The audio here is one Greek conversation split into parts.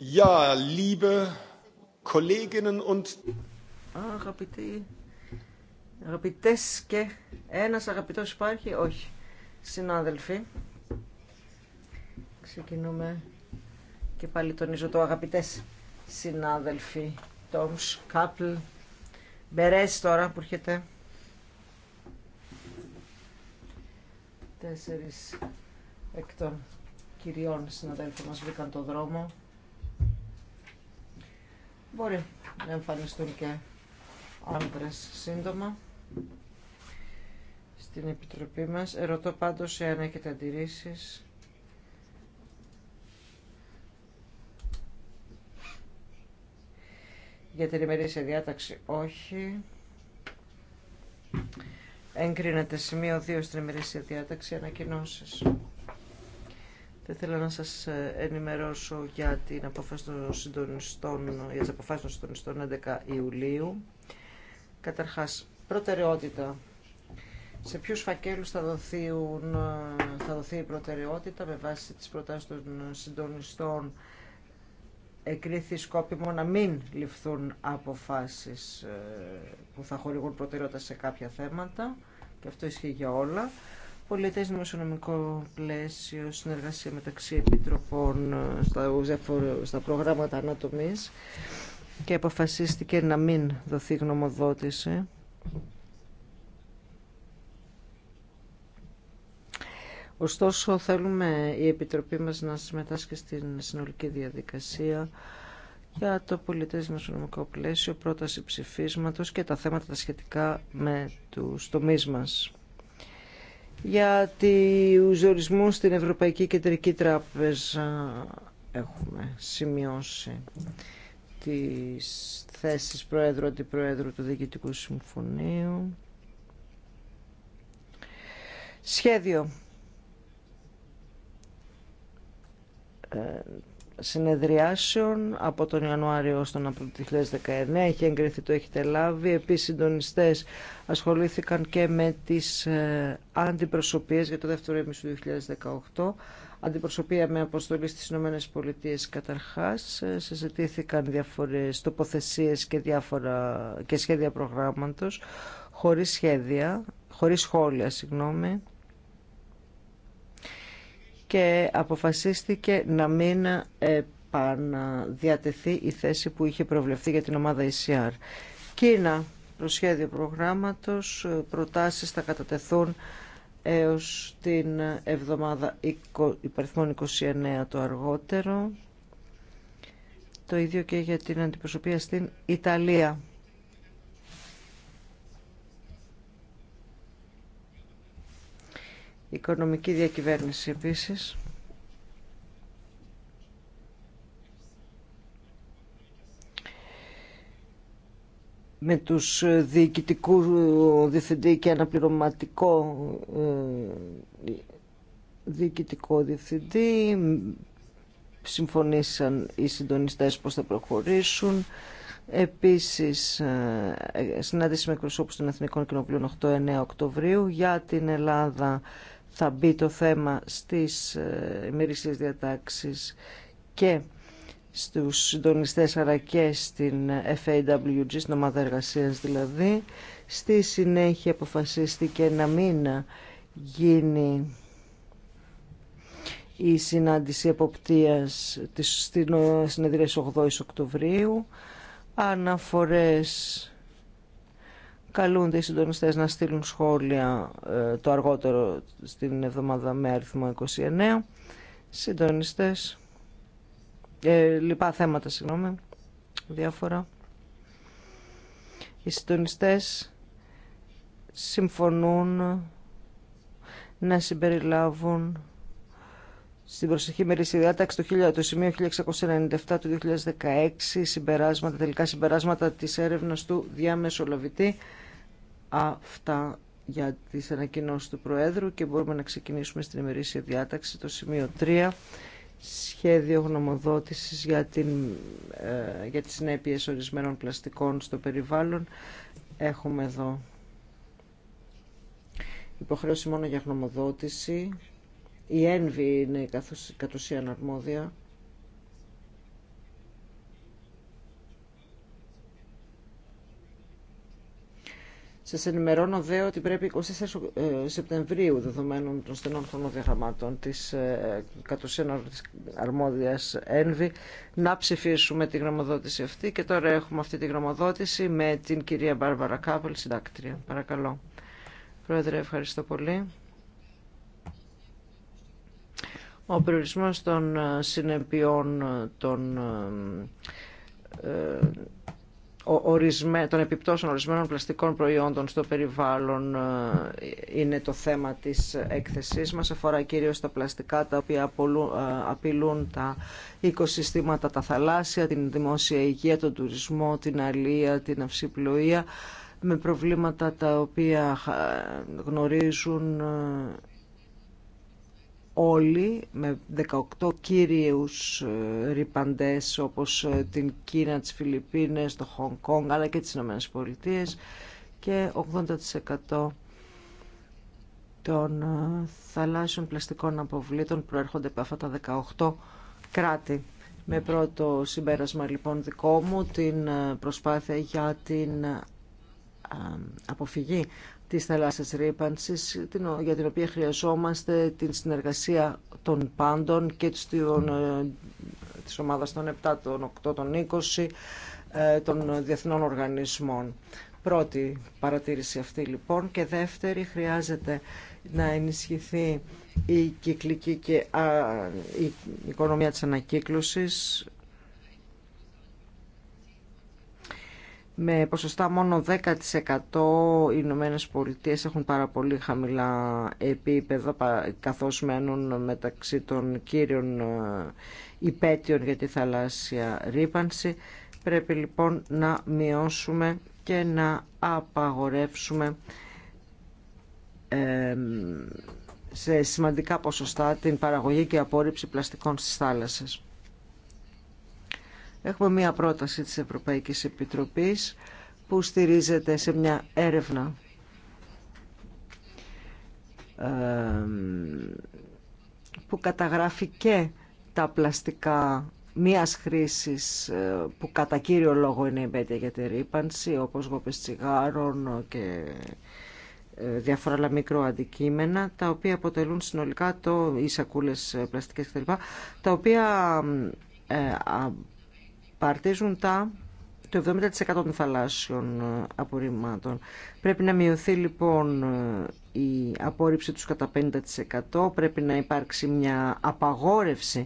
Ja, liebe Kolleginnen und... Αγαπητοί, αγαπητές και ένας αγαπητός υπάρχει, όχι, συνάδελφοι. Ξεκινούμε και πάλι τονίζω το αγαπητές συνάδελφοι, Τόμς, Κάπλ, Μπερές τώρα που έρχεται. Τέσσερις εκ των κυριών συναδέλφων μας βρήκαν το δρόμο μπορεί να εμφανιστούν και άντρες σύντομα στην Επιτροπή μας. Ερωτώ πάντως εάν έχετε αντιρρήσεις. Για την ημερήσια διάταξη όχι. Εγκρίνεται σημείο 2 στην ημερήσια διάταξη ανακοινώσεις. Θα ήθελα να σας ε, ενημερώσω για την αποφάση των συντονιστών, για τις αποφάσεις των συντονιστών 11 Ιουλίου. Καταρχάς, προτεραιότητα. Σε ποιους φακέλους θα, ε, θα δοθεί η προτεραιότητα με βάση τις προτάσεις των συντονιστών εκρίθη σκόπιμο να μην ληφθούν αποφάσεις ε, που θα χορηγούν προτεραιότητα σε κάποια θέματα και αυτό ισχύει για όλα πολιτέ δημοσιονομικό πλαίσιο, συνεργασία μεταξύ επιτροπών ε, στα, στα προγράμματα ανατομής και αποφασίστηκε να μην δοθεί γνωμοδότηση. Ωστόσο, θέλουμε η Επιτροπή μας να συμμετάσχει στην συνολική διαδικασία για το πολιτές δημοσιονομικό πλαίσιο, πρόταση ψηφίσματος και τα θέματα τα σχετικά με τους τομείς μας. Για τους ορισμούς στην Ευρωπαϊκή Κεντρική Τράπεζα έχουμε σημειώσει τις θέσεις Πρόεδρου Αντιπρόεδρου του Διοικητικού Συμφωνίου. Σχέδιο ε, συνεδριάσεων από τον Ιανουάριο στον Απρίλιο του 2019. Έχει εγκριθεί, το έχετε λάβει. Επίσης, συντονιστέ ασχολήθηκαν και με τις ε, αντιπροσωπείες για το δεύτερο έμισο του 2018. Αντιπροσωπεία με αποστολή στις Ηνωμένες Πολιτείες καταρχάς. Ε, συζητήθηκαν διάφορες τοποθεσίες και, διάφορα, και σχέδια προγράμματος χωρίς σχέδια, χωρίς σχόλια, συγγνώμη και αποφασίστηκε να μην επαναδιατεθεί η θέση που είχε προβλεφθεί για την ομάδα ECR. Κίνα, προσχέδιο προγράμματος, προτάσεις θα κατατεθούν έως την εβδομάδα υπαριθμών 29 το αργότερο. Το ίδιο και για την αντιπροσωπεία στην Ιταλία. Οικονομική διακυβέρνηση επίσης. με τους διοικητικού διευθυντή και αναπληρωματικό ε, διοικητικό διευθυντή συμφωνήσαν οι συντονιστές πώς θα προχωρήσουν επίσης ε, συνάντηση με εκπροσώπους των Εθνικών Κοινοβουλίων 8-9 Οκτωβρίου για την Ελλάδα θα μπει το θέμα στις ε, ημερήσιες διατάξεις και στους συντονιστές αλλά και στην FAWG, στην ομάδα εργασίας δηλαδή. Στη συνέχεια αποφασίστηκε να μην γίνει η συνάντηση εποπτείας της, στην ε, συνεδρία 8 Οκτωβρίου, αναφορές καλούνται οι συντονιστές να στείλουν σχόλια ε, το αργότερο στην εβδομάδα με αριθμό 29. Συντονιστές, ε, λοιπά θέματα, συγγνώμη, διάφορα. Οι συντονιστές συμφωνούν να συμπεριλάβουν στην προσεχή μερική διάταξη το, το σημείο 1697 του 2016 συμπεράσματα, τελικά συμπεράσματα της έρευνας του διαμεσολαβητή αυτά για τις ανακοινώσεις του Προέδρου και μπορούμε να ξεκινήσουμε στην ημερήσια διάταξη το σημείο 3 σχέδιο γνωμοδότησης για, την, ε, για τις συνέπειες ορισμένων πλαστικών στο περιβάλλον έχουμε εδώ υποχρέωση μόνο για γνωμοδότηση η ένβη είναι κατ' ουσίαν αρμόδια σε ενημερώνω δε ότι πρέπει 24 ε, Σεπτεμβρίου δεδομένων των στενών χρονοδιαγραμμάτων της ε, κατουσίαν αρμόδιας ΕΝΒΗ να ψηφίσουμε τη γραμμοδότηση αυτή και τώρα έχουμε αυτή τη γραμμοδότηση με την κυρία Μπάρβαρα Κάβολ, συντάκτρια. Παρακαλώ. Πρόεδρε, ευχαριστώ πολύ. Ο περιορισμός των ε, συνεπειών των των επιπτώσεων ορισμένων πλαστικών προϊόντων στο περιβάλλον ε, είναι το θέμα της έκθεσής μας. Αφορά κυρίως τα πλαστικά τα οποία ε, απειλούν τα οικοσυστήματα, τα θαλάσσια, την δημόσια υγεία, τον τουρισμό, την αλία, την αυσιπλοεία με προβλήματα τα οποία γνωρίζουν ε, όλοι με 18 κύριους ε, ρηπαντές όπως ε, την Κίνα, τις Φιλιππίνες, το Χονγκ Κόνγκ αλλά και τις Ηνωμένε Πολιτείε, και 80% των ε, θαλάσσιων πλαστικών αποβλήτων προέρχονται από αυτά τα 18 κράτη. Με πρώτο συμπέρασμα λοιπόν δικό μου την προσπάθεια για την αποφυγή της θαλάσσιας ρήπανσης για την οποία χρειαζόμαστε την συνεργασία των πάντων και της ε, ομάδας των 7, των 8, των 20 ε, των διεθνών οργανισμών. Πρώτη παρατήρηση αυτή λοιπόν και δεύτερη χρειάζεται να ενισχυθεί η κυκλική και η οικονομία της ανακύκλωσης με ποσοστά μόνο 10% οι Ηνωμένε Πολιτείε έχουν πάρα πολύ χαμηλά επίπεδα καθώς μένουν μεταξύ των κύριων ε, υπέτειων για τη θαλάσσια ρήπανση. Πρέπει λοιπόν να μειώσουμε και να απαγορεύσουμε σε σημαντικά ποσοστά την παραγωγή και απόρριψη πλαστικών στις θάλασσες. Έχουμε μία πρόταση της Ευρωπαϊκής Επιτροπής που στηρίζεται σε μια έρευνα που καταγράφει και τα πλαστικά μίας χρήσης ε, που κατά κύριο λόγο είναι μπέτια για τη ρήπανση, όπως γόπες τσιγάρων και ε, διάφορα άλλα μικρό αντικείμενα, τα οποία αποτελούν συνολικά το, οι σακούλες ε, πλαστικές κτλ, τα οποία παρτίζουν τα το 70% των θαλάσσιων ε, απορριμμάτων. Πρέπει να μειωθεί λοιπόν ε, η απόρριψη τους κατά 50%. Πρέπει να υπάρξει μια απαγόρευση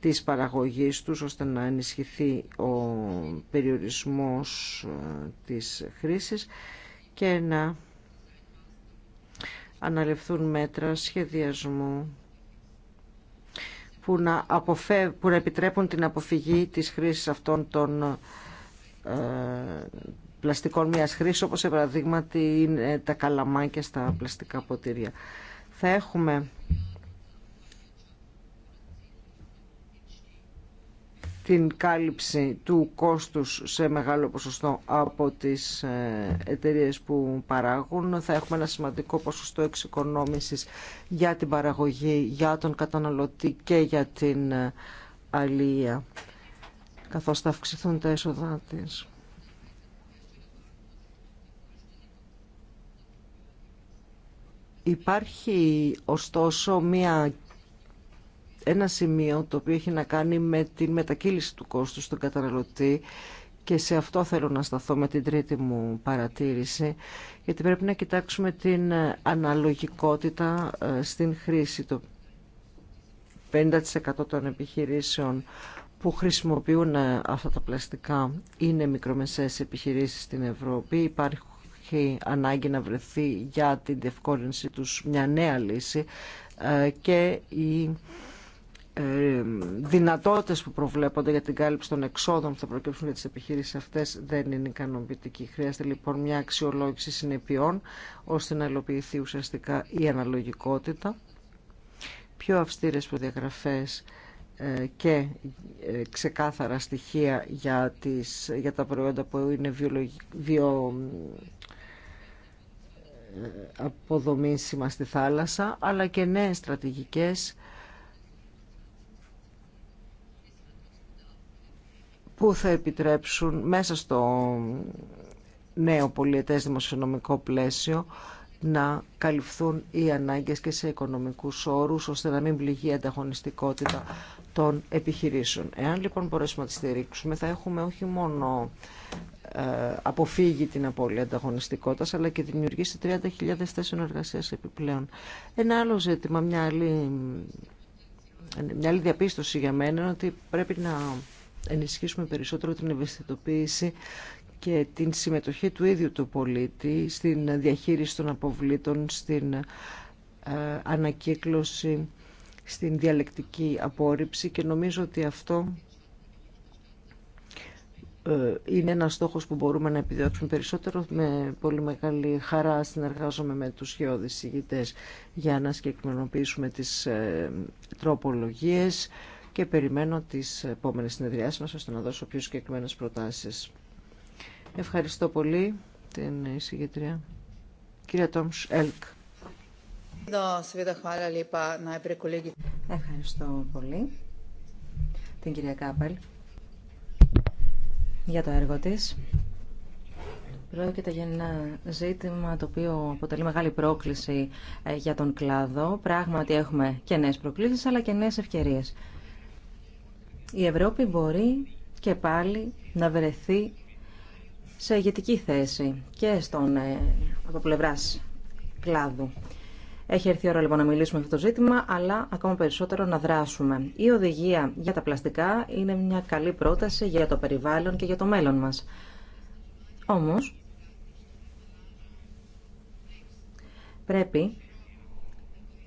της παραγωγής τους ώστε να ενισχυθεί ο περιορισμός ε, της χρήσης και να αναλευθούν μέτρα σχεδιασμού που να, που να επιτρέπουν την αποφυγή της χρήσης αυτών των ε, πλαστικών μιας χρήσης, όπως σε παραδείγματι είναι τα καλαμάκια στα πλαστικά ποτήρια. Θα έχουμε την κάλυψη του κόστους σε μεγάλο ποσοστό από τις ε, εταιρείες που παράγουν. Θα έχουμε ένα σημαντικό ποσοστό εξοικονόμησης για την παραγωγή, για τον καταναλωτή και για την ε, αλληλεία, καθώς θα αυξηθούν τα έσοδά της. Υπάρχει ωστόσο μία ένα σημείο το οποίο έχει να κάνει με τη μετακύληση του κόστου στον καταναλωτή και σε αυτό θέλω να σταθώ με την τρίτη μου παρατήρηση γιατί πρέπει να κοιτάξουμε την αναλογικότητα ε, στην χρήση. Το 50% των επιχειρήσεων που χρησιμοποιούν ε, αυτά τα πλαστικά είναι μικρομεσαίες επιχειρήσεις στην Ευρώπη. Υπάρχει ανάγκη να βρεθεί για την διευκόλυνση τους μια νέα λύση ε, και η ε, δυνατότητες που προβλέπονται για την κάλυψη των εξόδων που θα προκύψουν για τις επιχείρησεις αυτές δεν είναι ικανοποιητική. Χρειάζεται λοιπόν μια αξιολόγηση συνεπειών ώστε να υλοποιηθεί ουσιαστικά η αναλογικότητα. Πιο αυστήρες προδιαγραφές ε, και ε, ξεκάθαρα στοιχεία για, τις, για τα προϊόντα που είναι βιολογι, βιο, αποδομήσιμα στη θάλασσα, αλλά και νέες στρατηγικές που θα επιτρέψουν μέσα στο νέο πολιετές δημοσιονομικό πλαίσιο να καλυφθούν οι ανάγκες και σε οικονομικούς όρους ώστε να μην πληγεί η ανταγωνιστικότητα των επιχειρήσεων. Εάν λοιπόν μπορέσουμε να τη στηρίξουμε θα έχουμε όχι μόνο ε, αποφύγει την απώλεια ανταγωνιστικότητας αλλά και δημιουργήσει 30.000 θέσεις εργασίας επιπλέον. Ένα άλλο ζήτημα, μια μια άλλη διαπίστωση για μένα είναι ότι πρέπει να ενισχύσουμε περισσότερο την ευαισθητοποίηση και την συμμετοχή του ίδιου του πολίτη στην διαχείριση των αποβλήτων, στην ε, ανακύκλωση, στην διαλεκτική απόρριψη και νομίζω ότι αυτό ε, είναι ένας στόχος που μπορούμε να επιδιώξουμε περισσότερο. Με πολύ μεγάλη χαρά συνεργάζομαι με τους χειώδεις ηγητές για να συγκεκριμενοποιήσουμε τις ε, τροπολογίες και περιμένω τις επόμενες συνεδριάσεις μας ώστε να δώσω πιο συγκεκριμένε προτάσεις. Ευχαριστώ πολύ την εισηγητρία. Κυρία Τόμς Ελκ. Ευχαριστώ πολύ την κυρία Κάπελ για το έργο της. Πρόκειται για ένα ζήτημα το οποίο αποτελεί μεγάλη πρόκληση ε, για τον κλάδο. Πράγματι έχουμε και νέες προκλήσεις αλλά και νέες ευκαιρίες η Ευρώπη μπορεί και πάλι να βρεθεί σε ηγετική θέση και στον, ε, από πλευρά κλάδου. Έχει έρθει η ώρα λοιπόν να μιλήσουμε για αυτό το ζήτημα, αλλά ακόμα περισσότερο να δράσουμε. Η οδηγία για τα πλαστικά είναι μια καλή πρόταση για το περιβάλλον και για το μέλλον μας. Όμως, πρέπει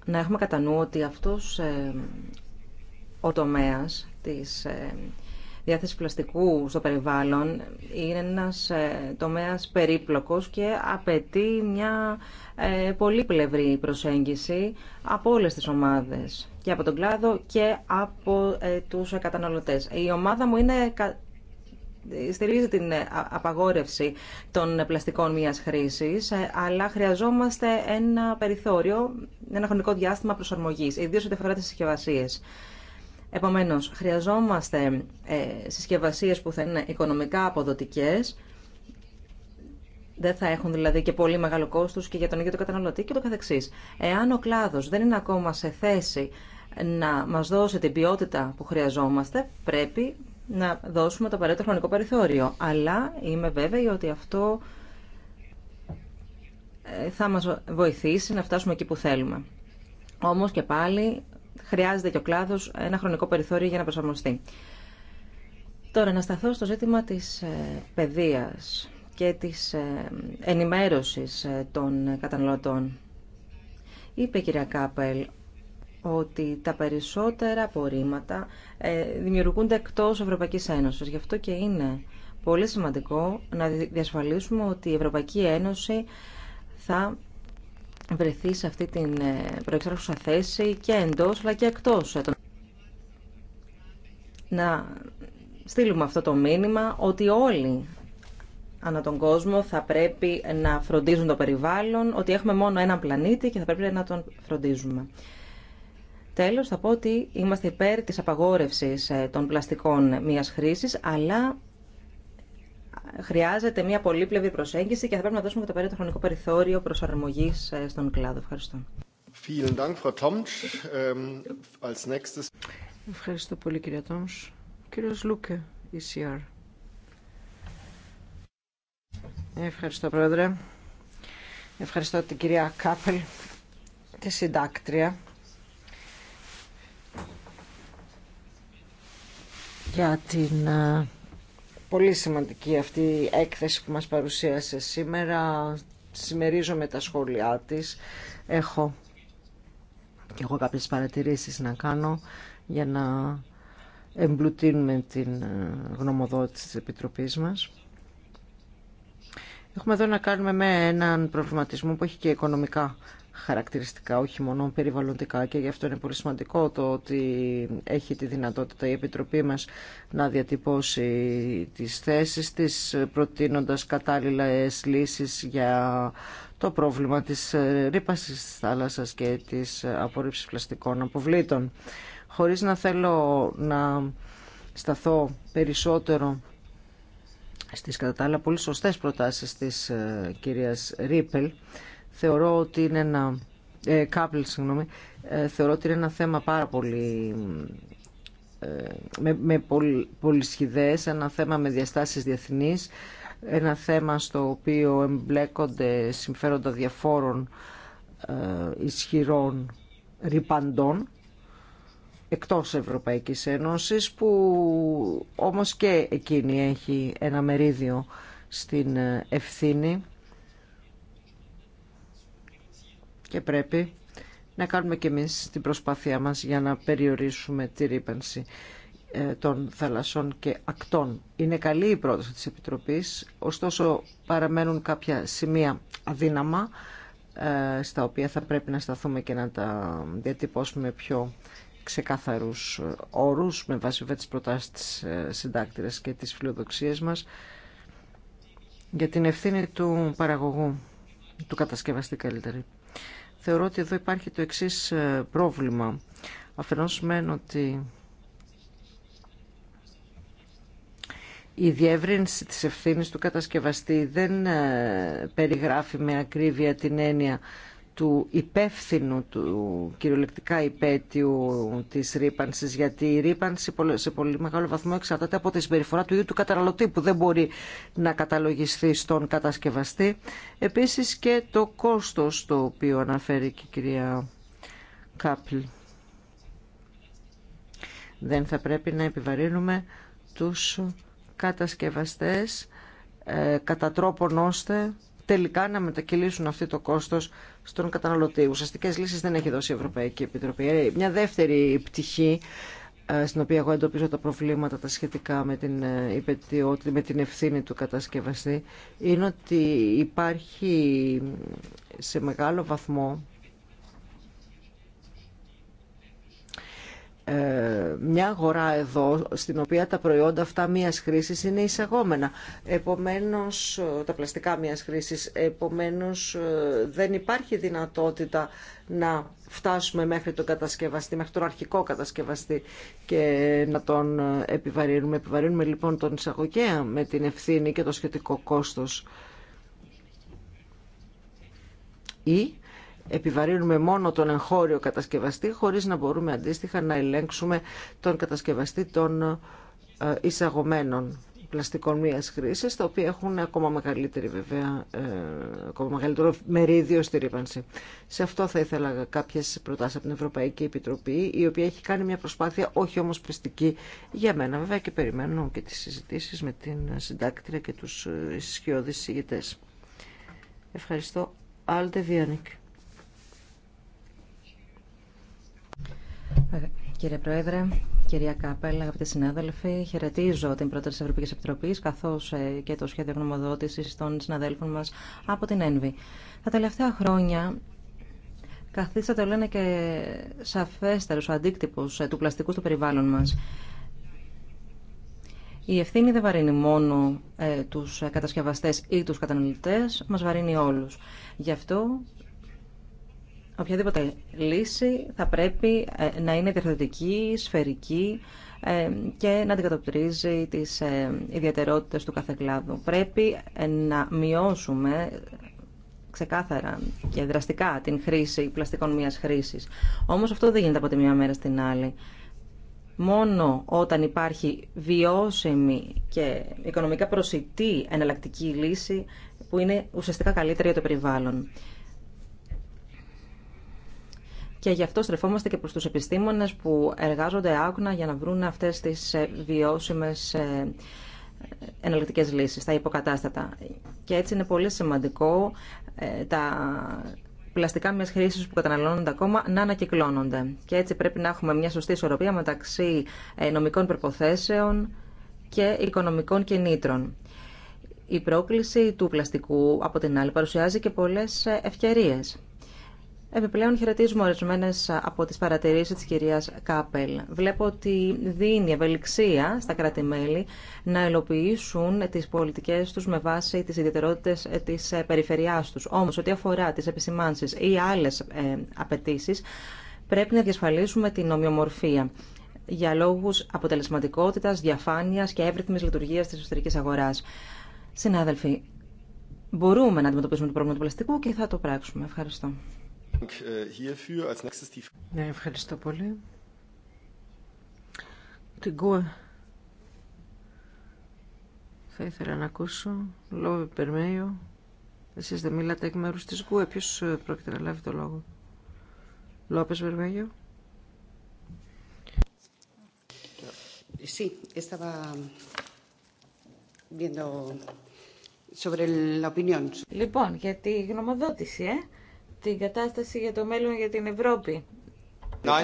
να έχουμε κατά νου ότι αυτός ε, ο τομέας της ε, διάθεσης πλαστικού στο περιβάλλον είναι ένας ε, τομέας περίπλοκος και απαιτεί μια ε, πολύπλευρη προσέγγιση από όλες τις ομάδες και από τον κλάδο και από τους καταναλωτές. Η ομάδα μου είναι στηρίζει την απαγόρευση των πλαστικών μίας χρήσης, αλλά χρειαζόμαστε ένα περιθώριο, ένα χρονικό διάστημα προσαρμογής, ιδίως ό,τι αφορά τις συσκευασίες. Επομένως, χρειαζόμαστε ε, συσκευασίες που θα είναι οικονομικά αποδοτικές, δεν θα έχουν δηλαδή και πολύ μεγάλο κόστος και για τον ίδιο τον καταναλωτή και το καθεξής. Εάν ο κλάδος δεν είναι ακόμα σε θέση να μας δώσει την ποιότητα που χρειαζόμαστε, πρέπει να δώσουμε το απαραίτητο χρονικό περιθώριο. Αλλά είμαι βέβαιη ότι αυτό ε, θα μας βοηθήσει να φτάσουμε εκεί που θέλουμε. Όμως και πάλι χρειάζεται και ο κλάδος ένα χρονικό περιθώριο για να προσαρμοστεί. Τώρα, να σταθώ στο ζήτημα της ε, παιδεία και της ε, ενημέρωσης ε, των καταναλωτών. Είπε η κυρία Κάπελ ότι τα περισσότερα απορρίμματα δημιουργούνται εκτός Ευρωπαϊκής Ένωσης. Γι' αυτό και είναι πολύ σημαντικό να διασφαλίσουμε ότι η Ευρωπαϊκή Ένωση θα βρεθεί σε αυτή την ε, προεξάρχουσα θέση και εντός αλλά και εκτός. Να στείλουμε αυτό το μήνυμα ότι όλοι ανά τον κόσμο θα πρέπει να φροντίζουν το περιβάλλον, ότι έχουμε μόνο έναν πλανήτη και θα πρέπει να τον φροντίζουμε. Τέλος, θα πω ότι είμαστε υπέρ της απαγόρευσης ε, των πλαστικών μίας χρήσης, αλλά χρειάζεται μια πολύπλευρη προσέγγιση και θα πρέπει να δώσουμε το το χρονικό περιθώριο προσαρμογή ε, στον κλάδο. Ευχαριστώ. Ähm, Ευχαριστώ πολύ, κύριε Τόμς. Κύριος Λούκε, ECR. Ευχαριστώ, Πρόεδρε. Ευχαριστώ την κυρία Κάπελ, τη συντάκτρια, για την ε, Πολύ σημαντική αυτή η έκθεση που μας παρουσίασε σήμερα. Συμμερίζομαι τα σχόλιά της. Έχω και εγώ κάποιες παρατηρήσεις να κάνω για να εμπλουτίνουμε την ε, γνωμοδότηση της Επιτροπής μας. Έχουμε εδώ να κάνουμε με έναν προβληματισμό που έχει και οικονομικά χαρακτηριστικά, όχι μόνο περιβαλλοντικά και γι' αυτό είναι πολύ σημαντικό το ότι έχει τη δυνατότητα η Επιτροπή μας να διατυπώσει τις θέσεις της προτείνοντας κατάλληλες λύσεις για το πρόβλημα της ρήπασης της θάλασσας και της απορρίψης πλαστικών αποβλήτων. Χωρίς να θέλω να σταθώ περισσότερο στις κατά τα άλλα πολύ σωστές προτάσεις της ε, κυρίας Ρίπελ, θεωρώ ότι είναι ένα... Ε, συγγνώμη. Ε, θεωρώ ότι είναι ένα θέμα πάρα πολύ... Ε, με, με ένα θέμα με διαστάσεις διεθνείς, ένα θέμα στο οποίο εμπλέκονται συμφέροντα διαφόρων ε, ισχυρών ρηπαντών εκτός Ευρωπαϊκής Ένωσης που όμως και εκείνη έχει ένα μερίδιο στην ε, ευθύνη και πρέπει να κάνουμε και εμείς την προσπάθειά μας για να περιορίσουμε τη ρήπανση ε, των θαλασσών και ακτών. Είναι καλή η πρόταση της Επιτροπής, ωστόσο παραμένουν κάποια σημεία αδύναμα ε, στα οποία θα πρέπει να σταθούμε και να τα διατυπώσουμε πιο ξεκάθαρους ε, όρους με βάση βέβαια τις προτάσεις της συντάκτηρας και τις φιλοδοξίες μας για την ευθύνη του παραγωγού, του κατασκευαστή καλύτερη θεωρώ ότι εδώ υπάρχει το εξής ε, πρόβλημα. Αφενός μεν ότι η διεύρυνση της ευθύνης του κατασκευαστή δεν ε, περιγράφει με ακρίβεια την έννοια του υπεύθυνου, του κυριολεκτικά υπέτειου της ρήπανση, γιατί η ρήπανση σε πολύ μεγάλο βαθμό εξαρτάται από τη συμπεριφορά του ίδιου του καταναλωτή που δεν μπορεί να καταλογιστεί στον κατασκευαστή. Επίσης και το κόστος το οποίο αναφέρει και η κυρία Κάπλ. Δεν θα πρέπει να επιβαρύνουμε τους κατασκευαστές ε, κατά τρόπον ώστε τελικά να μετακυλήσουν αυτό το κόστος στον καταναλωτή. Ουσιαστικέ λύσει δεν έχει δώσει η Ευρωπαϊκή Επιτροπή. Ε, μια δεύτερη πτυχή ε, στην οποία εγώ εντοπίζω τα προβλήματα τα σχετικά με την, ε, με την ευθύνη του κατασκευαστή είναι ότι υπάρχει σε μεγάλο βαθμό Ε, μια αγορά εδώ στην οποία τα προϊόντα αυτά μίας χρήσης είναι εισαγόμενα. Επομένως, ε, τα πλαστικά μίας χρήσης, επομένως ε, δεν υπάρχει δυνατότητα να φτάσουμε μέχρι τον κατασκευαστή, μέχρι τον αρχικό κατασκευαστή και να τον επιβαρύνουμε. Επιβαρύνουμε λοιπόν τον εισαγωγέα με την ευθύνη και το σχετικό κόστος. Ή επιβαρύνουμε μόνο τον εγχώριο κατασκευαστή χωρίς να μπορούμε αντίστοιχα να ελέγξουμε τον κατασκευαστή των ε, εισαγωμένων πλαστικών μίας χρήσης, τα οποία έχουν ακόμα, μεγαλύτερη, βέβαια, ε, ακόμα μεγαλύτερο μερίδιο στη ρήπανση. Σε αυτό θα ήθελα κάποιες προτάσεις από την Ευρωπαϊκή Επιτροπή, η οποία έχει κάνει μια προσπάθεια όχι όμως πιστική για μένα. Βέβαια και περιμένω και τις συζητήσεις με την συντάκτρια και τους ε, ισχυώδεις συγητές. Ευχαριστώ. Άλτε Βιάνικ. Κύριε Πρόεδρε, κυρία Κάπελ, αγαπητοί συνάδελφοι, χαιρετίζω την πρόταση τη Ευρωπαϊκή Επιτροπή καθώ ε, και το σχέδιο γνωμοδότηση των συναδέλφων μα από την ΕΝΒΗ. Τα τελευταία χρόνια καθίσατε λένε και σαφέστερο ο αντίκτυπο ε, του πλαστικού στο περιβάλλον μα. Η ευθύνη δεν βαρύνει μόνο του ε, τους κατασκευαστές ή τους καταναλωτές, μας βαρύνει όλους. Γι' αυτό οποιαδήποτε λύση θα πρέπει ε, να είναι διαρθρωτική, σφαιρική ε, και να αντικατοπτρίζει τις ε, ιδιαιτερότητες του κάθε κλάδου. Πρέπει να μειώσουμε ξεκάθαρα και δραστικά την χρήση πλαστικών μίας χρήσης. Όμως αυτό δεν γίνεται από τη μία μέρα στην άλλη. Μόνο όταν υπάρχει βιώσιμη και οικονομικά προσιτή εναλλακτική λύση που είναι ουσιαστικά καλύτερη για το περιβάλλον. Και γι' αυτό στρεφόμαστε και προς τους επιστήμονες που εργάζονται άκουνα για να βρουν αυτές τις ε, βιώσιμες ε, εναλλακτικές λύσεις, τα υποκατάστατα. Και έτσι είναι πολύ σημαντικό ε, τα πλαστικά μιας χρήσης που καταναλώνονται ακόμα να ανακυκλώνονται. Και έτσι πρέπει να έχουμε μια σωστή ισορροπία μεταξύ νομικών προποθέσεων και οικονομικών κινήτρων. Η πρόκληση του πλαστικού, από την άλλη, παρουσιάζει και πολλές ευκαιρίες. Επιπλέον χαιρετίζουμε ορισμένε από τι παρατηρήσει τη κυρία Κάπελ. Βλέπω ότι δίνει ευελιξία στα κράτη-μέλη να ελοποιήσουν τι πολιτικέ του με βάση τι ιδιαίτερότητε ε, τη ε, περιφερεια του. Όμω, ό,τι αφορά τι επισημάνσεις ή άλλες ε, απαιτήσει, πρέπει να διασφαλίσουμε την ομοιομορφία για λόγου αποτελεσματικότητα, διαφάνεια και εύρυθμη λειτουργία τη εσωτερική αγορά. Συνάδελφοι, μπορούμε να αντιμετωπίσουμε το πρόβλημα του πλαστικού και θα το πράξουμε. Ευχαριστώ. Äh, ναι, ευχαριστώ πολύ. Την ΚΟΕ θα ήθελα να ακούσω. Λόβε Περμέιο. Εσείς δεν μιλάτε εκ μέρους της ΚΟΕ. Ποιος ε, πρόκειται να λάβει το λόγο. Λόπες Περμέιο. Sí, estaba viendo sobre la opinión. Λοιπόν, για τη γνωμοδότηση, ε την κατάσταση για το μέλλον για την Ευρώπη. Ah,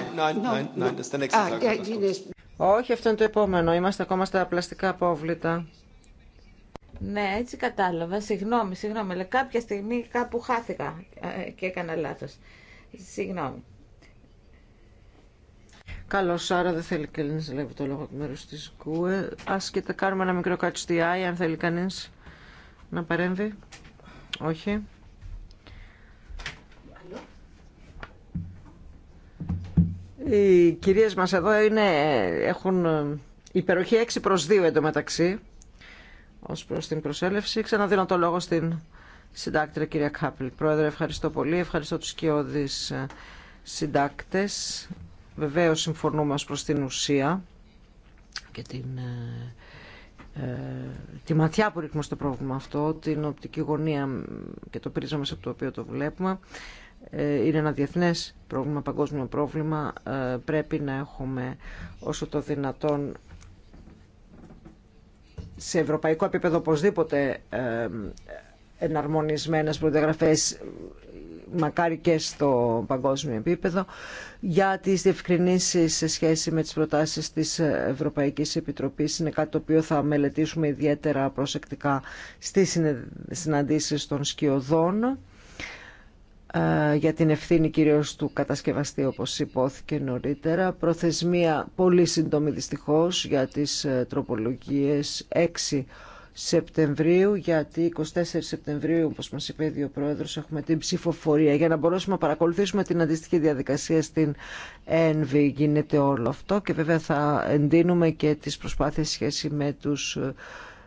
Όχι, αυτό είναι το επόμενο. Είμαστε ακόμα στα πλαστικά απόβλητα. Ναι, έτσι κατάλαβα. Συγγνώμη, συγγνώμη, αλλά κάποια στιγμή κάπου χάθηκα ε, και έκανα λάθος. Συγγνώμη. Καλώ, άρα δεν θέλει κανεί να λέει το λόγο του μέρου τη ΚΟΕ. Α και τα κάνουμε ένα μικρό ΑΕ, αν θέλει κανεί να παρέμβει. Όχι. Οι κυρίες μας εδώ είναι, έχουν ε, υπεροχή 6 προς 2 εντωμεταξύ ως προς την προσέλευση. Ξαναδίνω το λόγο στην συντάκτρια κυρία Κάπελ. Πρόεδρε, ευχαριστώ πολύ. Ευχαριστώ τους κοιόδης ε, συντάκτες. Βεβαίως συμφωνούμε ως προς την ουσία και την, ε, τη ματιά που ρίχνουμε στο πρόβλημα αυτό, την οπτική γωνία και το πρίσμα μας από το οποίο το βλέπουμε. Ε, είναι ένα διεθνές πρόβλημα, παγκόσμιο πρόβλημα. Ε, πρέπει να έχουμε όσο το δυνατόν σε ευρωπαϊκό επίπεδο οπωσδήποτε ε, εναρμονισμένες προδιαγραφέ, μακάρι και στο παγκόσμιο επίπεδο για τις διευκρινήσεις σε σχέση με τις προτάσεις της Ευρωπαϊκής Επιτροπής είναι κάτι το οποίο θα μελετήσουμε ιδιαίτερα προσεκτικά στις συναντήσεις των σκιωδών ε, για την ευθύνη κυρίως του κατασκευαστή όπως υπόθηκε νωρίτερα. Προθεσμία πολύ σύντομη δυστυχώς για τις ε, τροπολογίες 6 Σεπτεμβρίου, γιατί 24 Σεπτεμβρίου, όπως μας είπε ο Πρόεδρος, έχουμε την ψηφοφορία για να μπορέσουμε να παρακολουθήσουμε την αντίστοιχη διαδικασία στην ΕΝΒΗ. Γίνεται όλο αυτό και βέβαια θα εντείνουμε και τις προσπάθειες σχέση με τους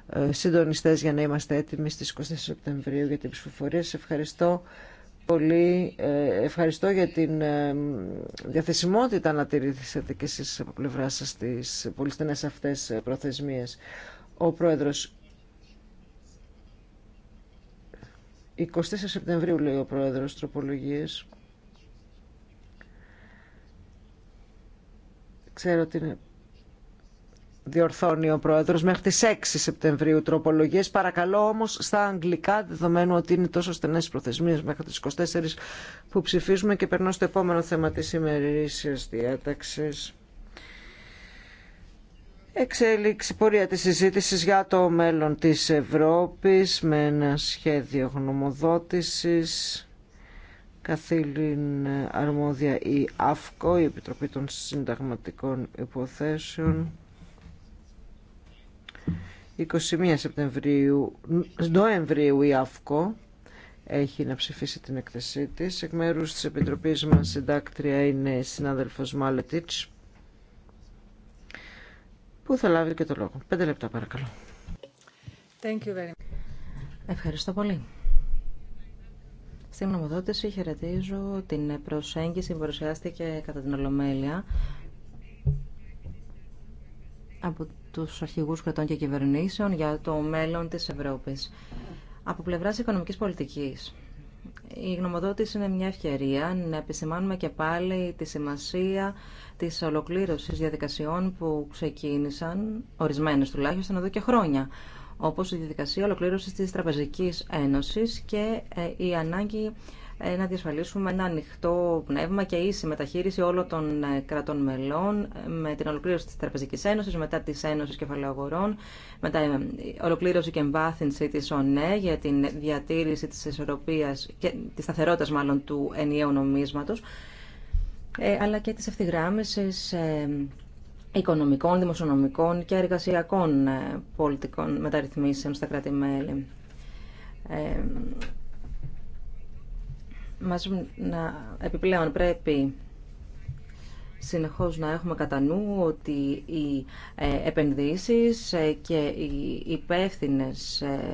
ε, συντονιστές για να είμαστε έτοιμοι στις 24 Σεπτεμβρίου για την ψηφοφορία. Σε ευχαριστώ πολύ. Ε, ευχαριστώ για την ε, διαθεσιμότητα να τηρήσετε και εσείς από πλευρά σας τις πολύ στενές αυτές προθεσμίες. Ο Πρόεδρος 24 Σεπτεμβρίου λέει ο Πρόεδρος τροπολογίες. Ξέρω ότι είναι διορθώνει ο Πρόεδρος, μέχρι τις 6 Σεπτεμβρίου τροπολογίες. Παρακαλώ όμως στα αγγλικά, δεδομένου ότι είναι τόσο στενές προθεσμίες μέχρι τις 24 που ψηφίζουμε και περνώ στο επόμενο θέμα της ημερήσιας διάταξης. Εξέλιξη πορεία της συζήτησης για το μέλλον της Ευρώπης με ένα σχέδιο γνωμοδότησης καθήλυν αρμόδια η ΑΦΚΟ, η Επιτροπή των Συνταγματικών Υποθέσεων. 21 Σεπτεμβρίου, Νοεμβρίου η ΑΦΚΟ έχει να ψηφίσει την εκθεσή τη. Εκ μέρου της Επιτροπής μας συντάκτρια είναι η συνάδελφος Μάλετιτ. που θα λάβει και το λόγο. Πέντε λεπτά παρακαλώ. Thank you very much. Ευχαριστώ πολύ. Στην νομοδότηση χαιρετίζω την προσέγγιση που παρουσιάστηκε κατά την Ολομέλεια από τους αρχηγούς κρατών και κυβερνήσεων για το μέλλον της Ευρώπης. Από πλευράς οικονομικής πολιτικής, η γνωμοδότηση είναι μια ευκαιρία να επισημάνουμε και πάλι τη σημασία της ολοκλήρωσης διαδικασιών που ξεκίνησαν, ορισμένες τουλάχιστον, εδώ και χρόνια όπως η διαδικασία ολοκλήρωσης της Τραπεζικής Ένωσης και ε, η ανάγκη ε, να διασφαλίσουμε ένα ανοιχτό πνεύμα και ίση μεταχείριση όλων των ε, κρατών μελών ε, με την ολοκλήρωση της Τραπεζικής Ένωσης, μετά της Ένωσης Κεφαλαίου Αγορών, με την ολοκλήρωση και εμβάθυνση της ΟΝΕ για την διατήρηση της ισορροπίας και της σταθερότητας μάλλον του ενιαίου νομίσματος, αλλά και της ευθυγράμμισης οικονομικών, δημοσιονομικών και εργασιακών πολιτικών μεταρρυθμίσεων στα κράτη-μέλη. Μας να επιπλέον πρέπει συνεχώς να έχουμε κατά νου ότι οι ε, επενδύσεις ε, και οι υπεύθυνε ε,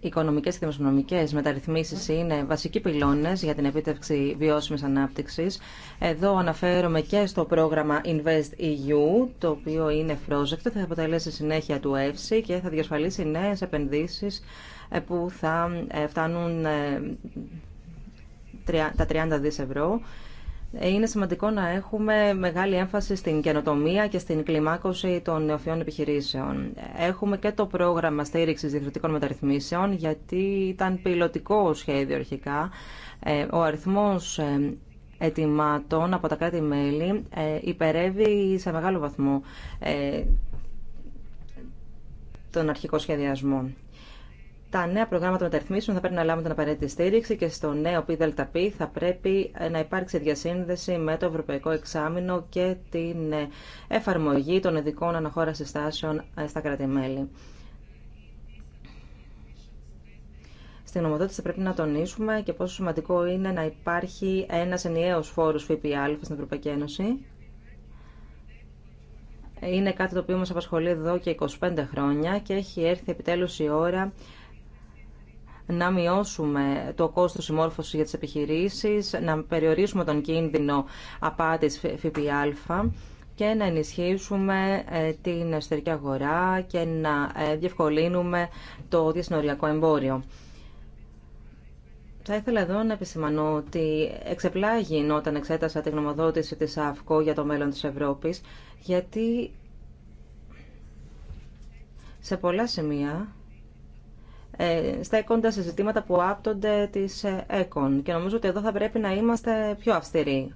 οικονομικές και δημοσιονομικές μεταρρυθμίσεις είναι βασικοί πυλώνες για την επίτευξη βιώσιμης ανάπτυξης. Εδώ αναφέρομαι και στο πρόγραμμα Invest EU, το οποίο είναι φρόζεκτο, θα αποτελέσει συνέχεια του ΕΦΣΥ και θα διασφαλίσει νέες επενδύσεις ε, που θα ε, φτάνουν ε, τα 30 δις ευρώ. Είναι σημαντικό να έχουμε μεγάλη έμφαση στην καινοτομία και στην κλιμάκωση των νεοφιών επιχειρήσεων. Έχουμε και το πρόγραμμα στήριξης διευθυντικών μεταρρυθμίσεων, γιατί ήταν πιλωτικό σχέδιο αρχικά. Ο αριθμός ετοιμάτων από τα κράτη-μέλη υπερεύει σε μεγάλο βαθμό τον αρχικό σχεδιασμό τα νέα προγράμματα μεταρρυθμίσεων θα πρέπει να λάβουν την απαραίτητη στήριξη και στο νέο ΠΔΠ θα πρέπει να υπάρξει διασύνδεση με το Ευρωπαϊκό Εξάμεινο και την εφαρμογή των ειδικών αναχώρα συστάσεων ε, στα κράτη-μέλη. Στην νομοδότηση θα πρέπει να τονίσουμε και πόσο σημαντικό είναι να υπάρχει ένα ενιαίο φόρο ΦΠΑ στην Ευρωπαϊκή Ένωση. Είναι κάτι το οποίο μας απασχολεί εδώ και 25 χρόνια και έχει έρθει επιτέλους η ώρα να μειώσουμε το κόστος συμμόρφωσης για τις επιχειρήσεις, να περιορίσουμε τον κίνδυνο απάτης ΦΠΑ και να ενισχύσουμε ε, την εσωτερική αγορά και να ε, διευκολύνουμε το διασυνοριακό εμπόριο. Θα ήθελα εδώ να επισημανώ ότι εξεπλάγει όταν εξέτασα τη γνωμοδότηση της ΑΦΚΟ για το μέλλον της Ευρώπης, γιατί σε πολλά σημεία ε, στέκονται σε ζητήματα που άπτονται της ε, ΕΚΟΝ. Και νομίζω ότι εδώ θα πρέπει να είμαστε πιο αυστηροί.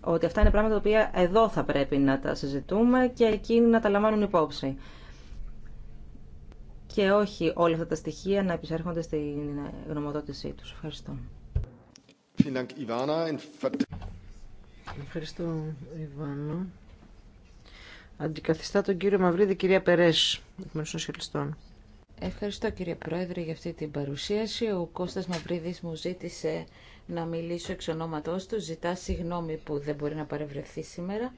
Ότι αυτά είναι πράγματα τα οποία εδώ θα πρέπει να τα συζητούμε και εκεί να τα λαμβάνουν υπόψη. Και όχι όλα αυτά τα στοιχεία να επισέρχονται στην ε, γνωμοδότησή τους. Ευχαριστώ. Ευχαριστώ, Ιβάνα. Αντικαθιστά τον κύριο Μαυρίδη, κυρία Περές, εκ μέρους των Ευχαριστώ κύριε Πρόεδρε για αυτή την παρουσίαση. Ο Κώστας Μαυρίδης μου ζήτησε να μιλήσω εξ ονόματός του. Ζητά συγγνώμη που δεν μπορεί να παρευρεθεί σήμερα.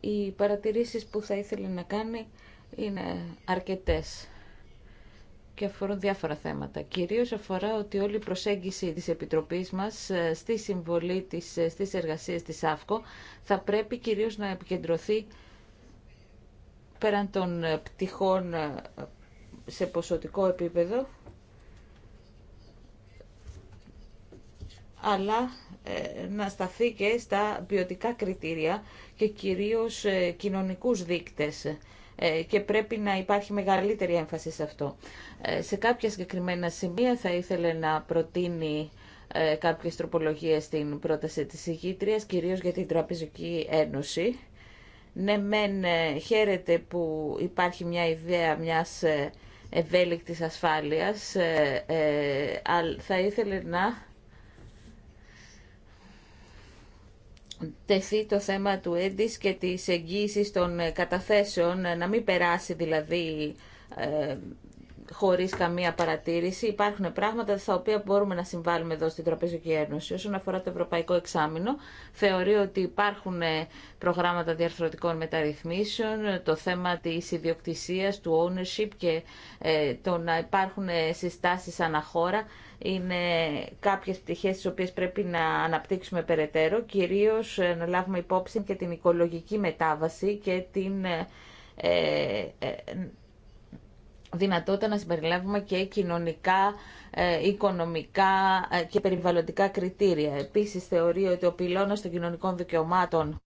Οι παρατηρήσεις που θα ήθελε να κάνει είναι αρκετές και αφορούν διάφορα θέματα. Κυρίως αφορά ότι όλη η προσέγγιση της Επιτροπής μας ε, στη συμβολή της, ε, στις εργασίες της ΑΦΚΟ θα πρέπει κυρίως να επικεντρωθεί πέραν των ε, πτυχών σε ποσοτικό επίπεδο, αλλά ε, να σταθεί και στα ποιοτικά κριτήρια και κυρίως ε, κοινωνικούς δείκτες ε, και πρέπει να υπάρχει μεγαλύτερη έμφαση σε αυτό. Σε κάποια συγκεκριμένα σημεία θα ήθελε να προτείνει κάποιες τροπολογίες στην πρόταση της ηγήτριας, κυρίως για την Τραπεζική Ένωση. Ναι, μεν χαίρεται που υπάρχει μια ιδέα μιας ευέλικτης ασφάλειας, ε, ε, αλλά θα ήθελε να τεθεί το θέμα του έντις και της εγγύησης των καταθέσεων, να μην περάσει δηλαδή ε, χωρίς καμία παρατήρηση. Υπάρχουν πράγματα στα οποία μπορούμε να συμβάλλουμε εδώ στην Τραπεζική Ένωση. Όσον αφορά το Ευρωπαϊκό Εξάμεινο, θεωρεί ότι υπάρχουν ε, προγράμματα διαρθρωτικών μεταρρυθμίσεων, το θέμα της ιδιοκτησίας, του ownership και ε, το να υπάρχουν ε, συστάσεις αναχώρα είναι κάποιες πτυχές τις οποίες πρέπει να αναπτύξουμε περαιτέρω, κυρίως να λάβουμε υπόψη και την οικολογική μετάβαση και την δυνατότητα να συμπεριλάβουμε και κοινωνικά, ε, οικονομικά ε, και περιβαλλοντικά κριτήρια. Επίσης θεωρεί ότι ο πυλώνας των κοινωνικών δικαιωμάτων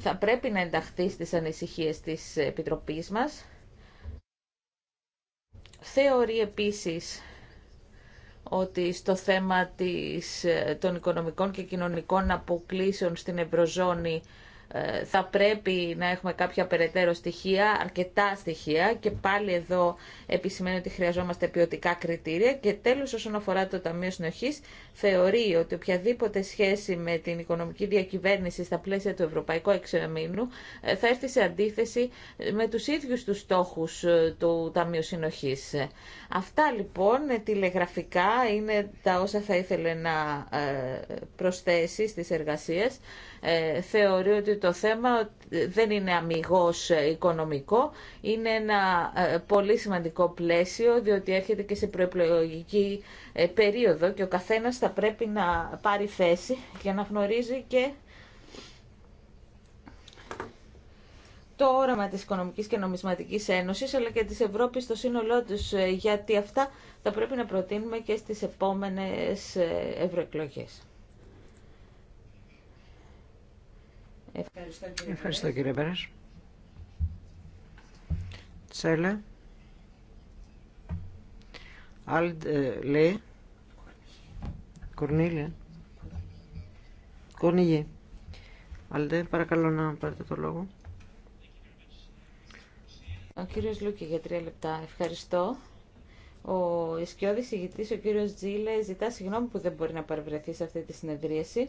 θα πρέπει να ενταχθεί στις ανησυχίες της Επιτροπής μας. Θεωρεί επίσης ότι στο θέμα της, ε, των οικονομικών και κοινωνικών αποκλήσεων στην Ευρωζώνη ε, θα πρέπει να έχουμε κάποια περαιτέρω στοιχεία, αρκετά στοιχεία και πάλι εδώ επισημαίνει ότι χρειαζόμαστε ποιοτικά κριτήρια και τέλος όσον αφορά το Ταμείο Συνοχής θεωρεί ότι οποιαδήποτε σχέση με την οικονομική διακυβέρνηση στα πλαίσια του Ευρωπαϊκού Εξεμήνου ε, θα έρθει σε αντίθεση με τους ίδιους τους στόχους ε, του Ταμείου Συνοχής. Αυτά λοιπόν τηλεγραφικά είναι τα όσα θα ήθελε να προσθέσει στις εργασίες. Ε, θεωρεί ότι το θέμα δεν είναι αμυγός οικονομικό, είναι ένα ε, πολύ σημαντικό πλαίσιο, διότι έρχεται και σε προεκλογική ε, περίοδο και ο καθένας θα πρέπει να πάρει θέση για να γνωρίζει και το όραμα της Οικονομικής και Νομισματικής Ένωσης, αλλά και της Ευρώπης στο σύνολό τους, γιατί αυτά θα πρέπει να προτείνουμε και στις επόμενες ευρωεκλογές. Ευχαριστώ κύριε, Ευχαριστώ, κύριε Πέρας. Τσέλε. Αλντ ε, Λέ. Κορνίλια. Κορνίγη. Αλντε, παρακαλώ να πάρετε το λόγο. Ο κύριος Λούκη για τρία λεπτά. Ευχαριστώ. Ο ισκιώδης ηγητής, ο κύριος Τζίλε, ζητά συγγνώμη που δεν μπορεί να παρευρεθεί σε αυτή τη συνεδρίαση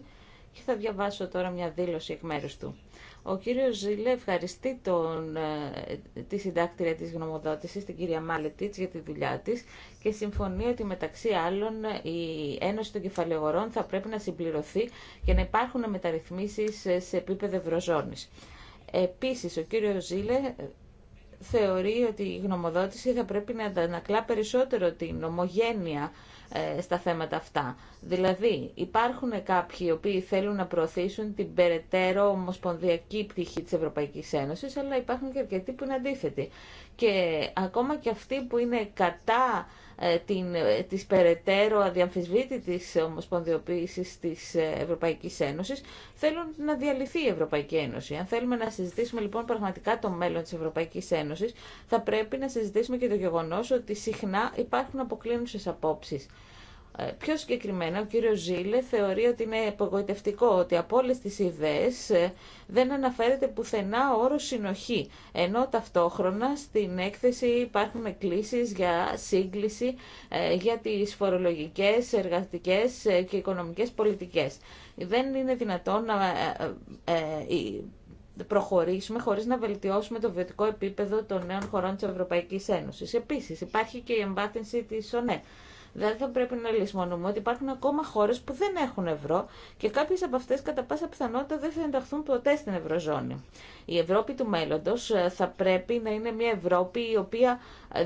και θα διαβάσω τώρα μια δήλωση εκ μέρους του. Ο κύριος Ζήλε ευχαριστεί τον, ε, τη συντάκτρια της γνωμοδότησης, την κυρία Μάλετιτς, για τη δουλειά της και συμφωνεί ότι μεταξύ άλλων ε, η Ένωση των Κεφαλαιογορών θα πρέπει να συμπληρωθεί και να υπάρχουν μεταρρυθμίσεις ε, σε επίπεδο ευρωζώνης. Επίσης, ο κύριος Ζήλε θεωρεί ότι η γνωμοδότηση θα πρέπει να ανακλά περισσότερο την ομογένεια ε, στα θέματα αυτά. Δηλαδή, υπάρχουν κάποιοι οι οποίοι θέλουν να προωθήσουν την περαιτέρω ομοσπονδιακή πτυχή της Ευρωπαϊκής Ένωσης, αλλά υπάρχουν και αρκετοί που είναι αντίθετοι. Και ακόμα και αυτοί που είναι κατά ε, την, ε, της περαιτέρω αδιαμφισβήτητης ομοσπονδιοποίησης της ε, Ευρωπαϊκής Ένωσης, θέλουν να διαλυθεί η Ευρωπαϊκή Ένωση. Αν θέλουμε να συζητήσουμε λοιπόν πραγματικά το μέλλον της Ευρωπαϊκής Ένωσης, θα πρέπει να συζητήσουμε και το γεγονός ότι συχνά υπάρχουν αποκλίνουσες απόψεις ε, πιο συγκεκριμένα, ο κύριος Ζήλε θεωρεί ότι είναι απογοητευτικό ότι από όλε τις ιδέες ε, δεν αναφέρεται πουθενά όρο συνοχή, ενώ ταυτόχρονα στην έκθεση υπάρχουν κλήσεις για σύγκληση ε, για τις φορολογικές, εργατικές και οικονομικές πολιτικές. Δεν είναι δυνατόν να προχωρήσουμε χωρίς να βελτιώσουμε το βιωτικό επίπεδο των νέων χωρών της Ευρωπαϊκής Ένωσης. Επίσης, υπάρχει και η εμβάθυνση της ΟΝΕ. Δεν θα πρέπει να λησμονούμε ότι υπάρχουν ακόμα χώρε που δεν έχουν ευρώ και κάποιε από αυτέ κατά πάσα πιθανότητα δεν θα ενταχθούν ποτέ στην ευρωζώνη. Η Ευρώπη του μέλλοντο ε, θα πρέπει να είναι μια Ευρώπη η οποία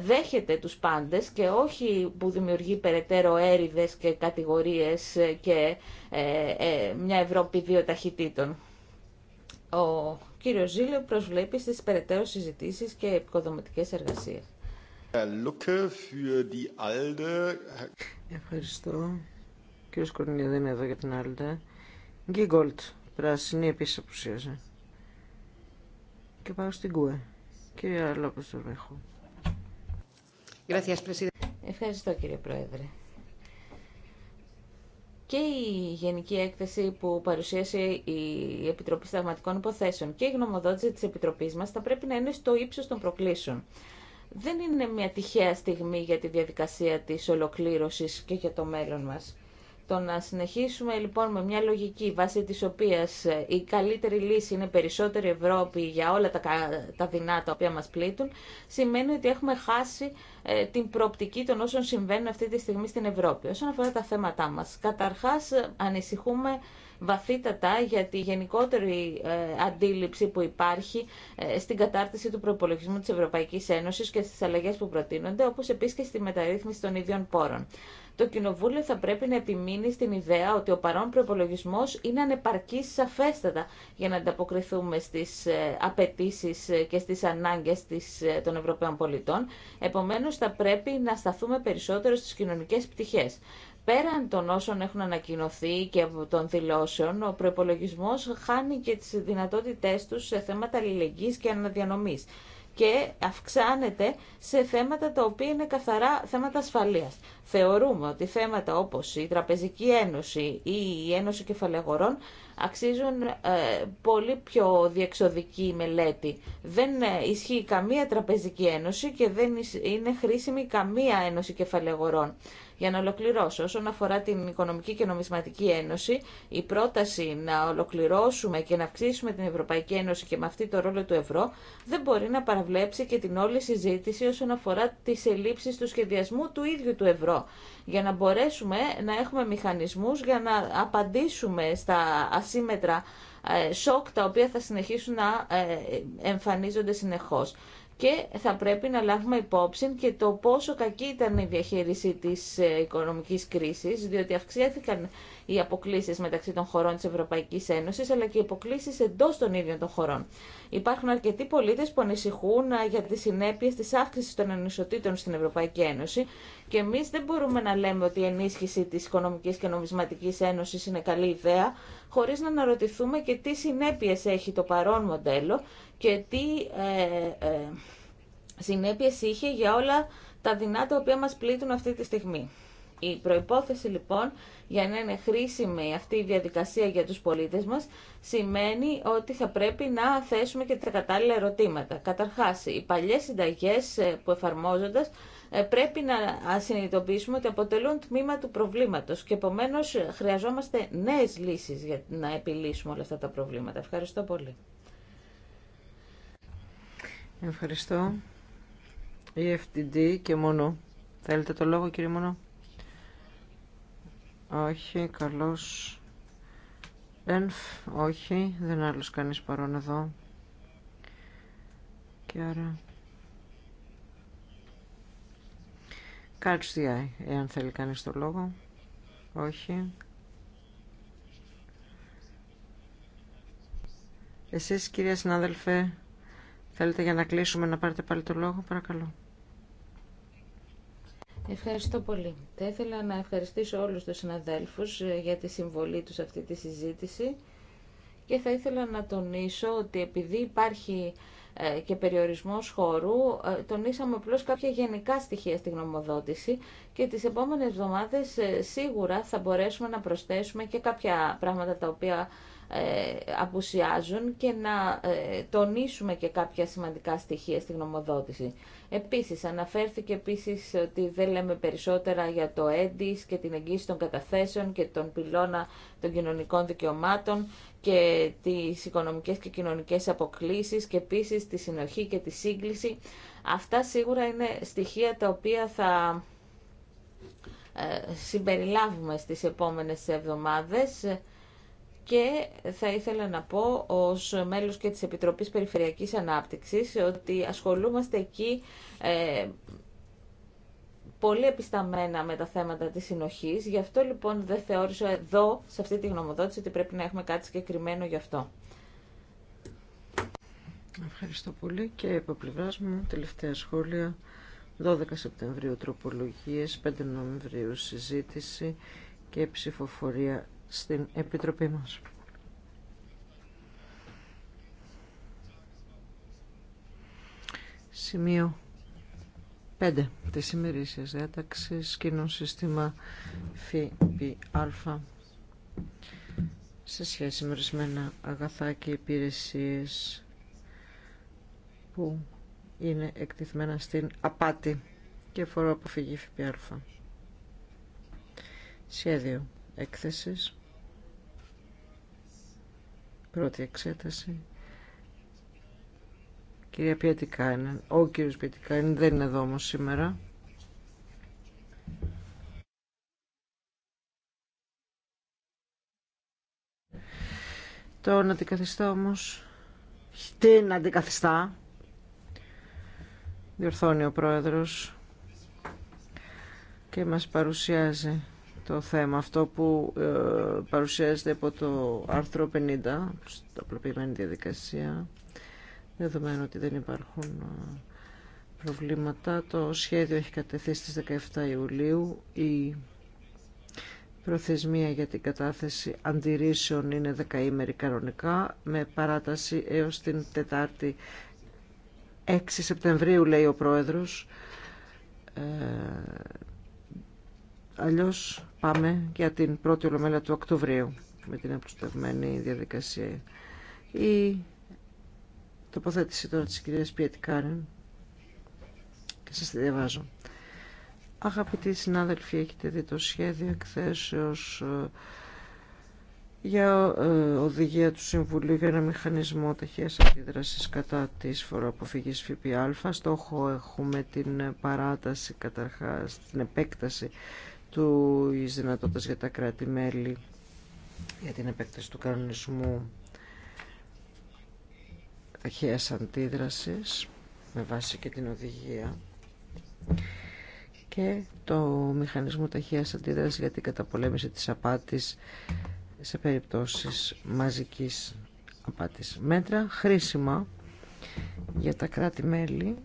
δέχεται του πάντε και όχι που δημιουργεί περαιτέρω έρηδε και κατηγορίε ε, και ε, μια Ευρώπη δύο ταχυτήτων. Ο κύριο Ζήλιο προσβλέπει στι περαιτέρω συζητήσει και επικοδομητικές εργασίε. Ευχαριστώ. Κύριος Κορνία είναι εδώ για την Αλντε. Γκίγκολτ, πράσινη, επίση απουσίαζε. Και πάω στην ΚΟΕ. Κύριε το έχω. Ευχαριστώ κύριε Πρόεδρε. Και η γενική έκθεση που παρουσίασε η Επιτροπή Σταγματικών Υποθέσεων και η γνωμοδότηση της Επιτροπής μας θα πρέπει να είναι στο ύψο των προκλήσεων δεν είναι μια τυχαία στιγμή για τη διαδικασία της ολοκλήρωσης και για το μέλλον μας. Το να συνεχίσουμε λοιπόν με μια λογική βάσει της οποίας ε, η καλύτερη λύση είναι περισσότερη Ευρώπη για όλα τα, τα δεινά τα οποία μας πλήττουν, σημαίνει ότι έχουμε χάσει ε, την προοπτική των όσων συμβαίνουν αυτή τη στιγμή στην Ευρώπη. Όσον αφορά τα θέματά μας, καταρχάς ε, ανησυχούμε βαθύτατα για τη γενικότερη αντίληψη που υπάρχει στην κατάρτιση του προπολογισμού της Ευρωπαϊκής Ένωσης και στις αλλαγές που προτείνονται, όπως επίσης και στη μεταρρύθμιση των ίδιων πόρων το Κοινοβούλιο θα πρέπει να επιμείνει στην ιδέα ότι ο παρόν προπολογισμό είναι ανεπαρκή σαφέστατα για να ανταποκριθούμε στι ε, απαιτήσει ε, και στι ανάγκε ε, των Ευρωπαίων πολιτών. Επομένω, θα πρέπει να σταθούμε περισσότερο στι κοινωνικέ πτυχέ. Πέραν των όσων έχουν ανακοινωθεί και των δηλώσεων, ο προπολογισμό χάνει και τι δυνατότητέ του σε θέματα αλληλεγγύη και αναδιανομή και αυξάνεται σε θέματα τα οποία είναι καθαρά θέματα ασφαλείας. Θεωρούμε ότι θέματα όπως η Τραπεζική Ένωση ή η Ένωση κεφαλεγορών αξίζουν ε, πολύ πιο διεξοδική μελέτη. Δεν ε, ισχύει καμία Τραπεζική Ένωση και δεν είναι χρήσιμη καμία Ένωση κεφαλεγορών. Για να ολοκληρώσω, όσον αφορά την Οικονομική και Νομισματική Ένωση, η πρόταση να ολοκληρώσουμε και να αυξήσουμε την Ευρωπαϊκή Ένωση και με αυτή το ρόλο του ευρώ δεν μπορεί να παραβλέψει και την όλη συζήτηση όσον αφορά τι ελλείψει του σχεδιασμού του ίδιου του ευρώ. Για να μπορέσουμε να έχουμε μηχανισμού για να απαντήσουμε στα ασύμετρα ε, σοκ τα οποία θα συνεχίσουν να ε, εμφανίζονται συνεχώς και θα πρέπει να λάβουμε υπόψη και το πόσο κακή ήταν η διαχείριση της ε, οικονομικής κρίσης, διότι αυξήθηκαν οι αποκλήσεις μεταξύ των χωρών της Ευρωπαϊκής Ένωσης, αλλά και οι αποκλήσει εντός των ίδιων των χωρών. Υπάρχουν αρκετοί πολίτες που ανησυχούν ε, για τις συνέπειες της αύξησης των ανισοτήτων στην Ευρωπαϊκή Ένωση και εμείς δεν μπορούμε να λέμε ότι η ενίσχυση της Οικονομικής και Νομισματικής Ένωσης είναι καλή ιδέα, χωρίς να αναρωτηθούμε και τι συνέπειες έχει το παρόν μοντέλο και τι ε, ε συνέπειες είχε για όλα τα δυνάτα τα οποία μας πλήττουν αυτή τη στιγμή. Η προϋπόθεση λοιπόν για να είναι χρήσιμη αυτή η διαδικασία για τους πολίτες μας σημαίνει ότι θα πρέπει να θέσουμε και τα κατάλληλα ερωτήματα. Καταρχάς, οι παλιές συνταγές ε, που εφαρμόζοντας ε, πρέπει να συνειδητοποιήσουμε ότι αποτελούν τμήμα του προβλήματος και επομένως χρειαζόμαστε νέες λύσεις για να επιλύσουμε όλα αυτά τα προβλήματα. Ευχαριστώ πολύ. Ευχαριστώ. Η FTD και μόνο. Θέλετε το λόγο κύριε Μόνο. Όχι, καλώς. Ενφ, όχι, δεν άλλος κανείς παρόν εδώ. Και άρα Άι, εάν θέλει κανείς το λόγο. Όχι. Εσείς, κυρία συνάδελφε, θέλετε για να κλείσουμε να πάρετε πάλι το λόγο, παρακαλώ. Ευχαριστώ πολύ. Θα ήθελα να ευχαριστήσω όλους τους συναδέλφους ε, για τη συμβολή τους σε αυτή τη συζήτηση και θα ήθελα να τονίσω ότι επειδή υπάρχει ε, και περιορισμός χώρου, ε, τονίσαμε απλώ κάποια γενικά στοιχεία στη γνωμοδότηση και τις επόμενες εβδομάδες ε, σίγουρα θα μπορέσουμε να προσθέσουμε και κάποια πράγματα τα οποία απουσιάζουν και να τονίσουμε και κάποια σημαντικά στοιχεία στη γνωμοδότηση. Επίσης, αναφέρθηκε επίσης ότι δεν λέμε περισσότερα για το έντις και την εγγύηση των καταθέσεων και τον πυλώνα των κοινωνικών δικαιωμάτων και τις οικονομικές και κοινωνικές αποκλήσεις και επίσης τη συνοχή και τη σύγκληση. Αυτά σίγουρα είναι στοιχεία τα οποία θα ε, συμπεριλάβουμε στις επόμενες εβδομάδες και θα ήθελα να πω ως μέλος και της Επιτροπής Περιφερειακής Ανάπτυξης ότι ασχολούμαστε εκεί ε, πολύ επισταμένα με τα θέματα της συνοχής. Γι' αυτό λοιπόν δεν θεώρησα εδώ, σε αυτή τη γνωμοδότηση, ότι πρέπει να έχουμε κάτι συγκεκριμένο γι' αυτό. Ευχαριστώ πολύ και από πλευράς μου τελευταία σχόλια. 12 Σεπτεμβρίου τροπολογίες, 5 Νοεμβρίου συζήτηση και ψηφοφορία στην Επιτροπή μας. Σημείο 5 της ημερήσιας διάταξης κοινό σύστημα ΦΠΑ σε σχέση με ορισμένα αγαθά και υπηρεσίες που είναι εκτιθμένα στην απάτη και φοροαποφυγή ΦΠΑ. Σχέδιο έκθεσης Πρώτη εξέταση. Κυρία είναι. Ο κύριος Πιετικάιν δεν είναι εδώ όμως σήμερα. Τον αντικαθιστά όμως. Την αντικαθιστά. Διορθώνει ο πρόεδρος και μας παρουσιάζει το θέμα αυτό που ε, παρουσιάζεται από το άρθρο 50, στην απλοποιημένη διαδικασία, δεδομένου ότι δεν υπάρχουν ε, προβλήματα. Το σχέδιο έχει κατεθεί στις 17 Ιουλίου. Η προθεσμία για την κατάθεση αντιρρήσεων είναι δεκαήμερη κανονικά, με παράταση έως την Τετάρτη 6 Σεπτεμβρίου, λέει ο Πρόεδρος. Ε, Αλλιώς πάμε για την πρώτη ολομέλεια του Οκτωβρίου με την απλουστευμένη διαδικασία. Η τοποθέτηση τώρα της κυρίας Πιέτη και σας τη διαβάζω. Αγαπητοί συνάδελφοι, έχετε δει το σχέδιο εκθέσεως ε, για ε, οδηγία του Συμβουλίου για ένα μηχανισμό ταχείας αντίδρασης κατά της φοροαποφυγής ΦΠΑ. Στόχο έχουμε την παράταση καταρχάς, την επέκταση του δυνατότητα για τα κράτη-μέλη για την επέκταση του κανονισμού αρχαίας αντίδρασης με βάση και την οδηγία και το μηχανισμό ταχείας αντίδρασης για την καταπολέμηση της απάτης σε περιπτώσεις μαζικής απάτης. Μέτρα χρήσιμα για τα κράτη-μέλη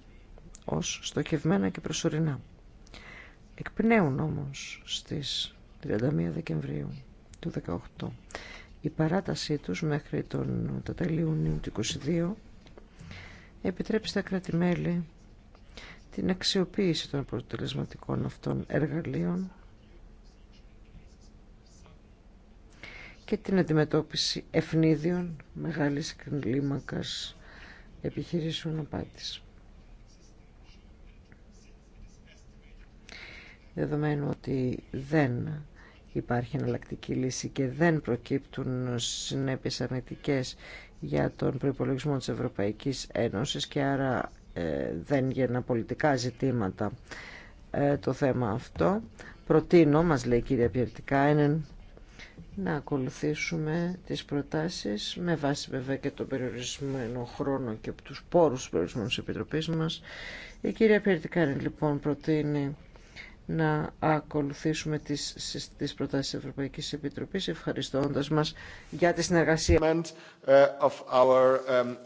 ως στοχευμένα και προσωρινά εκπνέουν όμως στις 31 Δεκεμβρίου του 2018. Η παράτασή τους μέχρι τον, τα Ιουνίου του 2022 επιτρέπει στα κράτη-μέλη την αξιοποίηση των αποτελεσματικών αυτών εργαλείων και την αντιμετώπιση ευνίδιων μεγάλης κλίμακας επιχειρήσεων απάτης. δεδομένου ότι δεν υπάρχει εναλλακτική λύση και δεν προκύπτουν συνέπειες αρνητικές για τον προϋπολογισμό της Ευρωπαϊκής Ένωσης και άρα ε, δεν γίνανε πολιτικά ζητήματα ε, το θέμα αυτό. Προτείνω, μας λέει η κυρία Πιερτικάινεν, να ακολουθήσουμε τις προτάσεις με βάση βέβαια και τον περιορισμένο χρόνο και τους πόρους του περιορισμένου της Επιτροπής μας. Η κυρία Πιερτικάινεν λοιπόν προτείνει να ακολουθήσουμε τις, τις προτάσεις της Ευρωπαϊκής Επιτροπής ευχαριστώντας μας για τη συνεργασία. Uh, of um,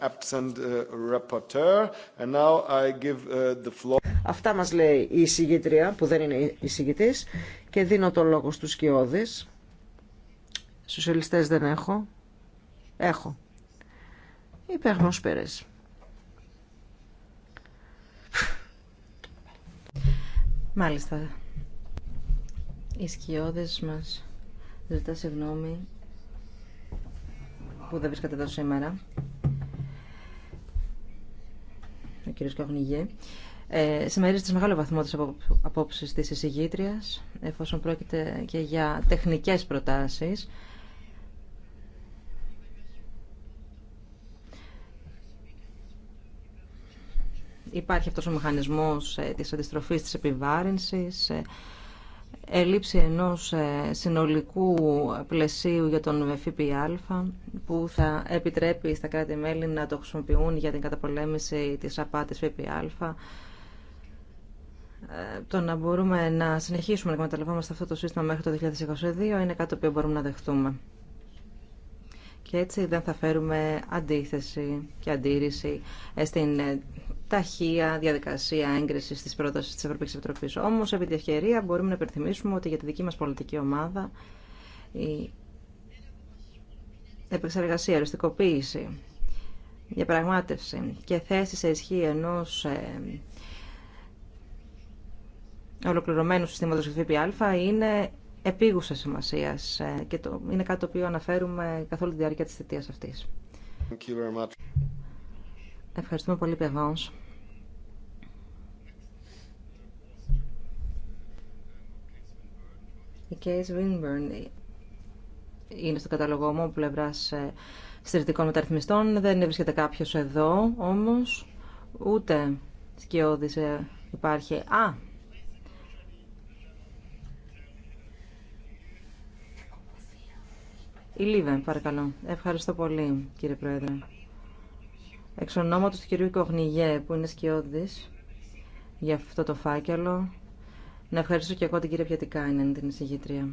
uh, And uh, Αυτά μας λέει η εισηγήτρια που δεν είναι εισηγητής και δίνω το λόγο στους Σκιώδης. Σοσιαλιστές δεν έχω. Έχω. Υπέρ Πέρες. Μάλιστα. Οι σκιώδες μας ζητά συγγνώμη που δεν βρίσκατε εδώ σήμερα. Ο κύριος Καγνιγέ. Ε, Συμμερίζεται σε μεγάλο βαθμό τις απόψεις της εισηγήτριας, εφόσον πρόκειται και για τεχνικές προτάσεις υπάρχει αυτός ο μηχανισμός ε, της αντιστροφής της επιβάρυνσης, ελήψη ενός ε, συνολικού πλαισίου για τον ΦΠΑ που θα επιτρέπει στα κράτη-μέλη να το χρησιμοποιούν για την καταπολέμηση της απάτης ΦΠΑ ε, το να μπορούμε να συνεχίσουμε να εκμεταλλευόμαστε αυτό το σύστημα μέχρι το 2022 είναι κάτι το οποίο μπορούμε να δεχτούμε. Και έτσι δεν θα φέρουμε αντίθεση και αντίρρηση στην ταχεία διαδικασία έγκριση τη πρόταση τη Ευρωπαϊκή Επιτροπή. Όμω, επί τη ευκαιρία, μπορούμε να υπενθυμίσουμε ότι για τη δική μα πολιτική ομάδα η επεξεργασία, οριστικοποίηση, διαπραγμάτευση και θέση σε ισχύ ενό ε, ολοκληρωμένου συστήματος ΦΠΑ είναι επίγουσα σημασία ε, και το, είναι κάτι το οποίο αναφέρουμε καθ' όλη τη διάρκεια τη θητεία αυτή. Ευχαριστούμε πολύ, Πεβάνς. Η Case Winburn είναι στο καταλογό μου πλευρά ε, στηρητικών μεταρρυθμιστών. Δεν βρίσκεται κάποιο εδώ όμω, ούτε σκιώδη ε, υπάρχει. Α! Η Λίβε, παρακαλώ. Ευχαριστώ πολύ, κύριε Πρόεδρε. Εξ ονόματος του κυρίου Κογνιγέ, που είναι σκιώδης για αυτό το φάκελο, να ευχαριστήσω και εγώ την κυρία Πιατικάινεν, την εισηγήτρια.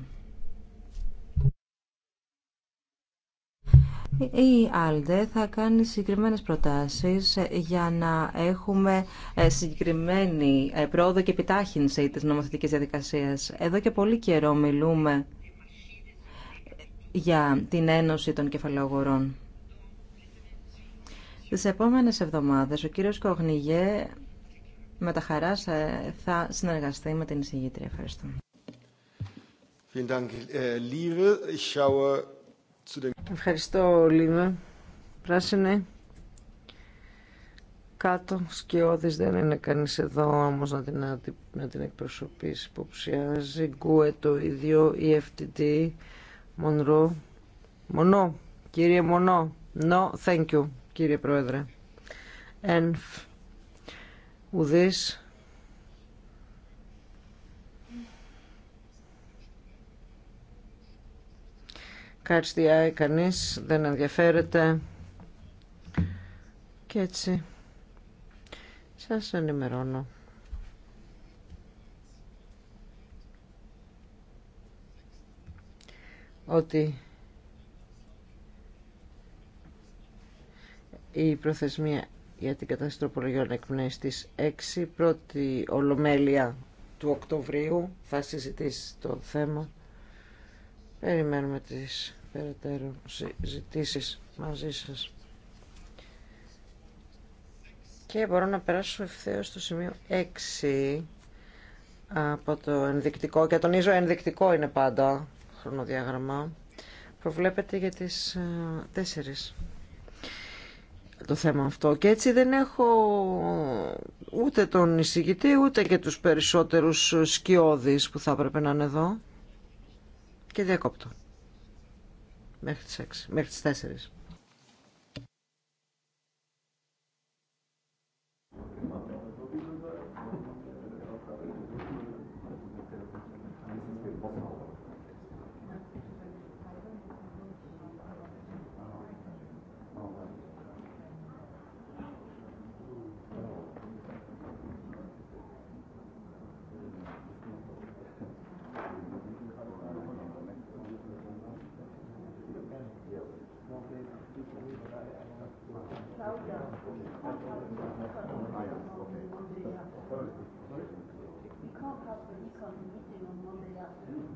Η Άλντε θα κάνει συγκεκριμένες προτάσεις για να έχουμε ε, συγκεκριμένη ε, πρόοδο και επιτάχυνση της νομοθετικής διαδικασίας. Εδώ και πολύ καιρό μιλούμε για την Ένωση των Κεφαλαιογορών. Στι επόμενε εβδομάδε, ο κύριος Κογνιγέ με τα χαρά ε, θα συνεργαστεί με την εισηγήτρια. Ευχαριστώ. Ε, Ευχαριστώ, Λίβε. Πράσινη. Κάτω, σκιώδης δεν είναι κανείς εδώ όμω να την, να την εκπροσωπήσει υποψιάζει. Γκουε το ίδιο, η FTT, Μονρό. Μονό, κύριε Μονό. No, thank you κύριε Πρόεδρε. Ενφ, ουδής, διάει κανείς, δεν ενδιαφέρεται και έτσι σας ενημερώνω. ότι η προθεσμία για την κατάσταση τροπολογιών εκπνέει στι 6. Πρώτη ολομέλεια του Οκτωβρίου θα συζητήσει το θέμα. Περιμένουμε τις περαιτέρω συζητήσεις μαζί σας. Και μπορώ να περάσω ευθέω στο σημείο 6 από το ενδεικτικό και τονίζω ενδεικτικό είναι πάντα χρονοδιάγραμμα προβλέπεται για τις 4 ε, το θέμα αυτό και έτσι δεν έχω ούτε τον εισηγητή ούτε και τους περισσότερους σκιώδεις που θα έπρεπε να είναι εδώ και διακόπτω μέχρι τις, 6, μέχρι τις 4.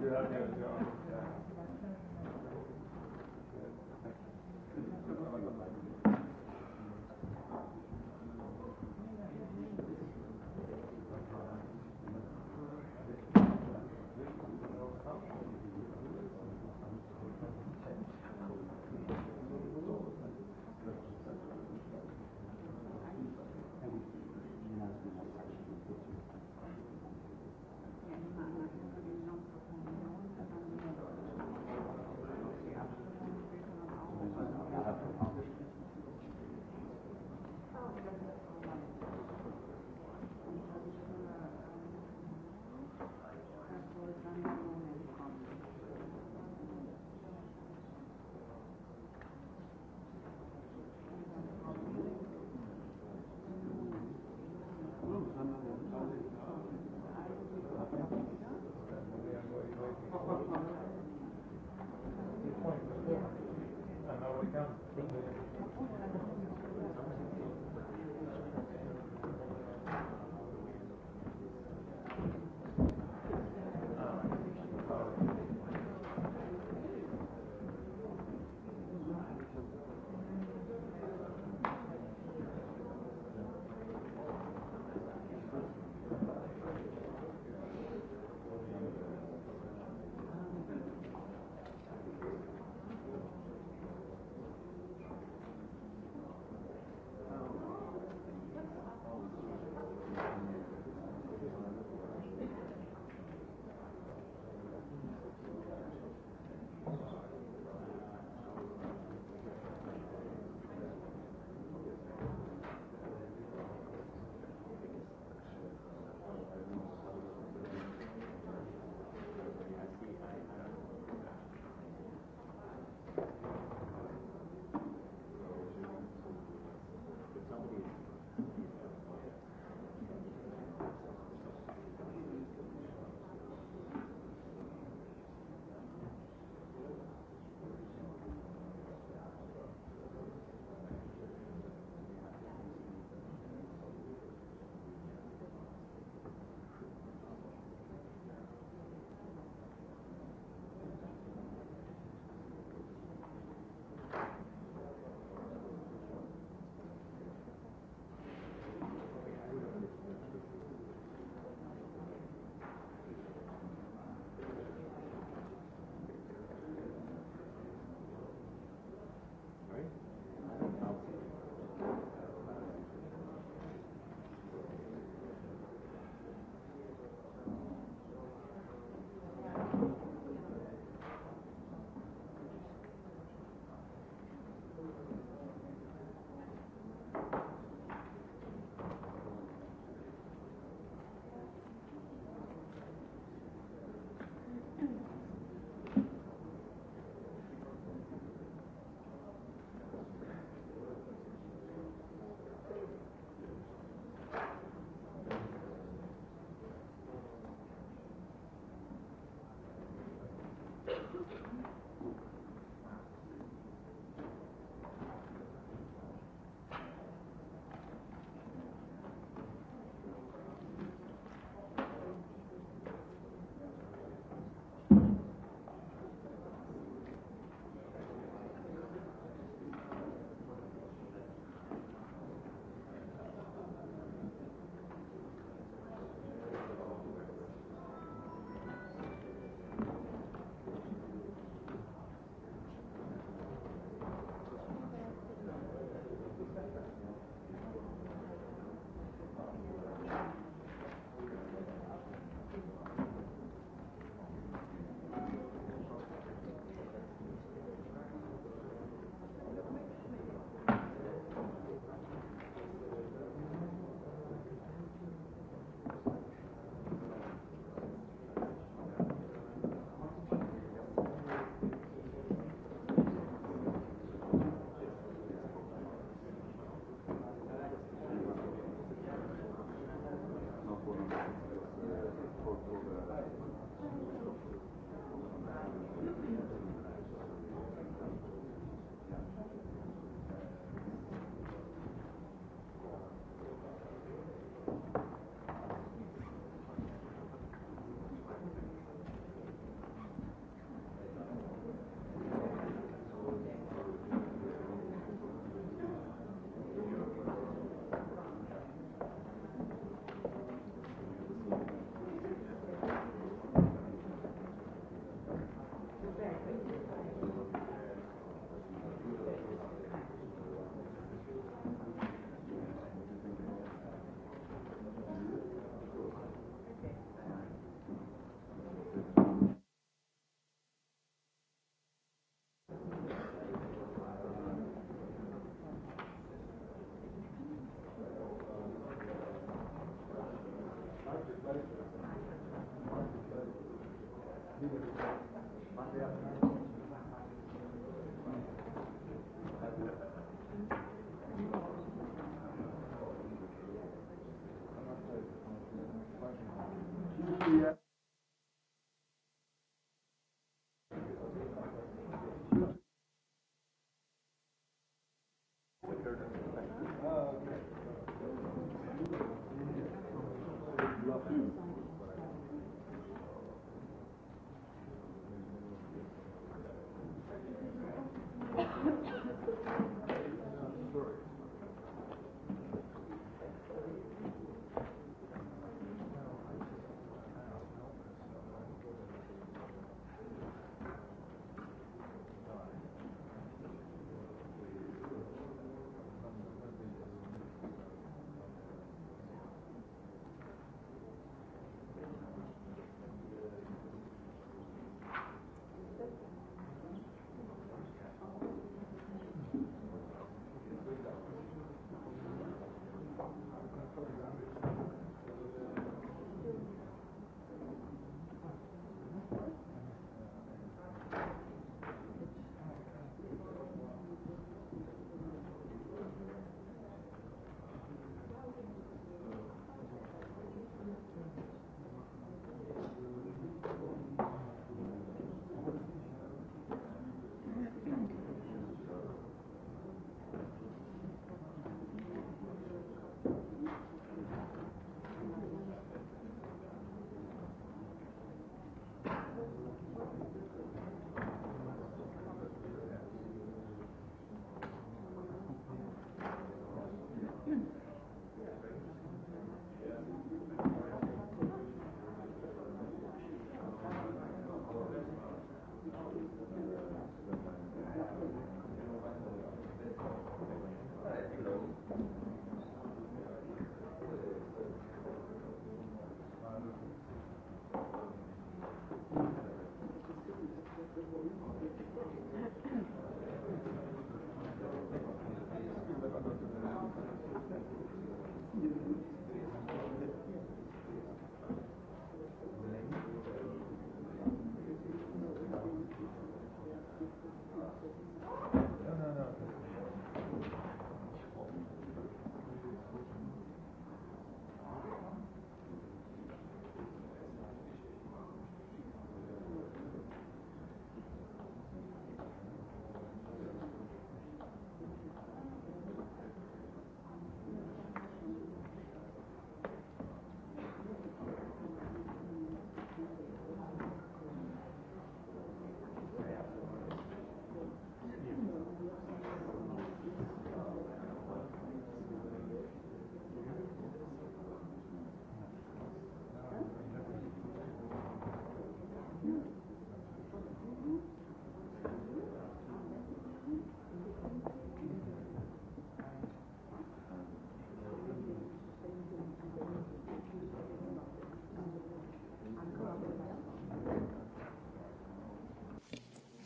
Yeah, yeah.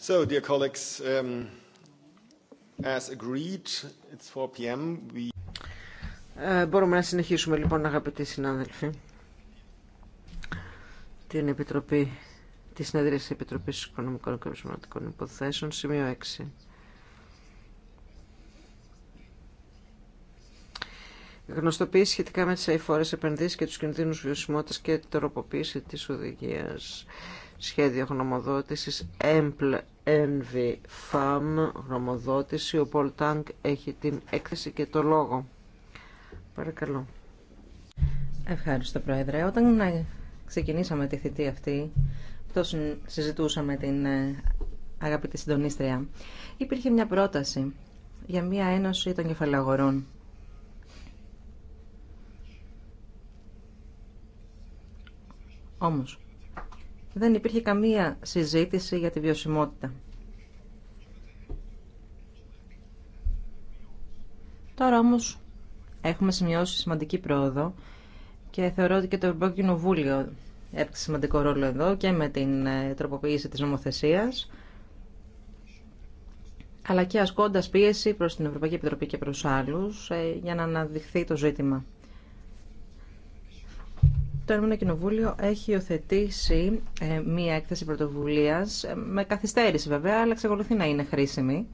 So, dear colleagues, um, as agreed, it's 4 p.m. We... Ε, μπορούμε να συνεχίσουμε λοιπόν αγαπητοί συνάδελφοι την Επιτροπή τη συνεδρία της Επιτροπής Οικονομικών και Επιστηματικών Υποθέσεων σημείο 6 Γνωστοποίηση σχετικά με τις αηφόρες επενδύσεις και τους κινδύνους βιωσιμότητας και τροποποίηση της οδηγίας σχέδιο γνωμοδότησης ΕΜΠΛ Envy Farm, γνωμοδότηση. Ο Πολ έχει την έκθεση και το λόγο. Παρακαλώ. Ευχαριστώ, Πρόεδρε. Όταν ξεκινήσαμε τη θητή αυτή, το συζητούσαμε την ε, αγαπητή συντονίστρια, υπήρχε μια πρόταση για μια ένωση των κεφαλαγορών. Όμως, δεν υπήρχε καμία συζήτηση για τη βιωσιμότητα. Τώρα όμως έχουμε σημειώσει σημαντική πρόοδο και θεωρώ ότι και το Ευρωπαϊκό Κοινοβούλιο έπαιξε σημαντικό ρόλο εδώ και με την ε, τροποποίηση της νομοθεσίας αλλά και ασκώντας πίεση προς την Ευρωπαϊκή Επιτροπή και προς άλλους ε, για να αναδειχθεί το ζήτημα. Το Ηνωμένο Κοινοβούλιο έχει υιοθετήσει ε, μία έκθεση πρωτοβουλίας, ε, με καθυστέρηση βέβαια, αλλά εξακολουθεί να είναι χρήσιμη.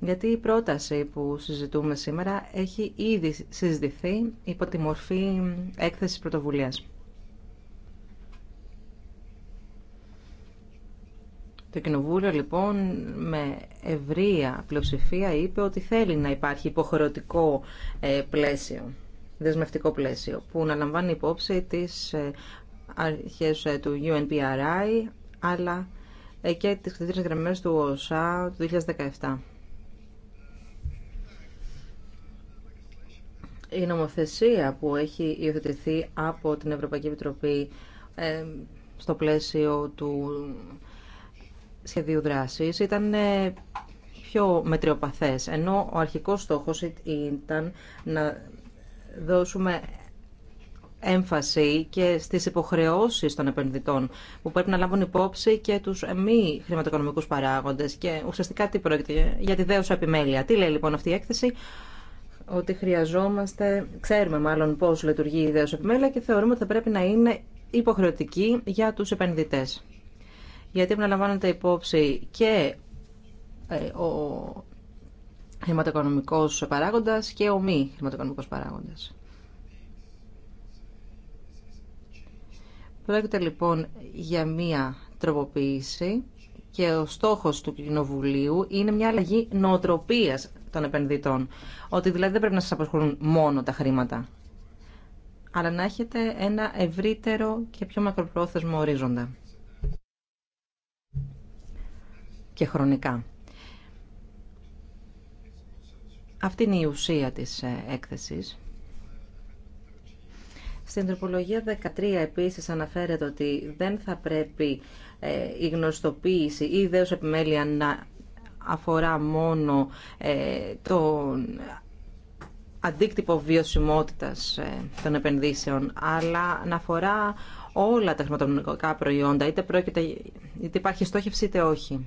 Γιατί η πρόταση που συζητούμε σήμερα έχει ήδη συζητηθεί υπό τη μορφή έκθεσης πρωτοβουλίας. Το Κοινοβούλιο λοιπόν με ευρεία πλειοψηφία είπε ότι θέλει να υπάρχει υποχρεωτικό ε, πλαίσιο δεσμευτικό πλαίσιο που να λαμβάνει υπόψη τις ε, αρχές ε, του UNPRI αλλά ε, και τις κριτήρες γραμμές του ΟΣΑ του 2017. Η νομοθεσία που έχει υιοθετηθεί από την Ευρωπαϊκή Επιτροπή στο πλαίσιο του σχεδίου δράσης ήταν πιο μετριοπαθές, ενώ ο αρχικός στόχος ήταν να δώσουμε έμφαση και στις υποχρεώσεις των επενδυτών που πρέπει να λάβουν υπόψη και τους μη χρηματοοικονομικούς παράγοντες και ουσιαστικά τι πρόκειται για τη δέωσα επιμέλεια. Τι λέει λοιπόν αυτή η έκθεση ότι χρειαζόμαστε, ξέρουμε μάλλον πώς λειτουργεί η δέωσα επιμέλεια και θεωρούμε ότι θα πρέπει να είναι υποχρεωτική για τους επενδυτές. Γιατί πρέπει να λαμβάνεται υπόψη και ε, ο χρηματοοικονομικός παράγοντας και ο μη χρηματοοικονομικός παράγοντας. Πρόκειται λοιπόν για μία τροποποίηση και ο στόχος του Κοινοβουλίου είναι μια αλλαγή νοοτροπίας των επενδυτών. Ότι δηλαδή δεν πρέπει να σας απασχολούν μόνο τα χρήματα, αλλά να έχετε ένα ευρύτερο και πιο μακροπρόθεσμο ορίζοντα. Και χρονικά. Αυτή είναι η ουσία της ε, έκθεσης. Στην τροπολογία 13 επίσης αναφέρεται ότι δεν θα πρέπει ε, η γνωστοποίηση ή η η επιμέλεια να αφορά μόνο ε, τον αντίκτυπο βιωσιμότητας των επενδύσεων, αλλά να αφορά όλα τα χρηματοοικονομικά προϊόντα, είτε, πρόκειται, είτε υπάρχει στόχευση είτε όχι.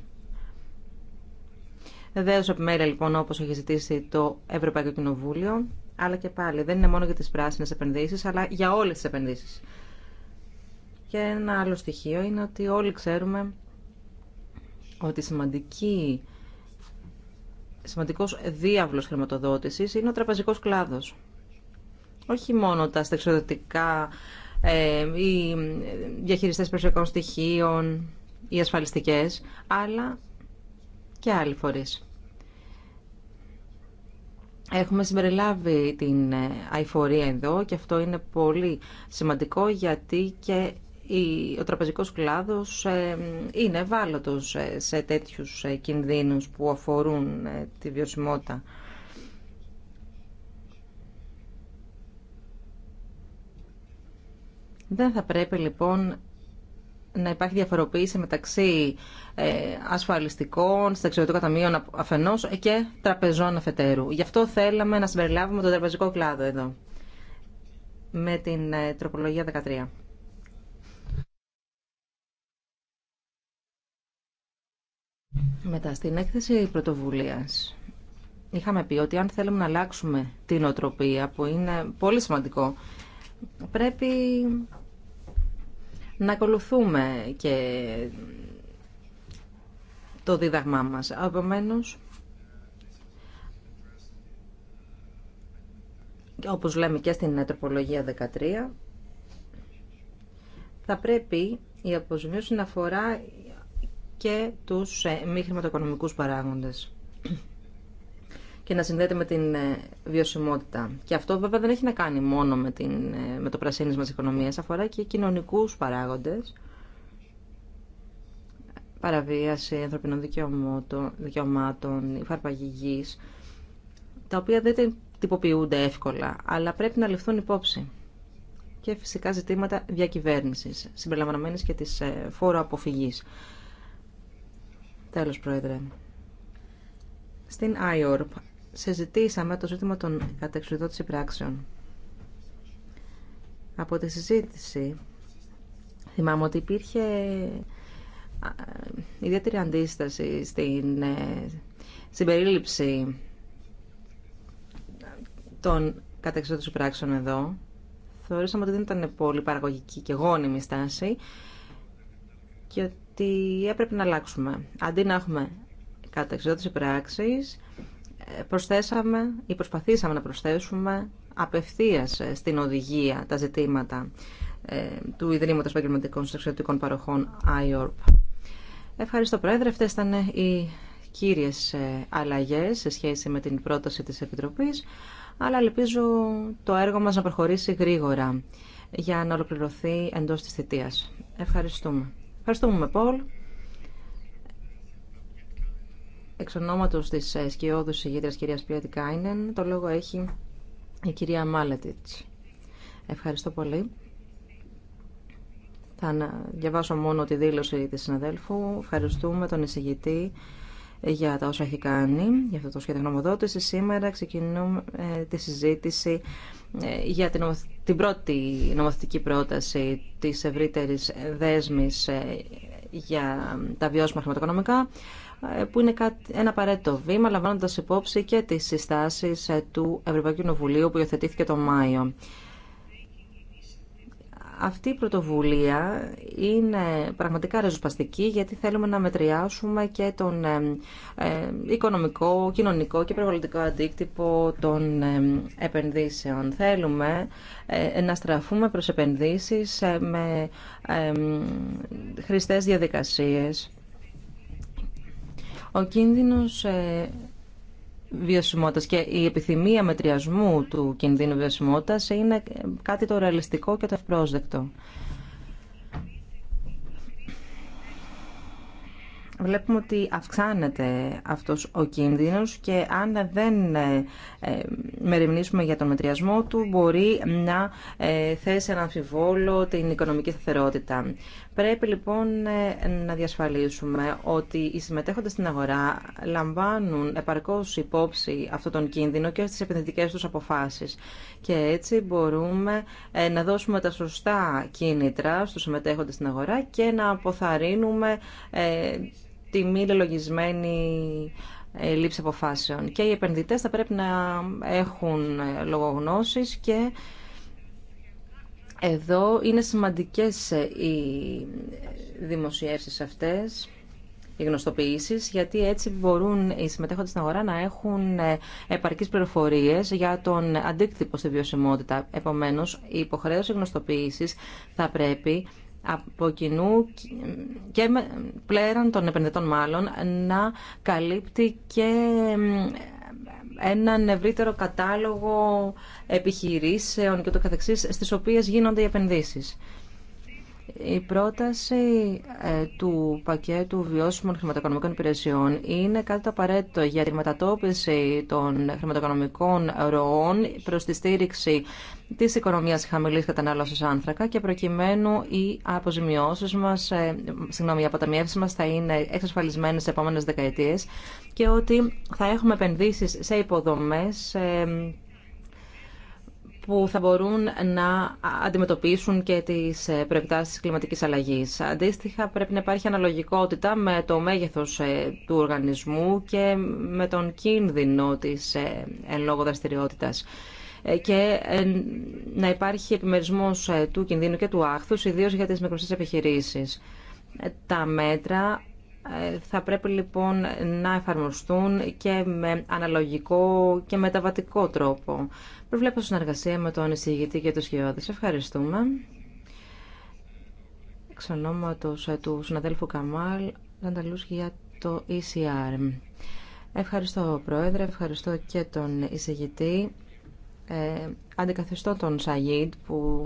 Βεβαίω, επιμέλεια λοιπόν όπως έχει ζητήσει το Ευρωπαϊκό Κοινοβούλιο, αλλά και πάλι δεν είναι μόνο για τις πράσινες επενδύσει, αλλά για όλες τις επενδύσει. Και ένα άλλο στοιχείο είναι ότι όλοι ξέρουμε ότι σημαντική, σημαντικός διάβλος χρηματοδότησης είναι ο τραπεζικός κλάδος. Όχι μόνο τα στεξιοδοτικά ε, οι διαχειριστέ περιουσιακών στοιχείων, οι ασφαλιστικέ, αλλά και άλλοι φορεί. Έχουμε συμπεριλάβει την ε, αηφορία εδώ και αυτό είναι πολύ σημαντικό γιατί και ο τραπεζικός κλάδος ε, είναι ευάλωτος ε, σε τέτοιους κινδύνους που αφορούν τη βιωσιμότητα. Δεν θα πρέπει λοιπόν να υπάρχει διαφοροποίηση μεταξύ ε, ασφαλιστικών, συνταξιδοτικών ταμείων αφενός και τραπεζών αφετέρου. Γι' αυτό θέλαμε να συμπεριλάβουμε τον τραπεζικό κλάδο εδώ, με την ε, τροπολογία 13. Μετά, στην έκθεση πρωτοβουλίας, είχαμε πει ότι αν θέλουμε να αλλάξουμε την οτροπία, που είναι πολύ σημαντικό, πρέπει να ακολουθούμε και το δίδαγμά μας. Επομένω, όπως λέμε και στην τροπολογία 13, θα πρέπει η αποζημίωση να αφορά και τους ε, μη χρηματοοικονομικούς παράγοντες και να συνδέεται με την ε, βιωσιμότητα. Και αυτό βέβαια δεν έχει να κάνει μόνο με, την, ε, με το πρασίνισμα της οικονομία. αφορά και κοινωνικού παράγοντε. παραβίαση ανθρωπινών δικαιωμάτων, υφαρπαγή γη, τα οποία δεν τυποποιούνται εύκολα, αλλά πρέπει να ληφθούν υπόψη. Και φυσικά ζητήματα διακυβέρνηση, συμπεριλαμβανομένη και τη ε, φόρου αποφυγή. Τέλο Πρόεδρε. Στην IORP συζητήσαμε το ζήτημα των κατεξουδότηση πράξεων. Από τη συζήτηση θυμάμαι ότι υπήρχε ιδιαίτερη αντίσταση στην ε, συμπερίληψη των κατεξοδότηση πράξεων εδώ. Θεωρήσαμε ότι δεν ήταν πολύ παραγωγική και γόνιμη στάση και ότι έπρεπε να αλλάξουμε. Αντί να έχουμε κατεξοδότηση πράξης, προσθέσαμε ή προσπαθήσαμε να προσθέσουμε απευθείας ε, στην οδηγία τα ζητήματα ε, του Ιδρύματος Επαγγελματικών Συνταξιωτικών Παροχών IORP. Ευχαριστώ Πρόεδρε. Αυτές ήταν ε, οι κύριες αλλαγές σε σχέση με την πρόταση της Επιτροπής, αλλά ελπίζω το έργο μας να προχωρήσει γρήγορα για να ολοκληρωθεί εντός της θητείας. Ευχαριστούμε. Ευχαριστούμε Πολ. Εξ ονόματος της ε, σκιώδους ηγήτριας κυρίας Πιέτη Κάινεν, το λόγο έχει η κυρία Μάλετιτς. Ευχαριστώ πολύ. Θα διαβάσω μόνο τη δήλωση της συναδέλφου. Ευχαριστούμε τον εισηγητή για τα όσα έχει κάνει, για αυτό το σχέδιο γνωμοδότηση. Σήμερα ξεκινούμε ε, τη συζήτηση ε, για την, την πρώτη νομοθετική πρόταση της ευρύτερης δέσμης για τα βιώσιμα χρηματοοικονομικά. Ε, που είναι ένα απαραίτητο βήμα λαμβάνοντα υπόψη και τις συστάσεις ε, του Ευρωπαϊκού Κοινοβουλίου που υιοθετήθηκε τον Μάιο. Αυτή η πρωτοβουλία είναι πραγματικά ρεζοσπαστική γιατί θέλουμε να μετριάσουμε και τον ε, οικονομικό, κοινωνικό και περιβαλλοντικό αντίκτυπο των επενδύσεων. Θέλουμε να στραφούμε προς επενδύσεις με χρηστές διαδικασίες ο κίνδυνος ε, βιωσιμότητας και η επιθυμία μετριασμού του κινδύνου βιωσιμότητας είναι ε, κάτι το ρεαλιστικό και το ευπρόσδεκτο. Βλέπουμε ότι αυξάνεται αυτός ο κίνδυνος και αν δεν ε, μεριμνήσουμε για τον μετριασμό του μπορεί να θέσει ένα αμφιβόλο την οικονομική σταθερότητα. Πρέπει λοιπόν ε, να διασφαλίσουμε ότι οι συμμετέχοντες στην αγορά λαμβάνουν επαρκώς υπόψη αυτόν τον κίνδυνο και στις επενδυτικές τους αποφάσεις. Και έτσι μπορούμε ε, να δώσουμε τα σωστά κίνητρα στους συμμετέχοντες στην αγορά και να αποθαρρύνουμε ε, τη μη λελογισμένη λήψη αποφάσεων. Και οι επενδυτές θα πρέπει να έχουν λογογνώσεις και εδώ είναι σημαντικές ε, οι δημοσιεύσεις αυτές, οι γνωστοποιήσεις, γιατί έτσι μπορούν οι συμμετέχοντες στην αγορά να έχουν ε, επαρκείς πληροφορίες για τον αντίκτυπο στη βιωσιμότητα. Επομένως, η υποχρέωση γνωστοποίησης θα πρέπει από κοινού και πλέραν των επενδυτών μάλλον να καλύπτει και έναν ευρύτερο κατάλογο επιχειρήσεων και το καθεξής στις οποίες γίνονται οι επενδύσεις. Η πρόταση ε, του πακέτου βιώσιμων χρηματοοικονομικών υπηρεσιών είναι κάτι το απαραίτητο για τη μετατόπιση των χρηματοοικονομικών ροών προς τη στήριξη τη οικονομία χαμηλή κατανάλωσης άνθρακα και προκειμένου οι αποζημιώσεις μας, ε, συγγνώμη, οι αποταμιεύσει μα θα είναι εξασφαλισμένε σε επόμενε δεκαετίες και ότι θα έχουμε επενδύσει σε υποδομέ. Ε, που θα μπορούν να αντιμετωπίσουν και τις ε, προεκτάσεις κλιματικής αλλαγής. Αντίστοιχα, πρέπει να υπάρχει αναλογικότητα με το μέγεθος ε, του οργανισμού και με τον κίνδυνο της ε, εν λόγω δραστηριότητας και να υπάρχει επιμερισμός του κινδύνου και του άχθους, ιδίως για τις μικροσές επιχειρήσεις. Τα μέτρα ε, θα πρέπει λοιπόν να εφαρμοστούν και με αναλογικό και μεταβατικό τρόπο. Προβλέπω συνεργασία με τον εισηγητή και τους χειώδες. Ευχαριστούμε. Εξ ονόματος ε, του συναδέλφου Καμάλ, Ζανταλούς για το ECR. Ευχαριστώ Πρόεδρε, ευχαριστώ και τον εισηγητή. Ε, αντικαθιστώ τον Σαγίτ που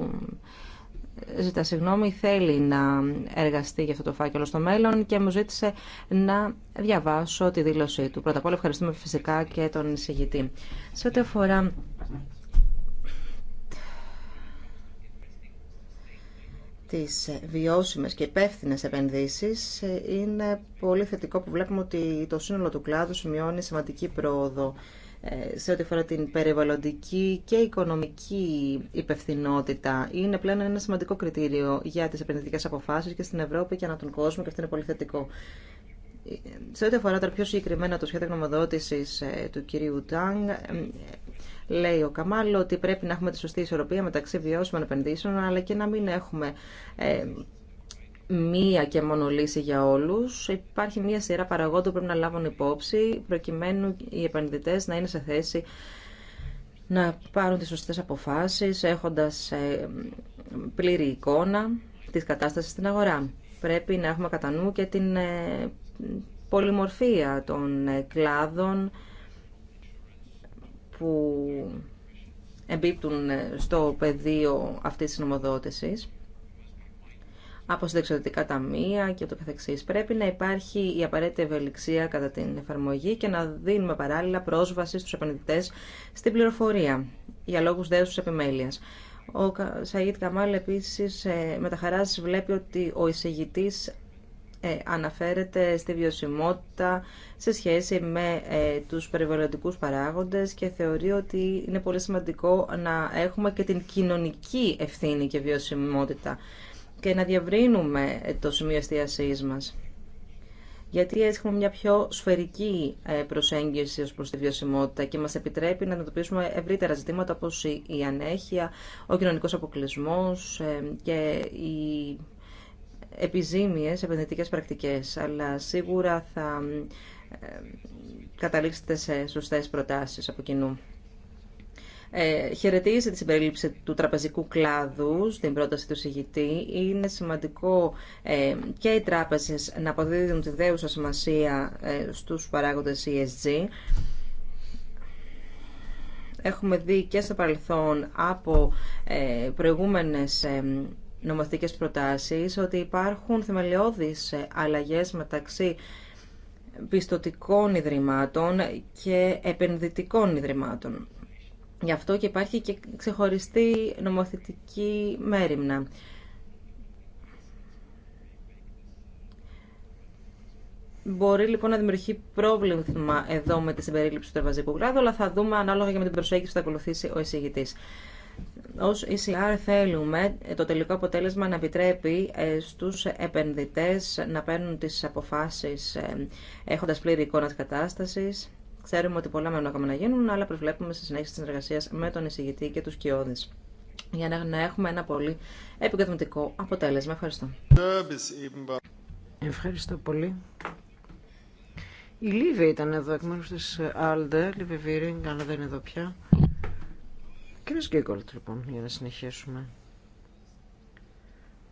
ζητά συγγνώμη, θέλει να εργαστεί για αυτό το φάκελο στο μέλλον και μου ζήτησε να διαβάσω τη δήλωσή του. Πρώτα απ' όλα ευχαριστούμε φυσικά και τον εισηγητή. Σε ό,τι αφορά τις βιώσιμες και υπεύθυνε επενδύσεις είναι πολύ θετικό που βλέπουμε ότι το σύνολο του κλάδου σημειώνει σημαντική πρόοδο ε, σε ό,τι αφορά την περιβαλλοντική και οικονομική υπευθυνότητα είναι πλέον ένα σημαντικό κριτήριο για τις επενδυτικές αποφάσεις και στην Ευρώπη και ανά τον κόσμο και αυτό είναι πολύ θετικό. Σε ό,τι αφορά τώρα πιο συγκεκριμένα το σχέδιο γνωμοδότηση ε, του κυρίου Τάγκ, ε, λέει ο Καμάλ ότι πρέπει να έχουμε τη σωστή ισορροπία μεταξύ βιώσιμων επενδύσεων, αλλά και να μην έχουμε μία και μόνο λύση για όλους. Υπάρχει μία σειρά παραγόντων που πρέπει να λάβουν υπόψη προκειμένου οι επενδυτές να είναι σε θέση να πάρουν τις σωστές αποφάσεις έχοντας ε, πλήρη εικόνα της κατάστασης στην αγορά. Πρέπει να έχουμε κατά νου και την ε, πολυμορφία των ε, κλάδων που εμπίπτουν στο πεδίο αυτής της νομοδότησης από συνταξιδοτικά ταμεία και το καθεξής. Πρέπει να υπάρχει η απαραίτητη ευελιξία κατά την εφαρμογή και να δίνουμε παράλληλα πρόσβαση στους επενδυτές στην πληροφορία για λόγους δέους επιμέλειας. Ο Σαγίτ Καμάλ επίσης ε, με τα χαράσεις βλέπει ότι ο εισηγητής ε, αναφέρεται στη βιωσιμότητα σε σχέση με ε, τους περιβαλλοντικούς παράγοντες και θεωρεί ότι είναι πολύ σημαντικό να έχουμε και την κοινωνική ευθύνη και βιωσιμότητα και να διευρύνουμε το σημείο εστιασή μας. Γιατί έχουμε μια πιο σφαιρική ε, προσέγγιση ως προς τη βιωσιμότητα και μας επιτρέπει να αντιμετωπίσουμε ευρύτερα ζητήματα όπως η ανέχεια, ο κοινωνικός αποκλεισμός ε, και οι επιζήμιες επενδυτικές πρακτικές. Αλλά σίγουρα θα ε, καταλήξετε σε σωστές προτάσεις από κοινού ε, χαιρετίζει τη συμπερίληψη του τραπεζικού κλάδου στην πρόταση του συγητή. Είναι σημαντικό ε, και οι τράπεζε να αποδίδουν τη δέουσα σημασία ε, στους παράγοντες ESG. Έχουμε δει και στο παρελθόν από ε, προηγούμενες ε, νομοθετικές προτάσεις ότι υπάρχουν θεμελιώδεις ε, αλλαγές μεταξύ πιστοτικών ιδρυμάτων και επενδυτικών ιδρυμάτων. Γι' αυτό και υπάρχει και ξεχωριστή νομοθετική μέρημνα. Μπορεί λοιπόν να δημιουργεί πρόβλημα εδώ με τη συμπερίληψη του τερβαζικού κλάδου, αλλά θα δούμε ανάλογα και με την προσέγγιση που θα ακολουθήσει ο εισηγητή. Ω ECR θέλουμε το τελικό αποτέλεσμα να επιτρέπει ε, στους επενδυτές να παίρνουν τις αποφάσεις ε, έχοντας πλήρη εικόνα της κατάστασης Ξέρουμε ότι πολλά μένουν να γίνουν, αλλά προβλέπουμε στη συνέχεια τη συνεργασία με τον εισηγητή και του κοιόδη για να έχουμε ένα πολύ επικοδομητικό αποτέλεσμα. Ευχαριστώ. Ευχαριστώ πολύ. Η Λίβη ήταν εδώ εκ μέρου τη Άλντε, Λίβε Βίρινγκ, αλλά δεν είναι εδώ πια. Κύριος Γκίγκολτ, λοιπόν, για να συνεχίσουμε.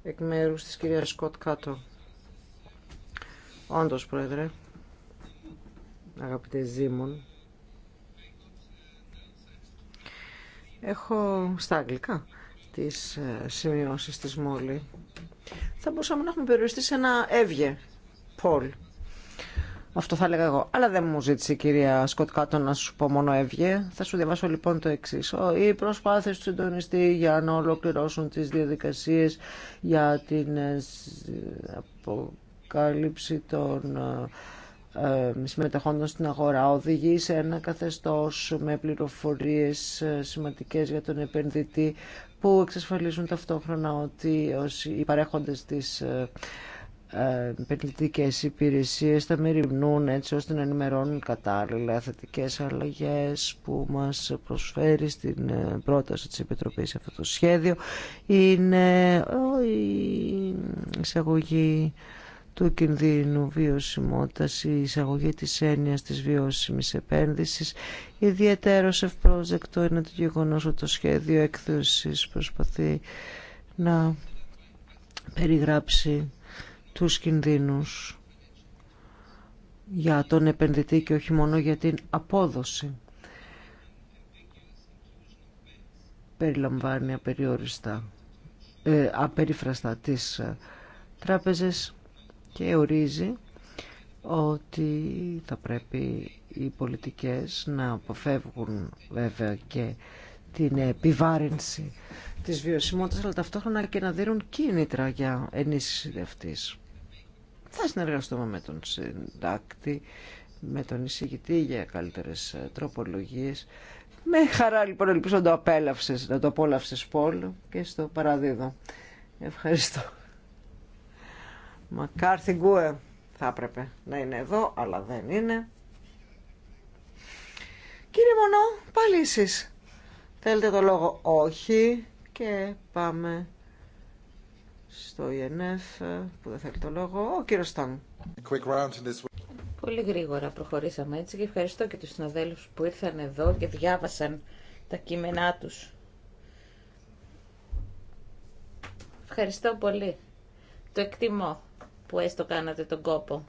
Εκ μέρου τη κυρία Σκοτ Κάτω. Όντω, Πρόεδρε, αγαπητέ Ζήμων. Έχω στα αγγλικά τις ε, σημειώσεις της Μόλι. Θα μπορούσαμε να έχουμε περιοριστεί σε ένα έβγε Πολ. Αυτό θα έλεγα εγώ. Αλλά δεν μου ζήτησε η κυρία Σκοτ Κάτω να σου πω μόνο έβγε. Θα σου διαβάσω λοιπόν το εξή. Οι προσπάθειε του συντονιστή για να ολοκληρώσουν τι διαδικασίε για την ε, αποκάλυψη των ε, ε, συμμετεχόντων στην αγορά οδηγεί σε ένα καθεστώς με πληροφορίες ε, σημαντικές για τον επενδυτή που εξασφαλίζουν ταυτόχρονα ότι οι παρέχοντες της ε, επενδυτικής υπηρεσίες θα μεριμνούν έτσι ώστε να ενημερώνουν κατάλληλα θετικέ αλλαγές που μας προσφέρει στην πρόταση επιτροπή σε αυτό το σχέδιο είναι η εισαγωγή του κινδύνου βιώσιμότητα, η εισαγωγή της έννοιας της βιώσιμης επένδυσης. Ιδιαίτερο ευπρόζεκτο είναι το γεγονός ότι το σχέδιο έκθεσης προσπαθεί να περιγράψει τους κινδύνους για τον επενδυτή και όχι μόνο για την απόδοση. Περιλαμβάνει απεριόριστα, ε, απερίφραστα τις ε, τράπεζες και ορίζει ότι θα πρέπει οι πολιτικές να αποφεύγουν βέβαια και την επιβάρυνση της βιωσιμότητας αλλά ταυτόχρονα και να δίνουν κίνητρα για ενίσχυση αυτής. Θα συνεργαστούμε με τον συντάκτη, με τον εισηγητή για καλύτερες τροπολογίες. Με χαρά λοιπόν ελπίζω να το απέλαυσες, να το απόλαυσες Πολ και στο παραδίδω. Ευχαριστώ. Μακάρθι Γκούε θα έπρεπε να είναι εδώ, αλλά δεν είναι. Κύριε Μονό, πάλι εσείς. Θέλετε το λόγο όχι και πάμε στο ΙΕΝΕΦ που δεν θέλει το λόγο. Ο κύριος Στάν. Πολύ γρήγορα προχωρήσαμε έτσι και ευχαριστώ και τους συναδέλφους που ήρθαν εδώ και διάβασαν τα κείμενά τους. Ευχαριστώ πολύ. Το εκτιμώ που έστω κάνατε τον κόπο.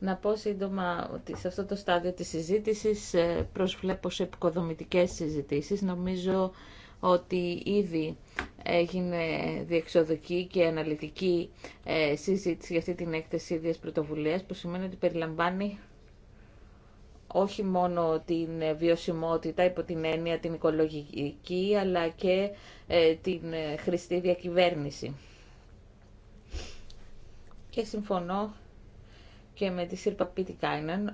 Να πω σύντομα ότι σε αυτό το στάδιο της συζήτησης ε, προσβλέπω σε επικοδομητικές συζητήσεις. Νομίζω ότι ήδη έγινε διεξοδική και αναλυτική ε, συζήτηση για αυτή την έκθεση ίδιας πρωτοβουλίας που σημαίνει ότι περιλαμβάνει όχι μόνο την βιωσιμότητα υπό την έννοια την οικολογική αλλά και ε, την χρηστή διακυβέρνηση και συμφωνώ και με τη Σύρπα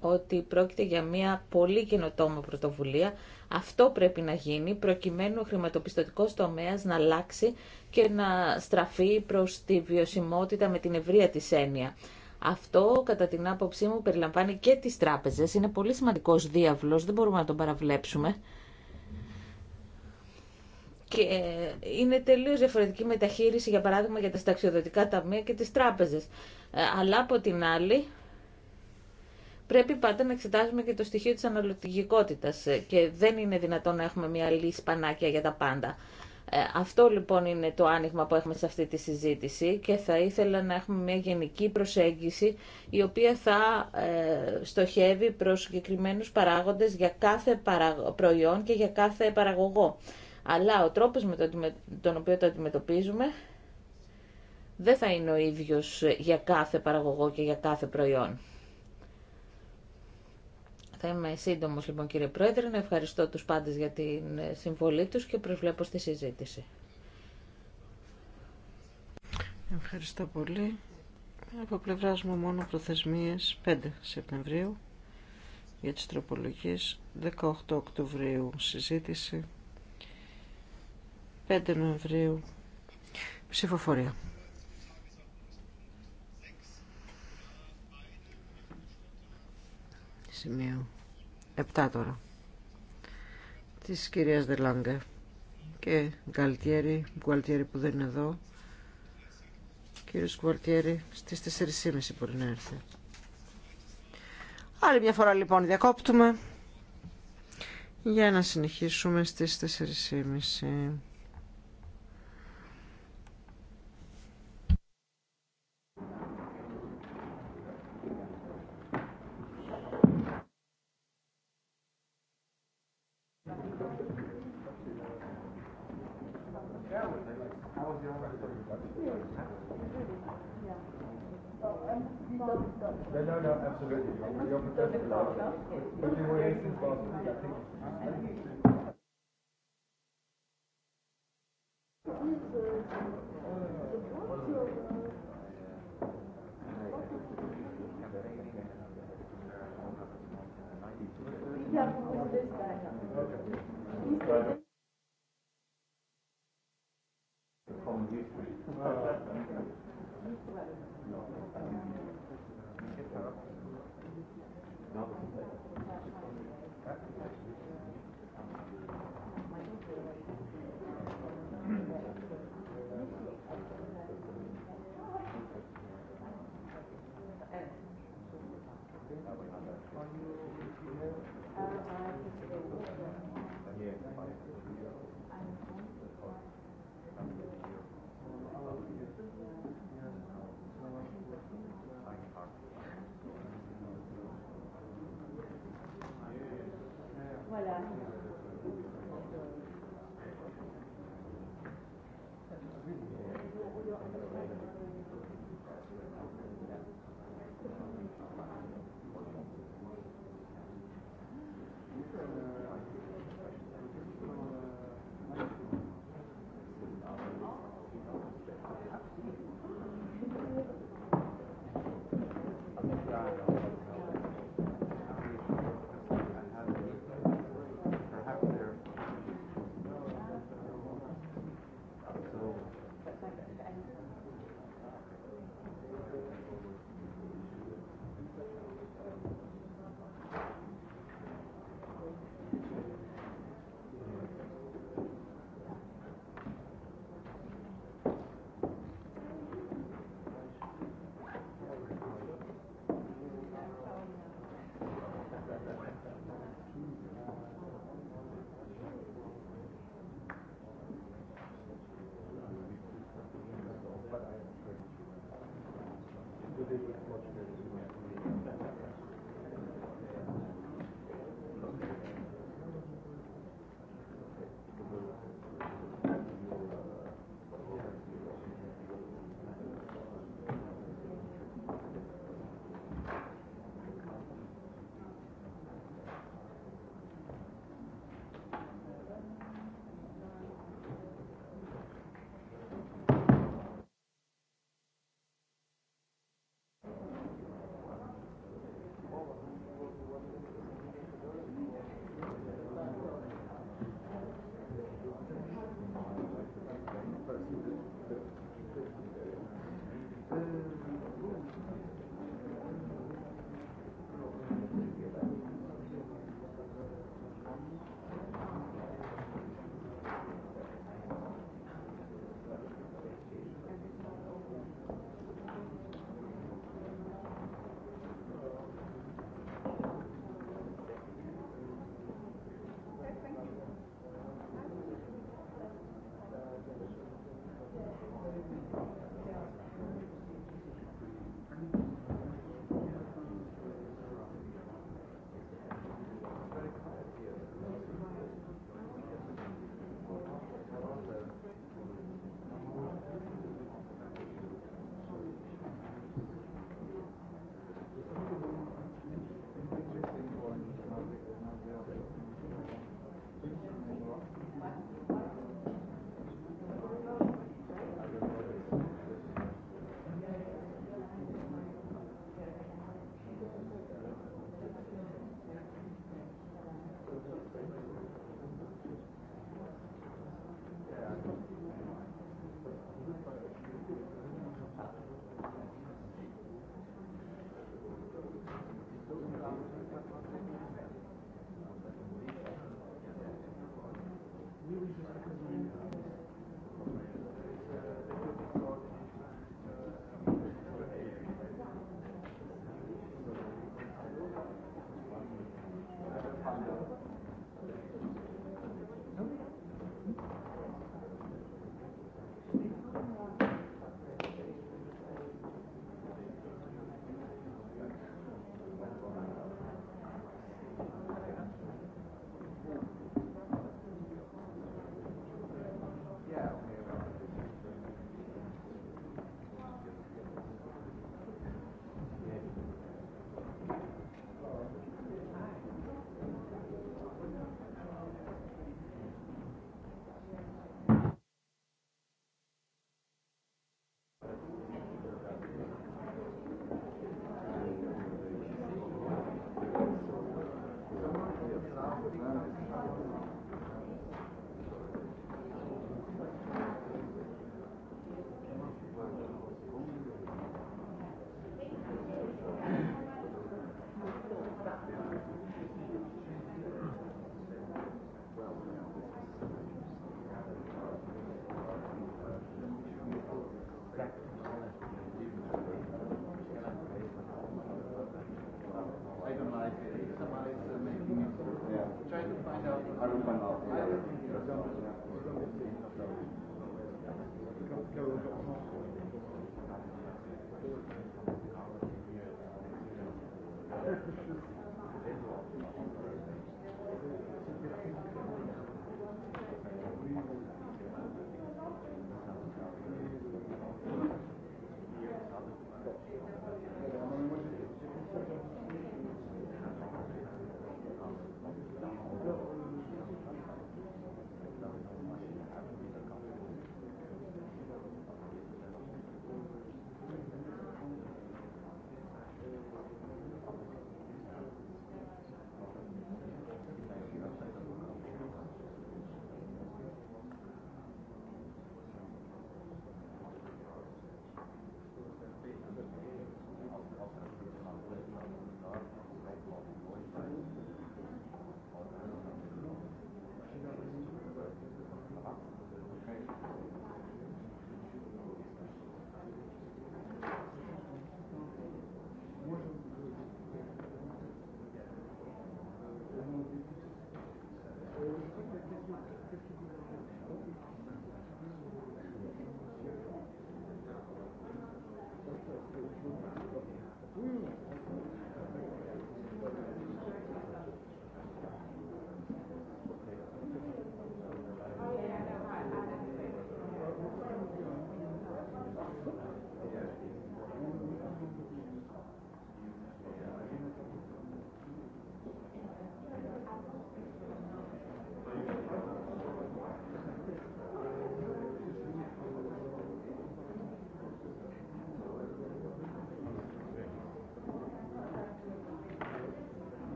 ότι πρόκειται για μια πολύ καινοτόμα πρωτοβουλία. Αυτό πρέπει να γίνει προκειμένου ο χρηματοπιστωτικός τομέας να αλλάξει και να στραφεί προς τη βιωσιμότητα με την ευρεία τη έννοια. Αυτό, κατά την άποψή μου, περιλαμβάνει και τις τράπεζες. Είναι πολύ σημαντικός διάβλος, δεν μπορούμε να τον παραβλέψουμε και ε, είναι τελείω διαφορετική μεταχείριση, για παράδειγμα, για τα σταξιοδοτικά ταμεία και τις τράπεζες. Ε, αλλά από την άλλη, πρέπει πάντα να εξετάζουμε και το στοιχείο της αναλογικότητα. Ε, και δεν είναι δυνατόν να έχουμε μια λύση πανάκια για τα πάντα. Αυτό λοιπόν είναι το άνοιγμα που έχουμε σε αυτή τη συζήτηση και θα ήθελα να έχουμε μια γενική προσέγγιση η οποία θα στοχεύει προς συγκεκριμένους παράγοντες για κάθε προϊόν και για κάθε παραγωγό αλλά ο τρόπος με τον οποίο το αντιμετωπίζουμε δεν θα είναι ο ίδιος για κάθε παραγωγό και για κάθε προϊόν. Θα είμαι σύντομος λοιπόν κύριε Πρόεδρε, να ευχαριστώ τους πάντες για την συμβολή τους και προσβλέπω στη συζήτηση. Ευχαριστώ πολύ. Από πλευρά μόνο προθεσμίες 5 Σεπτεμβρίου για τις τροπολογίες 18 Οκτωβρίου συζήτηση 5 Νοεμβρίου ψηφοφορία. Σημείο 7 τώρα της κυρίας Δελάνγκε και Γκαλτιέρη, Γκουαλτιέρη που δεν είναι εδώ κύριος Γκουαλτιέρη στις 4.30 μπορεί να έρθει. Άλλη μια φορά λοιπόν διακόπτουμε για να συνεχίσουμε στις 4.30. No, no, no, absolutely. You're, But you were in I think.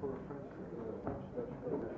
for French, French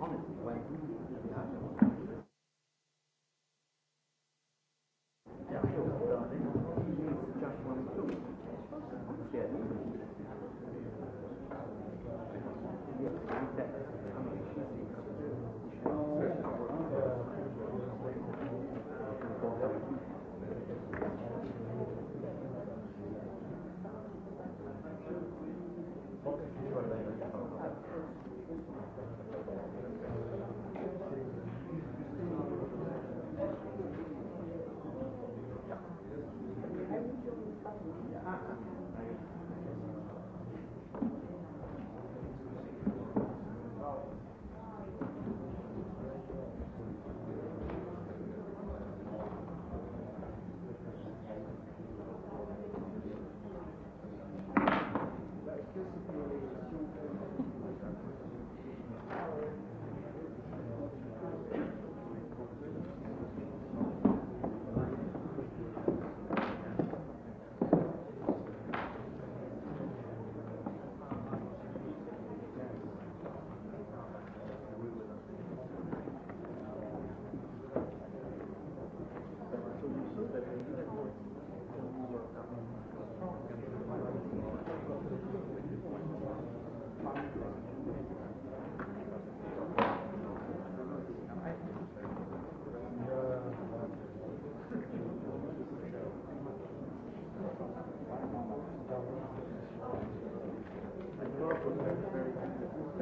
Honestly,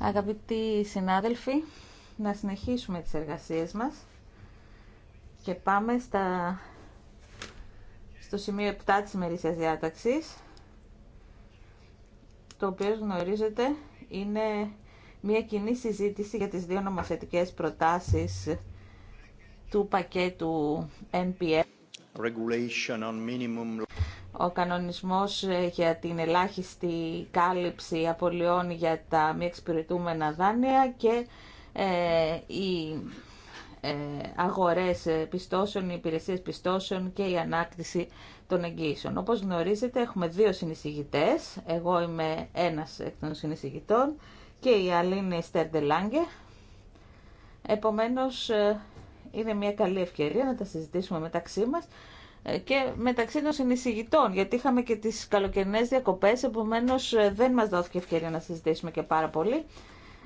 Αγαπητοί συνάδελφοι, να συνεχίσουμε τις εργασίες μας και πάμε στα... στο σημείο 7 της ημερήσιας διάταξης το οποίο γνωρίζετε είναι μια κοινή συζήτηση για τις δύο νομοθετικές προτάσεις του πακέτου NPF ο κανονισμός ε, για την ελάχιστη κάλυψη απολειών για τα μη εξυπηρετούμενα δάνεια και ε, οι ε, αγορές ε, πιστώσεων, οι υπηρεσίες πιστώσεων και η ανάκτηση των εγγύσεων. Όπως γνωρίζετε έχουμε δύο συνεισηγητές, εγώ είμαι ένας εκ των συνεισηγητών και η άλλη είναι η Στέρντε Λάγκε. Επομένως είναι μια καλή ευκαιρία να τα συζητήσουμε μεταξύ μας ε, και μεταξύ των συνεισηγητών, γιατί είχαμε και τις καλοκαιρινέ διακοπές, επομένως ε, δεν μας δόθηκε ευκαιρία να συζητήσουμε και πάρα πολύ.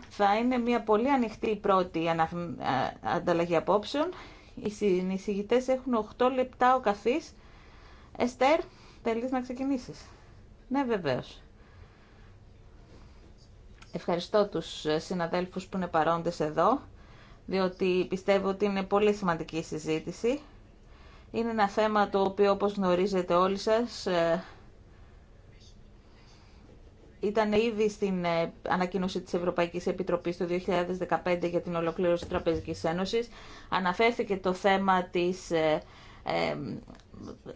Θα είναι μια πολύ ανοιχτή πρώτη ε, ανταλλαγή απόψεων. Οι συνεισηγητές έχουν 8 λεπτά ο καθής. Εστέρ, θέλει να ξεκινήσεις. Ναι, βεβαίω. Ευχαριστώ τους συναδέλφους που είναι παρόντες εδώ, διότι πιστεύω ότι είναι πολύ σημαντική η συζήτηση είναι ένα θέμα το οποίο όπως γνωρίζετε όλοι σας ε, ήταν ήδη στην ε, ανακοίνωση της Ευρωπαϊκής Επιτροπής το 2015 για την ολοκλήρωση της Τραπεζικής Ένωσης. Αναφέρθηκε το θέμα της, ε,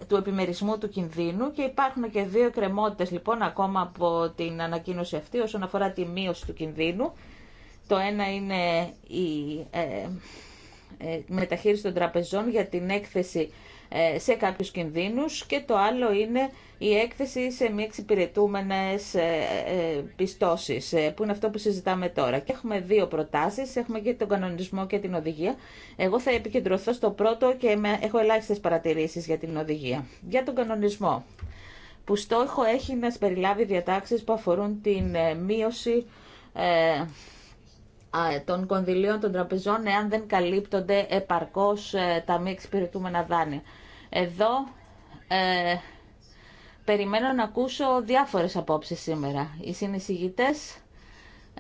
του επιμερισμού του κινδύνου και υπάρχουν και δύο κρεμότητες λοιπόν ακόμα από την ανακοίνωση αυτή όσον αφορά τη μείωση του κινδύνου. Το ένα είναι η... Ε, μεταχείριση των τραπεζών για την έκθεση ε, σε κάποιους κινδύνους και το άλλο είναι η έκθεση σε μη εξυπηρετούμενες ε, πιστώσεις, που είναι αυτό που συζητάμε τώρα. Και έχουμε δύο προτάσεις, έχουμε και τον κανονισμό και την οδηγία. Εγώ θα επικεντρωθώ στο πρώτο και έχω ελάχιστες παρατηρήσεις για την οδηγία. Για τον κανονισμό, που στόχο έχει να περιλάβει διατάξεις που αφορούν την μείωση των κονδυλίων των τραπεζών εάν δεν καλύπτονται επαρκώς ε, τα μη εξυπηρετούμενα δάνεια. Εδώ ε, περιμένω να ακούσω διάφορες απόψεις σήμερα. Οι συνεισηγητές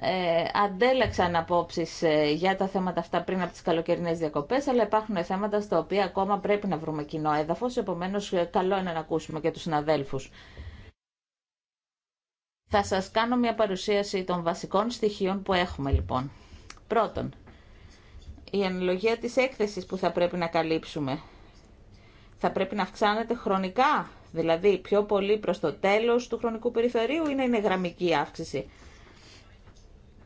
ε, αντέλεξαν απόψεις ε, για τα θέματα αυτά πριν από τις καλοκαιρινές διακοπές, αλλά υπάρχουν θέματα στα οποία ακόμα πρέπει να βρούμε κοινό έδαφος, επομένως ε, καλό είναι να ακούσουμε και τους συναδέλφους. Θα σας κάνω μια παρουσίαση των βασικών στοιχείων που έχουμε λοιπόν. Πρώτον, η αναλογία της έκθεσης που θα πρέπει να καλύψουμε. Θα πρέπει να αυξάνεται χρονικά, δηλαδή πιο πολύ προς το τέλος του χρονικού περιθωρίου ή να είναι γραμμική αύξηση.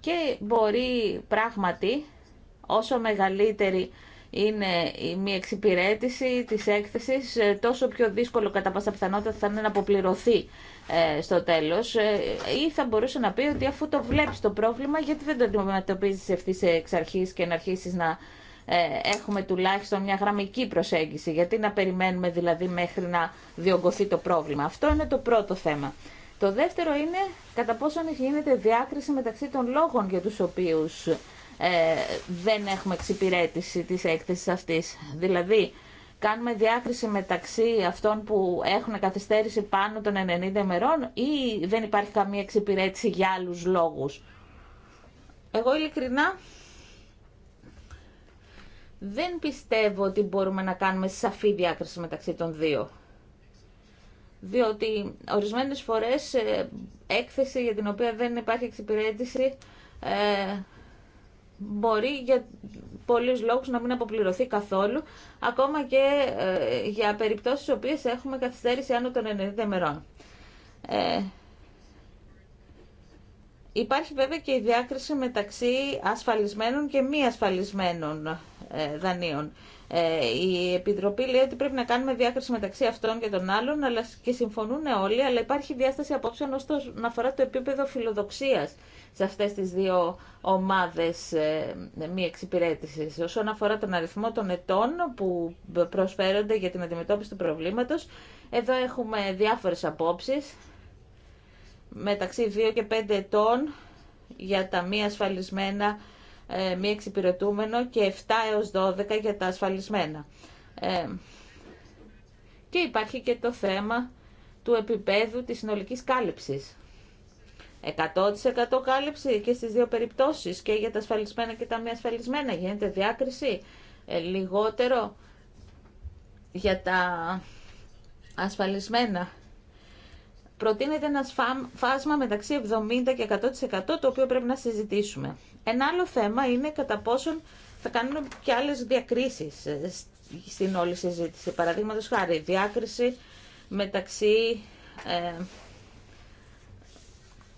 Και μπορεί πράγματι όσο μεγαλύτερη είναι μια εξυπηρέτηση της έκθεσης, ε, τόσο πιο δύσκολο κατά πάσα πιθανότητα θα είναι να αποπληρωθεί ε, στο τέλος ε, ή θα μπορούσε να πει ότι αφού το βλέπεις το πρόβλημα γιατί δεν το αντιμετωπίζεις ευθύ εξ αρχής και να αρχίσεις να έχουμε τουλάχιστον μια γραμμική προσέγγιση γιατί να περιμένουμε δηλαδή μέχρι να διωγγωθεί το πρόβλημα. Αυτό είναι το πρώτο θέμα. Το δεύτερο είναι κατά πόσο γίνεται διάκριση μεταξύ των λόγων για τους οποίους ε, δεν έχουμε εξυπηρέτηση της έκθεσης αυτής. Δηλαδή, κάνουμε διάκριση μεταξύ αυτών που έχουν καθυστέρηση πάνω των 90 ημερών ή δεν υπάρχει καμία εξυπηρέτηση για άλλους λόγους. Εγώ ειλικρινά δεν πιστεύω ότι μπορούμε να κάνουμε σαφή διάκριση μεταξύ των δύο. Διότι ορισμένες φορές ε, έκθεση για την οποία δεν υπάρχει εξυπηρέτηση ε, μπορεί για πολλούς λόγους να μην αποπληρωθεί καθόλου, ακόμα και ε, για περιπτώσεις οποίες έχουμε καθυστέρηση άνω των 90 ημερών. Ε, υπάρχει βέβαια και η διάκριση μεταξύ ασφαλισμένων και μη ασφαλισμένων ε, δανείων. Ε, η Επιτροπή λέει ότι πρέπει να κάνουμε διάκριση μεταξύ αυτών και των άλλων αλλά και συμφωνούν όλοι, αλλά υπάρχει διάσταση απόψεων να αφορά το επίπεδο φιλοδοξίας σε αυτές τις δύο ομάδες ε, μη εξυπηρέτηση. Όσον αφορά τον αριθμό των ετών που προσφέρονται για την αντιμετώπιση του προβλήματος, εδώ έχουμε διάφορες απόψεις μεταξύ 2 και 5 ετών για τα μη ασφαλισμένα ε, μη εξυπηρετούμενο και 7 έως 12 για τα ασφαλισμένα. Ε, και υπάρχει και το θέμα του επίπεδου της συνολικής κάλυψης. 100% κάλυψη και στις δύο περιπτώσεις, και για τα ασφαλισμένα και τα μη ασφαλισμένα. Γίνεται διάκριση ε, λιγότερο για τα ασφαλισμένα. Προτείνεται ένα φάσμα μεταξύ 70% και 100% το οποίο πρέπει να συζητήσουμε. Ένα άλλο θέμα είναι κατά πόσον θα κάνουν και άλλες διακρίσεις ε, στην όλη συζήτηση. Παραδείγματο χάρη, διάκριση μεταξύ ε,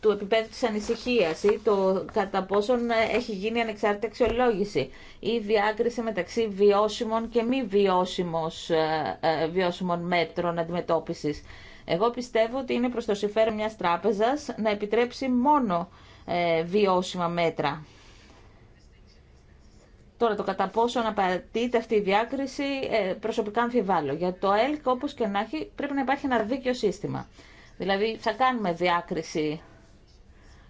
του επίπεδου της ανησυχίας ή το κατά πόσον ε, έχει γίνει ανεξάρτητη αξιολόγηση ή διάκριση μεταξύ βιώσιμων και μη βιώσιμος, ε, βιώσιμων μέτρων αντιμετώπισης. Εγώ πιστεύω ότι είναι προς το συμφέρον μια τράπεζας να επιτρέψει μόνο βιώσιμα μέτρα. Τώρα το κατά πόσο να αυτή η διάκριση ε, προσωπικά αμφιβάλλω. Για το ΕΛΚ όπως και να έχει πρέπει να υπάρχει ένα δίκαιο σύστημα. Δηλαδή θα κάνουμε διάκριση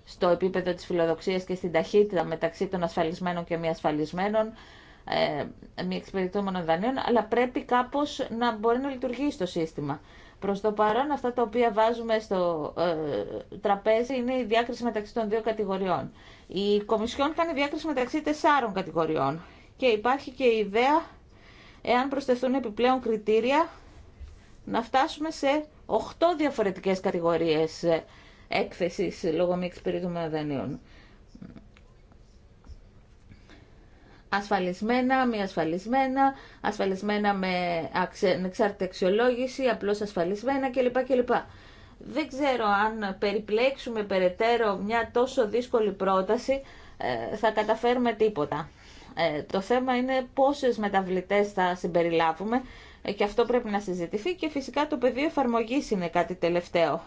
στο επίπεδο της φιλοδοξίας και στην ταχύτητα μεταξύ των ασφαλισμένων και μη ασφαλισμένων, ε, μη εξυπηρετούμενων δανείων, αλλά πρέπει κάπως να μπορεί να λειτουργήσει το σύστημα. Προς το παρόν αυτά τα οποία βάζουμε στο ε, τραπέζι είναι η διάκριση μεταξύ των δύο κατηγοριών. Η Κομισιόν κάνει διάκριση μεταξύ τεσσάρων κατηγοριών και υπάρχει και η ιδέα, εάν προσθεθούν επιπλέον κριτήρια, να φτάσουμε σε 8 διαφορετικές κατηγορίες έκθεσης λόγω μη εξυπηρετούμενων δανείων. ασφαλισμένα, μη ασφαλισμένα, ασφαλισμένα με ανεξάρτητη αξιολόγηση, απλώς ασφαλισμένα κλπ. κλπ. Δεν ξέρω αν περιπλέξουμε περαιτέρω μια τόσο δύσκολη πρόταση ε, θα καταφέρουμε τίποτα. Ε, το θέμα είναι πόσες μεταβλητές θα συμπεριλάβουμε ε, και αυτό πρέπει να συζητηθεί και φυσικά το πεδίο εφαρμογή είναι κάτι τελευταίο.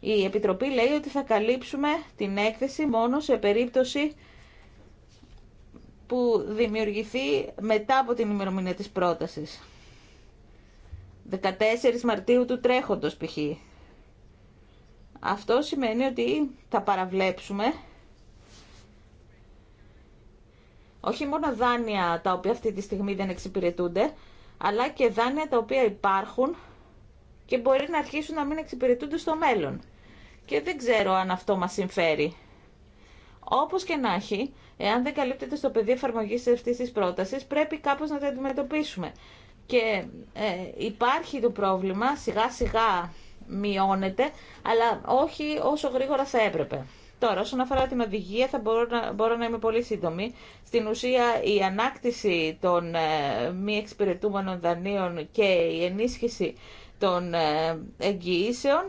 Η Επιτροπή λέει ότι θα καλύψουμε την έκθεση μόνο σε περίπτωση που δημιουργηθεί μετά από την ημερομηνία της πρότασης. 14 Μαρτίου του τρέχοντος π.χ. Αυτό σημαίνει ότι θα παραβλέψουμε όχι μόνο δάνεια τα οποία αυτή τη στιγμή δεν εξυπηρετούνται, αλλά και δάνεια τα οποία υπάρχουν και μπορεί να αρχίσουν να μην εξυπηρετούνται στο μέλλον. Και δεν ξέρω αν αυτό μας συμφέρει. Όπως και να έχει, εάν δεν καλύπτεται στο πεδίο εφαρμογή αυτή τη πρόταση, πρέπει κάπως να τα αντιμετωπίσουμε. Και ε, υπάρχει το πρόβλημα, σιγά σιγά μειώνεται, αλλά όχι όσο γρήγορα θα έπρεπε. Τώρα, όσον αφορά την οδηγία, θα μπορώ να, μπορώ να είμαι πολύ σύντομη. Στην ουσία, η ανάκτηση των ε, μη εξυπηρετούμενων δανείων και η ενίσχυση των ε, εγγυήσεων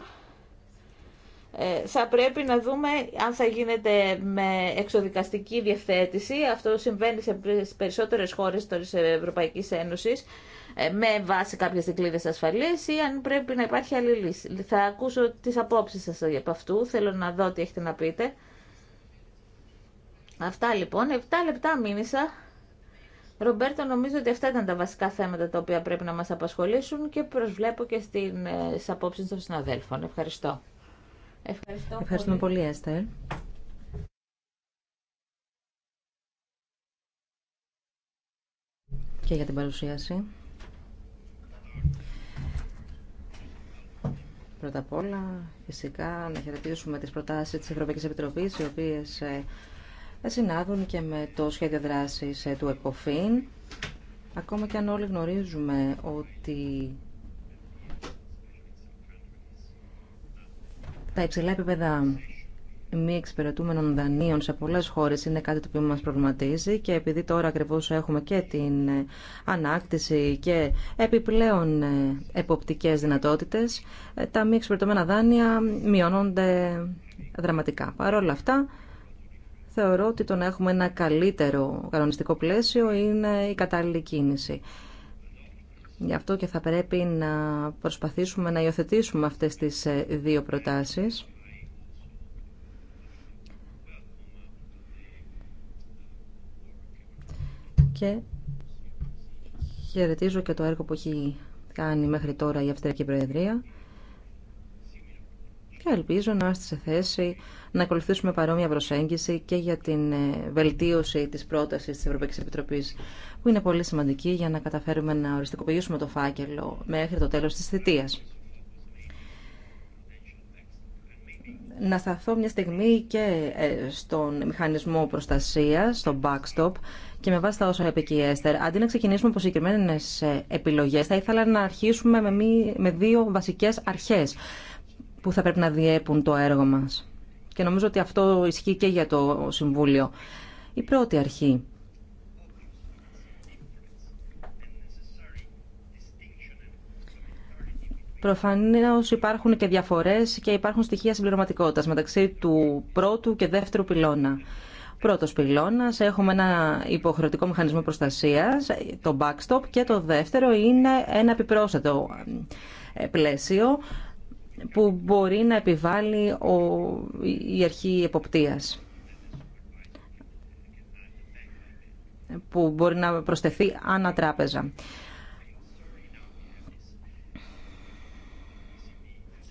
ε, θα πρέπει να δούμε αν θα γίνεται με εξοδικαστική διευθέτηση. Αυτό συμβαίνει σε περισσότερες χώρες της Ευρωπαϊκής Ένωσης. Ε, με βάση κάποιες δικλείδες ασφαλείας ή αν πρέπει να υπάρχει άλλη λύση. Θα ακούσω τις απόψεις σας από αυτού, θέλω να δω τι έχετε να πείτε. Αυτά λοιπόν, 7 λεπτά μήνυσα. Ρομπέρτο, νομίζω ότι αυτά ήταν τα βασικά θέματα τα οποία πρέπει να μας απασχολήσουν και προσβλέπω και ε, στις απόψεις των συναδέλφων. Ευχαριστώ. Ευχαριστώ Ευχαριστούμε πολύ Έστερ. Και για την παρουσίαση. Πρώτα απ' όλα, φυσικά, να χαιρετήσουμε τις προτάσεις της Ευρωπαϊκής Επιτροπής, οι οποίες ε, συνάδουν και με το σχέδιο δράσης ε, του ΕΚΟΦΗΝ. Ακόμα και αν όλοι γνωρίζουμε ότι τα υψηλά επίπεδα μη εξυπηρετούμενων δανείων σε πολλές χώρες είναι κάτι το οποίο μας προβληματίζει και επειδή τώρα ακριβώς έχουμε και την ε, ανάκτηση και επιπλέον ε, εποπτικές δυνατότητες, ε, τα μη εξυπηρετούμενα δάνεια μειώνονται δραματικά. Παρ' όλα αυτά, θεωρώ ότι το να έχουμε ένα καλύτερο κανονιστικό πλαίσιο είναι η κατάλληλη κίνηση. Γι' αυτό και θα πρέπει να προσπαθήσουμε να υιοθετήσουμε αυτές τις δύο προτάσεις και χαιρετίζω και το έργο που έχει κάνει μέχρι τώρα η Αυστριακή Προεδρία και ελπίζω να είστε σε θέση να ακολουθήσουμε παρόμοια προσέγγιση και για την ε, βελτίωση της πρότασης της Ευρωπαϊκής Επιτροπής που είναι πολύ σημαντική για να καταφέρουμε να οριστικοποιήσουμε το φάκελο μέχρι το τέλος της θητείας να σταθώ μια στιγμή και ε, στον μηχανισμό προστασίας, στον backstop και με βάση τα όσα είπε και η Έστερ. Αντί να ξεκινήσουμε από συγκεκριμένε ε, επιλογές, θα ήθελα να αρχίσουμε με, με δύο βασικές αρχές που θα πρέπει να διέπουν το έργο μας. Και νομίζω ότι αυτό ισχύει και για το Συμβούλιο. Η πρώτη αρχή Προφανώ υπάρχουν και διαφορέ και υπάρχουν στοιχεία συμπληρωματικότητας μεταξύ του πρώτου και δεύτερου πυλώνα. Πρώτο πυλώνας έχουμε ένα υποχρεωτικό μηχανισμό προστασία, το backstop και το δεύτερο είναι ένα επιπρόσθετο ε, πλαίσιο που μπορεί να επιβάλλει η αρχή εποπτείας. που μπορεί να προσθεθεί ανατράπεζα.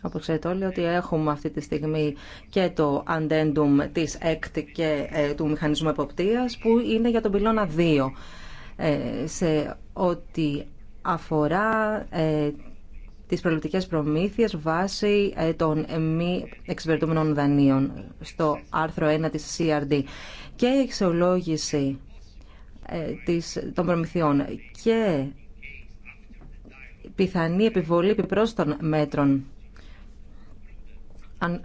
Όπως ξέρετε όλοι ότι έχουμε αυτή τη στιγμή και το αντέντουμ της ΕΚΤ και ε, του Μηχανισμού Εποπτείας που είναι για τον πυλώνα 2 ε, σε ό,τι αφορά ε, τις προληπτικές προμήθειες βάσει των μη εξυπηρετούμενων δανείων στο άρθρο 1 της CRD και η εξολόγηση των προμηθειών και πιθανή επιβολή επιπρόσθετων μέτρων αν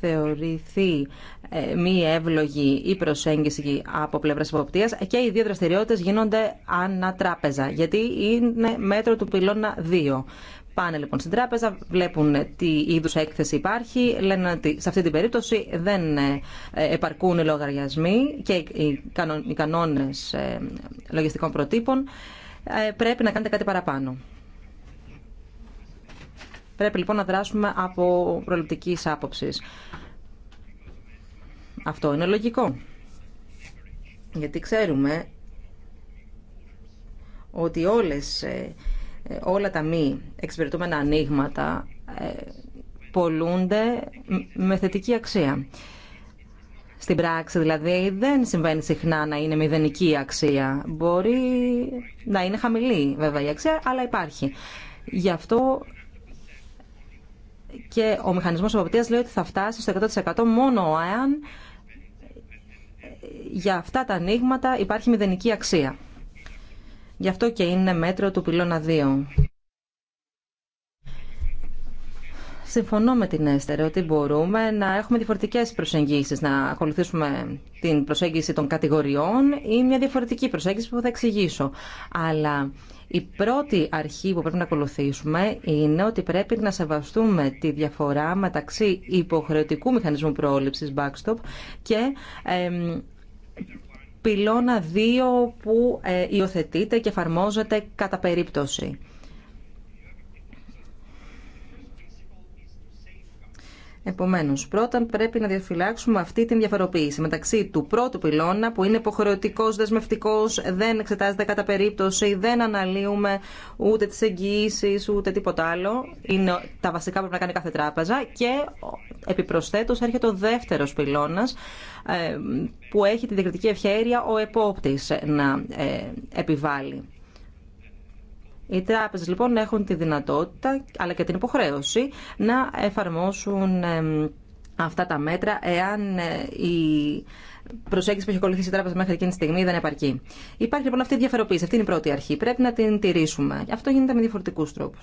θεωρηθεί ε, μη εύλογη η προσέγγιση από πλευρά υποπτία και οι δύο δραστηριότητε γίνονται ανατράπεζα, γιατί είναι μέτρο του πυλώνα 2. Πάνε λοιπόν στην τράπεζα, βλέπουν τι είδου έκθεση υπάρχει, λένε ότι σε αυτή την περίπτωση δεν ε, επαρκούν οι λογαριασμοί και οι κανόνες ε, λογιστικών προτύπων. Πρέπει να κάνετε κάτι παραπάνω. Πρέπει λοιπόν να δράσουμε από προληπτική άποψη. Αυτό είναι λογικό. Γιατί ξέρουμε ότι όλες, ε, όλα τα μη εξυπηρετούμενα ανοίγματα ε, πολλούνται με θετική αξία. Στην πράξη δηλαδή δεν συμβαίνει συχνά να είναι μηδενική η αξία. Μπορεί να είναι χαμηλή βέβαια η αξία, αλλά υπάρχει. Γι' αυτό και ο μηχανισμός αποπτείας λέει ότι θα φτάσει στο 100% μόνο αν για αυτά τα ανοίγματα υπάρχει μηδενική αξία. Γι' αυτό και είναι μέτρο του πυλώνα 2. Συμφωνώ με την Έστερ ότι μπορούμε να έχουμε διαφορετικές προσεγγίσεις, να ακολουθήσουμε την προσέγγιση των κατηγοριών ή μια διαφορετική προσέγγιση που θα εξηγήσω. Αλλά η πρώτη αρχή που πρέπει να ακολουθήσουμε είναι ότι πρέπει να σεβαστούμε τη διαφορά μεταξύ υποχρεωτικού μηχανισμού πρόληψης backstop και πυλώνα 2 που ε, υιοθετείται και εφαρμόζεται κατά περίπτωση. Επομένω, πρώτα πρέπει να διαφυλάξουμε αυτή την διαφοροποίηση μεταξύ του πρώτου πυλώνα, που είναι υποχρεωτικό, δεσμευτικό, δεν εξετάζεται κατά περίπτωση, δεν αναλύουμε ούτε τι εγγυήσει ούτε τίποτα άλλο. Είναι τα βασικά που πρέπει να κάνει κάθε τράπεζα. Και επιπροσθέτω έρχεται ο δεύτερο πυλώνα, ε, που έχει τη διακριτική ευχαίρεια ο επόπτη να ε, επιβάλλει οι τράπεζες λοιπόν έχουν τη δυνατότητα αλλά και την υποχρέωση να εφαρμόσουν αυτά τα μέτρα εάν ε, η προσέγγιση που έχει ακολουθήσει η τράπεζα μέχρι εκείνη τη στιγμή δεν επαρκεί. Υπάρχει λοιπόν αυτή η διαφοροποίηση. Αυτή είναι η πρώτη αρχή. Πρέπει να την τηρήσουμε. Αυτό γίνεται με διαφορετικούς τρόπου.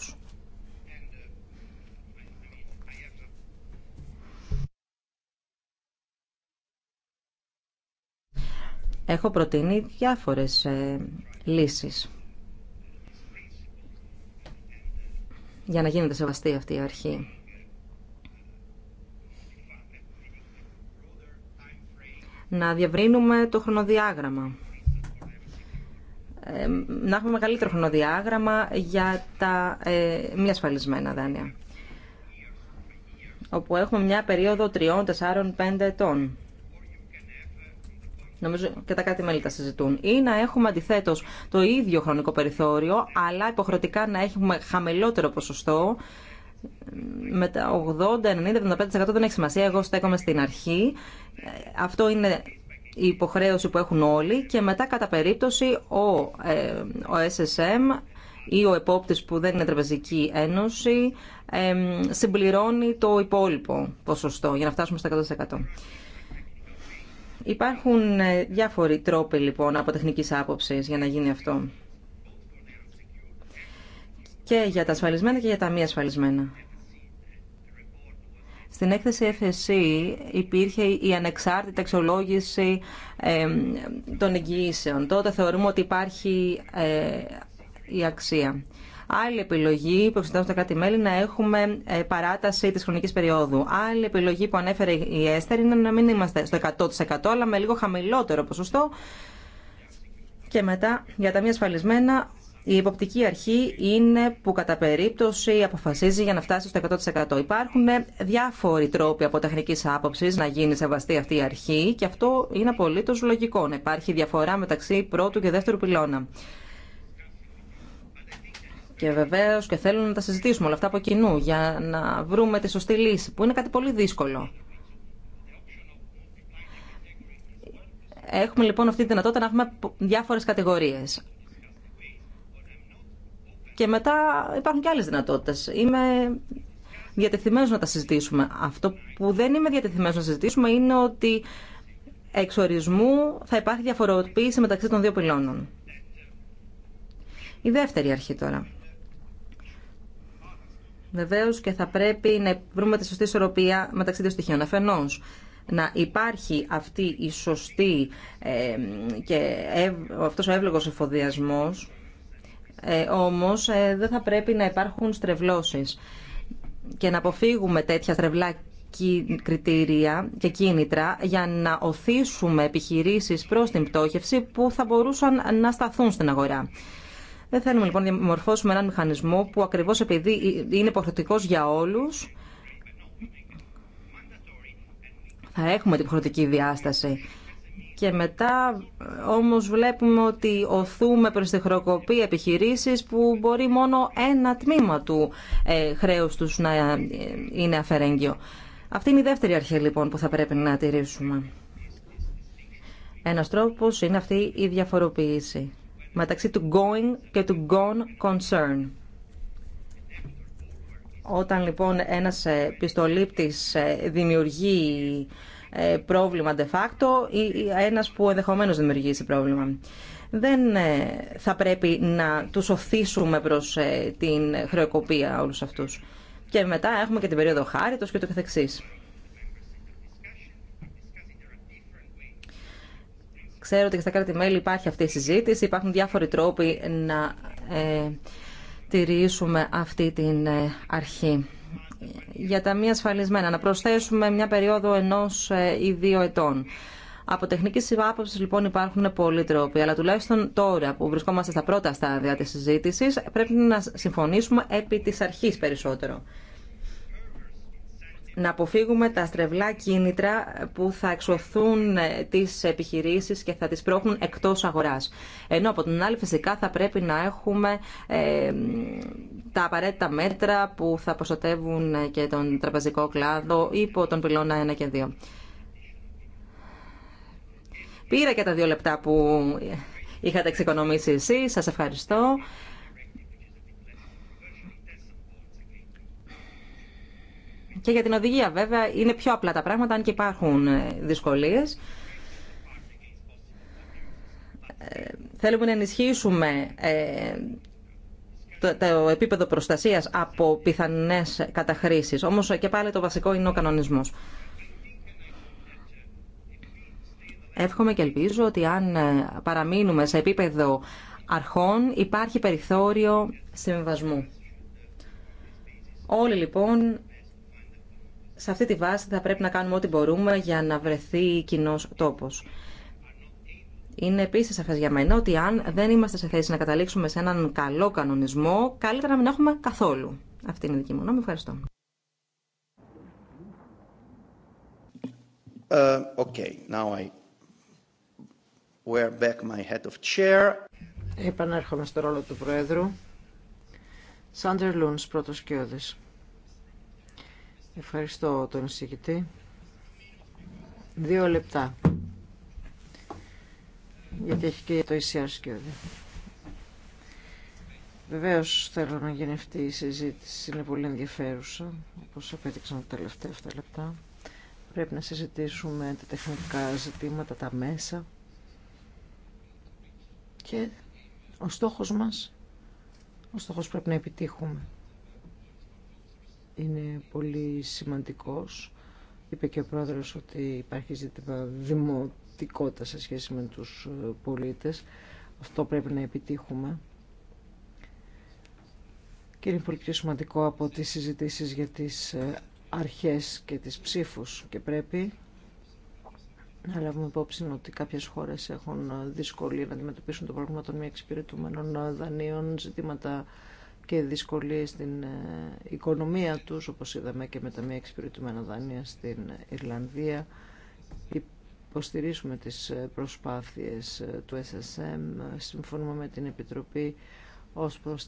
Έχω προτείνει διάφορες ε, λύσεις. για να γίνεται σεβαστή αυτή η αρχή. Να διαβρύνουμε το χρονοδιάγραμμα. Ε, να έχουμε μεγαλύτερο χρονοδιάγραμμα για τα ε, μη ασφαλισμένα δάνεια. Όπου έχουμε μια περίοδο τριών, τεσσάρων, πέντε ετών. Νομίζω και τα κάτι μέλη τα συζητούν. Ή να έχουμε αντιθέτω το ίδιο χρονικό περιθώριο, αλλά υποχρεωτικά να έχουμε χαμηλότερο ποσοστό. Με τα 80, 90, 75% δεν έχει σημασία. Εγώ στέκομαι στην αρχή. Αυτό είναι η υποχρέωση που έχουν όλοι και μετά κατά περίπτωση ο, ε, ο SSM ή ο επόπτης που δεν είναι τραπεζική ένωση ε, συμπληρώνει το υπόλοιπο ποσοστό για να φτάσουμε στα 100%. Υπάρχουν ε, διάφοροι τρόποι λοιπόν από τεχνικής άποψης για να γίνει αυτό. Και για τα ασφαλισμένα και για τα μη ασφαλισμένα. Στην έκθεση FSC υπήρχε η ανεξάρτητη αξιολόγηση των εγγυήσεων. Τότε θεωρούμε ότι υπάρχει ε, η αξία. Άλλη επιλογή που εξετάζουν τα κράτη-μέλη να έχουμε ε, παράταση τη χρονική περίοδου. Άλλη επιλογή που ανέφερε η Έστερ είναι να μην είμαστε στο 100% αλλά με λίγο χαμηλότερο ποσοστό. Και μετά για τα μη ασφαλισμένα η υποπτική αρχή είναι που κατά περίπτωση αποφασίζει για να φτάσει στο 100%. Υπάρχουν διάφοροι τρόποι από τεχνική άποψη να γίνει σεβαστή αυτή η αρχή και αυτό είναι απολύτω λογικό. Να υπάρχει διαφορά μεταξύ πρώτου και δεύτερου πυλώνα. Και βεβαίω και θέλουν να τα συζητήσουμε όλα αυτά από κοινού για να βρούμε τη σωστή λύση, που είναι κάτι πολύ δύσκολο. Έχουμε λοιπόν αυτή τη δυνατότητα να έχουμε διάφορες κατηγορίες. Και μετά υπάρχουν και άλλες δυνατότητες. Είμαι διατεθειμένος να τα συζητήσουμε. Αυτό που δεν είμαι διατεθειμένος να συζητήσουμε είναι ότι ορισμού θα υπάρχει διαφοροποίηση μεταξύ των δύο πυλώνων. Η δεύτερη αρχή τώρα. Βεβαίω και θα πρέπει να βρούμε τη σωστή ισορροπία μεταξύ δύο στοιχείων. Αφενό, να υπάρχει αυτή η σωστή ε, και αυτός ο εύλογος εφοδιασμός, ε, όμως ε, δεν θα πρέπει να υπάρχουν στρεβλώσεις και να αποφύγουμε τέτοια στρεβλά κριτήρια και κίνητρα για να οθήσουμε επιχειρήσεις προς την πτώχευση που θα μπορούσαν να σταθούν στην αγορά. Δεν θέλουμε λοιπόν να μορφώσουμε έναν μηχανισμό που ακριβώς επειδή είναι υποχρεωτικό για όλους, θα έχουμε την υποχρεωτική διάσταση. Και μετά όμως βλέπουμε ότι οθούμε προς τη χρεοκοπή επιχειρήσεις που μπορεί μόνο ένα τμήμα του ε, χρέους τους να ε, είναι αφαιρέγγιο. Αυτή είναι η δεύτερη αρχή λοιπόν που θα πρέπει να τηρήσουμε. Ένας τρόπος είναι αυτή η διαφοροποίηση μεταξύ του going και του gone concern. Όταν λοιπόν ένας πιστολήπτης ε, δημιουργεί ε, πρόβλημα de facto ή ένας που ενδεχομένως δημιουργήσει πρόβλημα. Δεν ε, θα πρέπει να τους οθήσουμε προς την χρεοκοπία όλους αυτούς. Και μετά έχουμε και την περίοδο χάριτος και το καθεξής. Ξέρω ότι και στα κράτη-μέλη υπάρχει αυτή η συζήτηση, υπάρχουν διάφοροι τρόποι να ε, τηρήσουμε αυτή την ε, αρχή. Για τα μη ασφαλισμένα, να προσθέσουμε μια περίοδο ενός ε, ή δύο ετών. Από τεχνική άποψη λοιπόν υπάρχουν πολλοί τρόποι, αλλά τουλάχιστον τώρα που βρισκόμαστε στα πρώτα στάδια τη συζητηση πρέπει να συμφωνήσουμε επί τη αρχή περισσότερο να αποφύγουμε τα στρεβλά κίνητρα που θα εξωθούν ε, τις επιχειρήσεις και θα τις πρόχνουν εκτός αγοράς. Ενώ από την άλλη φυσικά θα πρέπει να έχουμε ε, τα απαραίτητα μέτρα που θα προστατεύουν ε, και τον τραπεζικό κλάδο υπό τον πυλώνα 1 και 2. Πήρα και τα δύο λεπτά που είχατε εξοικονομήσει εσείς. Σας ευχαριστώ. Και για την οδηγία βέβαια είναι πιο απλά τα πράγματα, αν και υπάρχουν ε, δυσκολίες. Ε, θέλουμε να ενισχύσουμε ε, το επίπεδο προστασίας από πιθανές καταχρήσεις. Όμως και πάλι το βασικό είναι ο κανονισμός. Εύχομαι και ελπίζω ότι αν παραμείνουμε σε επίπεδο αρχών υπάρχει περιθώριο συμβασμού. Όλοι λοιπόν σε αυτή τη βάση θα πρέπει να κάνουμε ό,τι μπορούμε για να βρεθεί κοινό τόπος. Είναι επίση σαφέ για μένα ότι αν δεν είμαστε σε θέση να καταλήξουμε σε έναν καλό κανονισμό, καλύτερα να μην έχουμε καθόλου. Αυτή είναι η δική μου γνώμη. Ευχαριστώ. Uh, okay. Now I wear back my head of chair. Επανέρχομαι στο ρόλο του Προέδρου. Σάντερ Λούνς, πρώτος κοιόδης. Ευχαριστώ τον εισηγητή. Δύο λεπτά. Γιατί έχει και το ECR σκέδιο. Βεβαίω θέλω να γίνει αυτή η συζήτηση. Είναι πολύ ενδιαφέρουσα, όπω απέδειξαν τα τελευταία αυτά λεπτά. Πρέπει να συζητήσουμε τα τεχνικά ζητήματα, τα μέσα. Και ο στόχος μας, ο στόχος πρέπει να επιτύχουμε είναι πολύ σημαντικός. Είπε και ο πρόεδρος ότι υπάρχει ζήτημα δημοτικότητα σε σχέση με τους ε, πολίτες. Αυτό πρέπει να επιτύχουμε. Και είναι πολύ πιο σημαντικό από τις συζητήσεις για τις ε, αρχές και τις ψήφους. Και πρέπει να λάβουμε υπόψη ότι κάποιες χώρες έχουν ε, δυσκολία να αντιμετωπίσουν το πρόβλημα των μη εξυπηρετούμενων δανείων, ζητήματα και δυσκολίες στην ε, οικονομία τους, όπως είδαμε και με τα μια εξυπηρετούμενα δάνεια στην Ιρλανδία. Υποστηρίζουμε τις ε, προσπάθειες ε, του SSM, συμφωνούμε με την Επιτροπή ως προς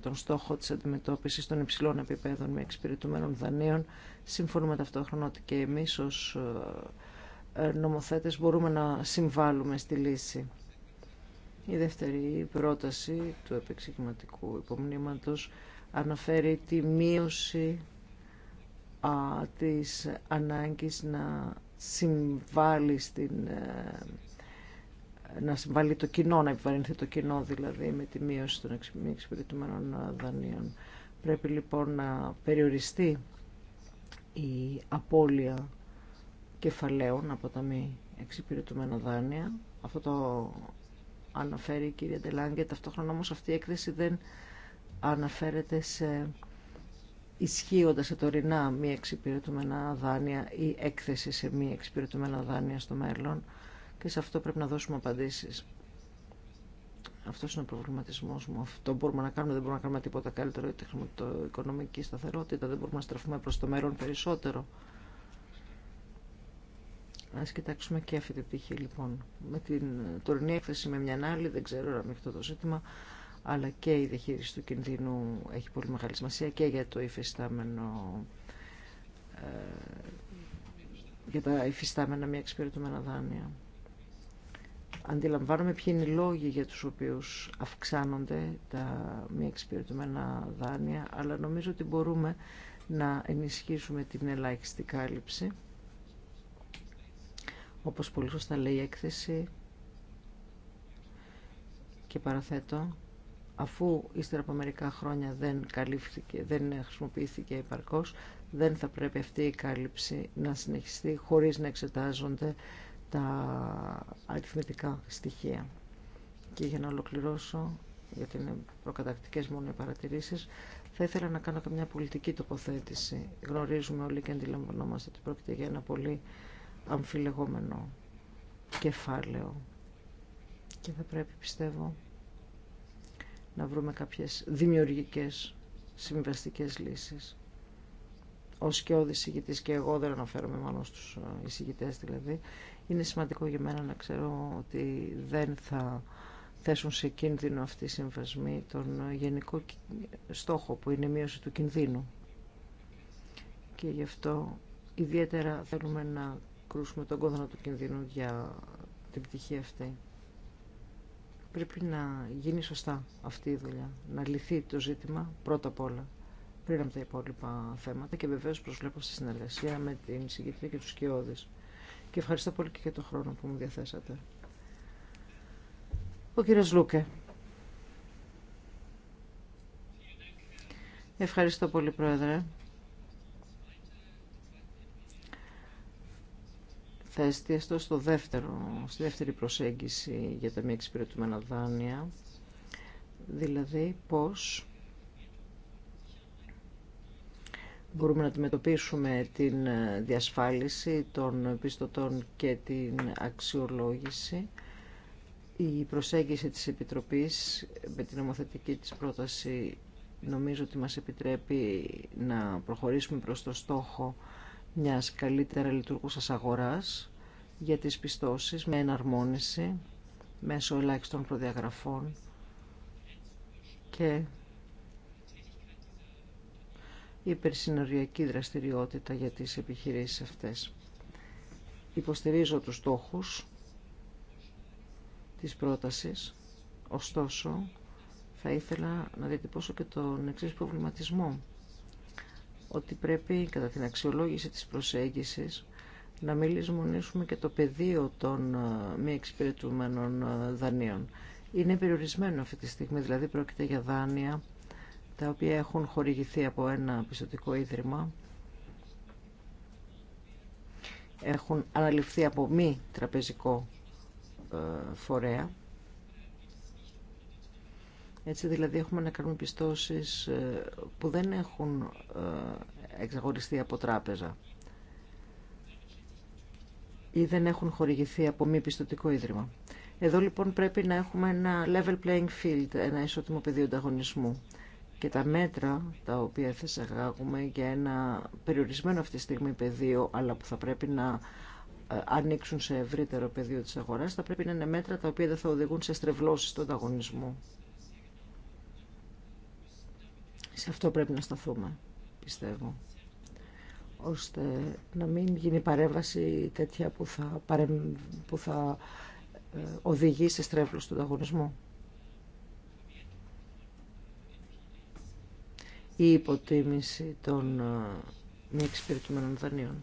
τον στόχο της αντιμετώπισης των υψηλών επιπέδων με εξυπηρετούμενων δανείων. Συμφωνούμε ταυτόχρονα ότι και εμείς ως νομοθέτες μπορούμε να συμβάλλουμε στη λύση. Η δεύτερη πρόταση του επεξηγηματικού υπομνήματος αναφέρει τη μείωση α, της ανάγκης να συμβάλλει στην ε, να συμβάλλει το κοινό, να επιβαρυνθεί το κοινό δηλαδή με τη μείωση των εξυπηρετούμενων ε, δανείων. Πρέπει λοιπόν να περιοριστεί η απώλεια κεφαλαίων από τα μη εξυπηρετούμενα δάνεια. Αυτό το αναφέρει η κυρία Ντελάνγκε. Ταυτόχρονα όμως αυτή η έκθεση δεν αναφέρεται σε ισχύοντα σε τωρινά μη εξυπηρετούμενα δάνεια ή έκθεση σε μη εξυπηρετούμενα δάνεια στο μέλλον και σε αυτό πρέπει να δώσουμε απαντήσεις. Αυτό είναι ο προβληματισμό μου. Αυτό μπορούμε να κάνουμε, δεν μπορούμε να κάνουμε τίποτα καλύτερο για τη οικονομική σταθερότητα, δεν μπορούμε να στραφούμε προ το μέλλον περισσότερο. Ας κοιτάξουμε και αυτή την πτυχή λοιπόν. Με την τωρινή έκθεση με μια άλλη, δεν ξέρω αν ανοιχτό το ζήτημα, αλλά και η διαχείριση του κινδύνου έχει πολύ μεγάλη σημασία και για το υφιστάμενο ε, για τα υφιστάμενα μη εξυπηρετούμενα δάνεια. Αντιλαμβάνομαι ποιοι είναι οι λόγοι για τους οποίους αυξάνονται τα μη εξυπηρετούμενα δάνεια, αλλά νομίζω ότι μπορούμε να ενισχύσουμε την ελάχιστη κάλυψη όπως πολύ σωστά λέει η έκθεση και παραθέτω αφού ύστερα από μερικά χρόνια δεν, καλύφθηκε, δεν χρησιμοποιήθηκε επαρκώς δεν θα πρέπει αυτή η κάλυψη να συνεχιστεί χωρίς να εξετάζονται τα αριθμητικά στοιχεία. Και για να ολοκληρώσω, γιατί είναι προκατακτικές μόνο οι παρατηρήσεις, θα ήθελα να κάνω και μια πολιτική τοποθέτηση. Γνωρίζουμε όλοι και αντιλαμβανόμαστε ότι πρόκειται για ένα πολύ αμφιλεγόμενο κεφάλαιο και θα πρέπει πιστεύω να βρούμε κάποιες δημιουργικές συμβαστικές λύσεις. Ω και ο και εγώ δεν αναφέρομαι μόνο στους ε, εισηγητές δηλαδή, είναι σημαντικό για μένα να ξέρω ότι δεν θα θέσουν σε κίνδυνο αυτή η συμβασμή τον ε, γενικό στόχο που είναι η μείωση του κινδύνου. Και γι' αυτό ιδιαίτερα θέλουμε να κρούσουμε τον κόδωνα του κινδύνου για την πτυχή αυτή. Πρέπει να γίνει σωστά αυτή η δουλειά, να λυθεί το ζήτημα πρώτα απ' όλα, πριν από τα υπόλοιπα θέματα και βεβαίως προσβλέπω στη συνεργασία με την συγκεκριτή και τους σκιώδεις. Και ευχαριστώ πολύ και για τον χρόνο που μου διαθέσατε. Ο κύριος Λούκε. Ευχαριστώ πολύ, Πρόεδρε. Θα εστιαστώ στο δεύτερο, στη δεύτερη προσέγγιση για τα μη εξυπηρετούμενα δάνεια, δηλαδή πώς μπορούμε να αντιμετωπίσουμε την ε, διασφάλιση των πιστωτών και την αξιολόγηση. Η προσέγγιση της Επιτροπής με την νομοθετική της πρόταση νομίζω ότι μας επιτρέπει να προχωρήσουμε προς το στόχο μιας καλύτερα λειτουργούσας αγοράς για τις πιστώσεις με εναρμόνιση μέσω ελάχιστων προδιαγραφών και υπερσυνοριακή δραστηριότητα για τις επιχειρήσεις αυτές. Υποστηρίζω τους στόχους της πρότασης, ωστόσο θα ήθελα να διατυπώσω και τον εξής προβληματισμό ότι πρέπει κατά την αξιολόγηση της προσέγγισης να μιλήσουμε και το πεδίο των ε, μη εξυπηρετούμενων ε, δανείων. Είναι περιορισμένο αυτή τη στιγμή, δηλαδή πρόκειται για δάνεια τα οποία έχουν χορηγηθεί από ένα πιστοτικό ίδρυμα, έχουν αναλυφθεί από μη τραπεζικό ε, φορέα έτσι δηλαδή έχουμε να κάνουμε πιστώσεις ε, που δεν έχουν ε, εξαγοριστεί από τράπεζα ή δεν έχουν χορηγηθεί από μη πιστοτικό ίδρυμα. Εδώ λοιπόν πρέπει να έχουμε ένα level playing field, ένα ισότιμο πεδίο ανταγωνισμού. Και τα μέτρα τα οποία θα για ένα περιορισμένο αυτή τη στιγμή πεδίο, αλλά που θα πρέπει να ε, ανοίξουν σε ευρύτερο πεδίο της αγοράς, θα πρέπει να είναι μέτρα τα οποία δεν θα οδηγούν σε στρεβλώσεις του ανταγωνισμού. Σε αυτό πρέπει να σταθούμε, πιστεύω ώστε να μην γίνει παρέμβαση τέτοια που θα, παρεμ... που θα ε, οδηγεί σε στρέβλωση του ανταγωνισμού. Η υποτίμηση των ε, μη εξυπηρετούμενων δανείων.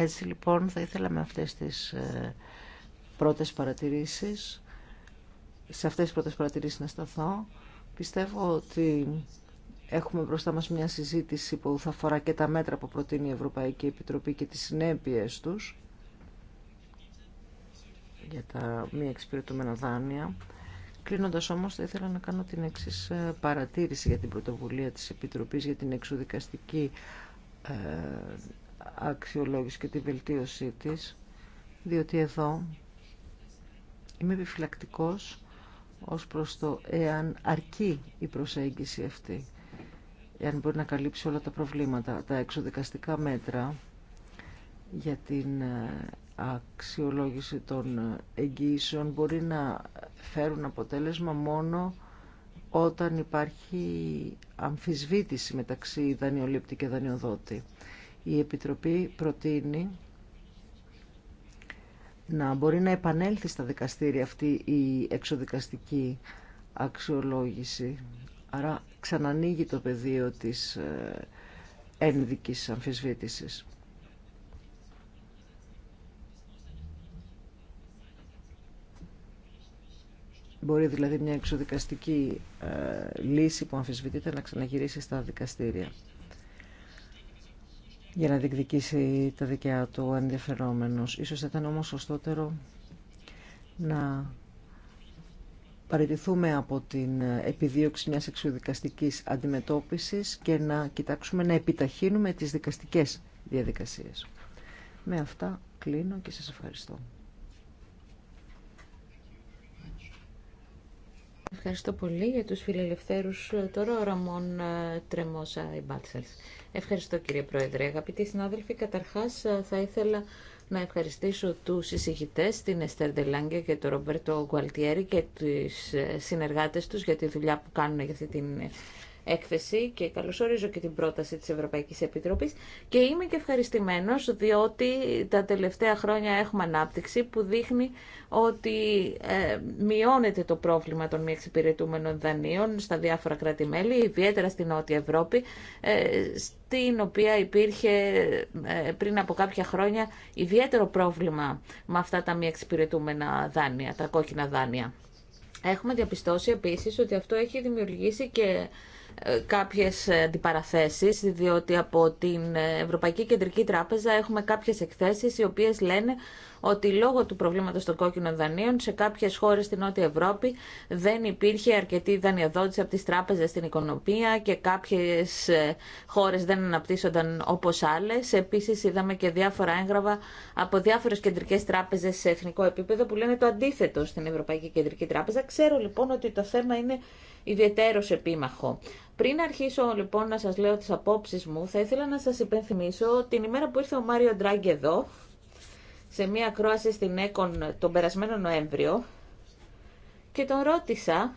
Έτσι λοιπόν θα ήθελα με αυτές τις ε, πρώτες παρατηρήσεις, σε αυτές τις πρώτες παρατηρήσεις να σταθώ. Πιστεύω ότι έχουμε μπροστά μας μια συζήτηση που θα αφορά και τα μέτρα που προτείνει η Ευρωπαϊκή Επιτροπή και τις συνέπειες τους για τα μη εξυπηρετούμενα δάνεια. Κλείνοντας όμως θα ήθελα να κάνω την εξή ε, παρατήρηση για την πρωτοβουλία της Επιτροπής για την εξουδικαστική ε, αξιολόγηση και τη βελτίωσή της, διότι εδώ είμαι επιφυλακτικός ως προς το εάν αρκεί η προσέγγιση αυτή, εάν μπορεί να καλύψει όλα τα προβλήματα. Τα εξοδικαστικά μέτρα για την ε, αξιολόγηση των εγγύσεων μπορεί να φέρουν αποτέλεσμα μόνο όταν υπάρχει αμφισβήτηση μεταξύ δανειολήπτη και δανειοδότη η Επιτροπή προτείνει να μπορεί να επανέλθει στα δικαστήρια αυτή η εξοδικαστική αξιολόγηση. Άρα ξανανοίγει το πεδίο της ε, ένδικης αμφισβήτησης. Μπορεί δηλαδή μια εξοδικαστική ε, λύση που αμφισβητείται να ξαναγυρίσει στα δικαστήρια για να διεκδικήσει τα δικαία του ενδιαφερόμενος. Ίσως ήταν όμως σωστότερο να παραιτηθούμε από την επιδίωξη μιας εξουδικαστικής αντιμετώπισης και να κοιτάξουμε να επιταχύνουμε τις δικαστικές διαδικασίες. Με αυτά κλείνω και σας ευχαριστώ. Ευχαριστώ πολύ για τους φιλελευθέρους ε, τώρα ο Ραμόν ε, Τρεμόσα Ιμπάτσελς. Ευχαριστώ κύριε Πρόεδρε. Αγαπητοί συνάδελφοι, καταρχάς ε, θα ήθελα να ευχαριστήσω τους συζητητές, την Εστέρ Ντελάνγκε και τον Ρομπέρτο Γκουαλτιέρη και τους συνεργάτες τους για τη δουλειά που κάνουν για αυτή την έκθεση και καλωσορίζω και την πρόταση της Ευρωπαϊκής Επιτροπής και είμαι και ευχαριστημένος διότι τα τελευταία χρόνια έχουμε ανάπτυξη που δείχνει ότι ε, μειώνεται το πρόβλημα των μη εξυπηρετούμενων δανείων στα διάφορα κράτη-μέλη, ιδιαίτερα στην Νότια Ευρώπη, ε, στην οποία υπήρχε ε, πριν από κάποια χρόνια ιδιαίτερο πρόβλημα με αυτά τα μη εξυπηρετούμενα δάνεια, τα κόκκινα δάνεια. Έχουμε διαπιστώσει επίσης ότι αυτό έχει δημιουργήσει και ε, κάποιες ε, αντιπαραθέσεις, διότι από την Ευρωπαϊκή Κεντρική Τράπεζα έχουμε κάποιες εκθέσεις οι οποίες λένε ότι λόγω του προβλήματος των κόκκινων δανείων σε κάποιες χώρες στην Νότια Ευρώπη δεν υπήρχε αρκετή δανειοδότηση από τις τράπεζες στην οικονομία και κάποιες ε, χώρες δεν αναπτύσσονταν όπως άλλες. Επίσης είδαμε και διάφορα έγγραφα από διάφορες κεντρικές τράπεζες σε εθνικό επίπεδο που λένε το αντίθετο στην Ευρωπαϊκή Κεντρική Τράπεζα. Ξέρω λοιπόν ότι το θέμα είναι ιδιαίτερος επίμαχο. Πριν αρχίσω λοιπόν να σας λέω τις απόψεις μου, θα ήθελα να σας υπενθυμίσω την ημέρα που ήρθε ο Μάριο Ντράγκ εδώ, σε μία ακρόαση στην ΕΚΟΝ τον περασμένο Νοέμβριο, και τον ρώτησα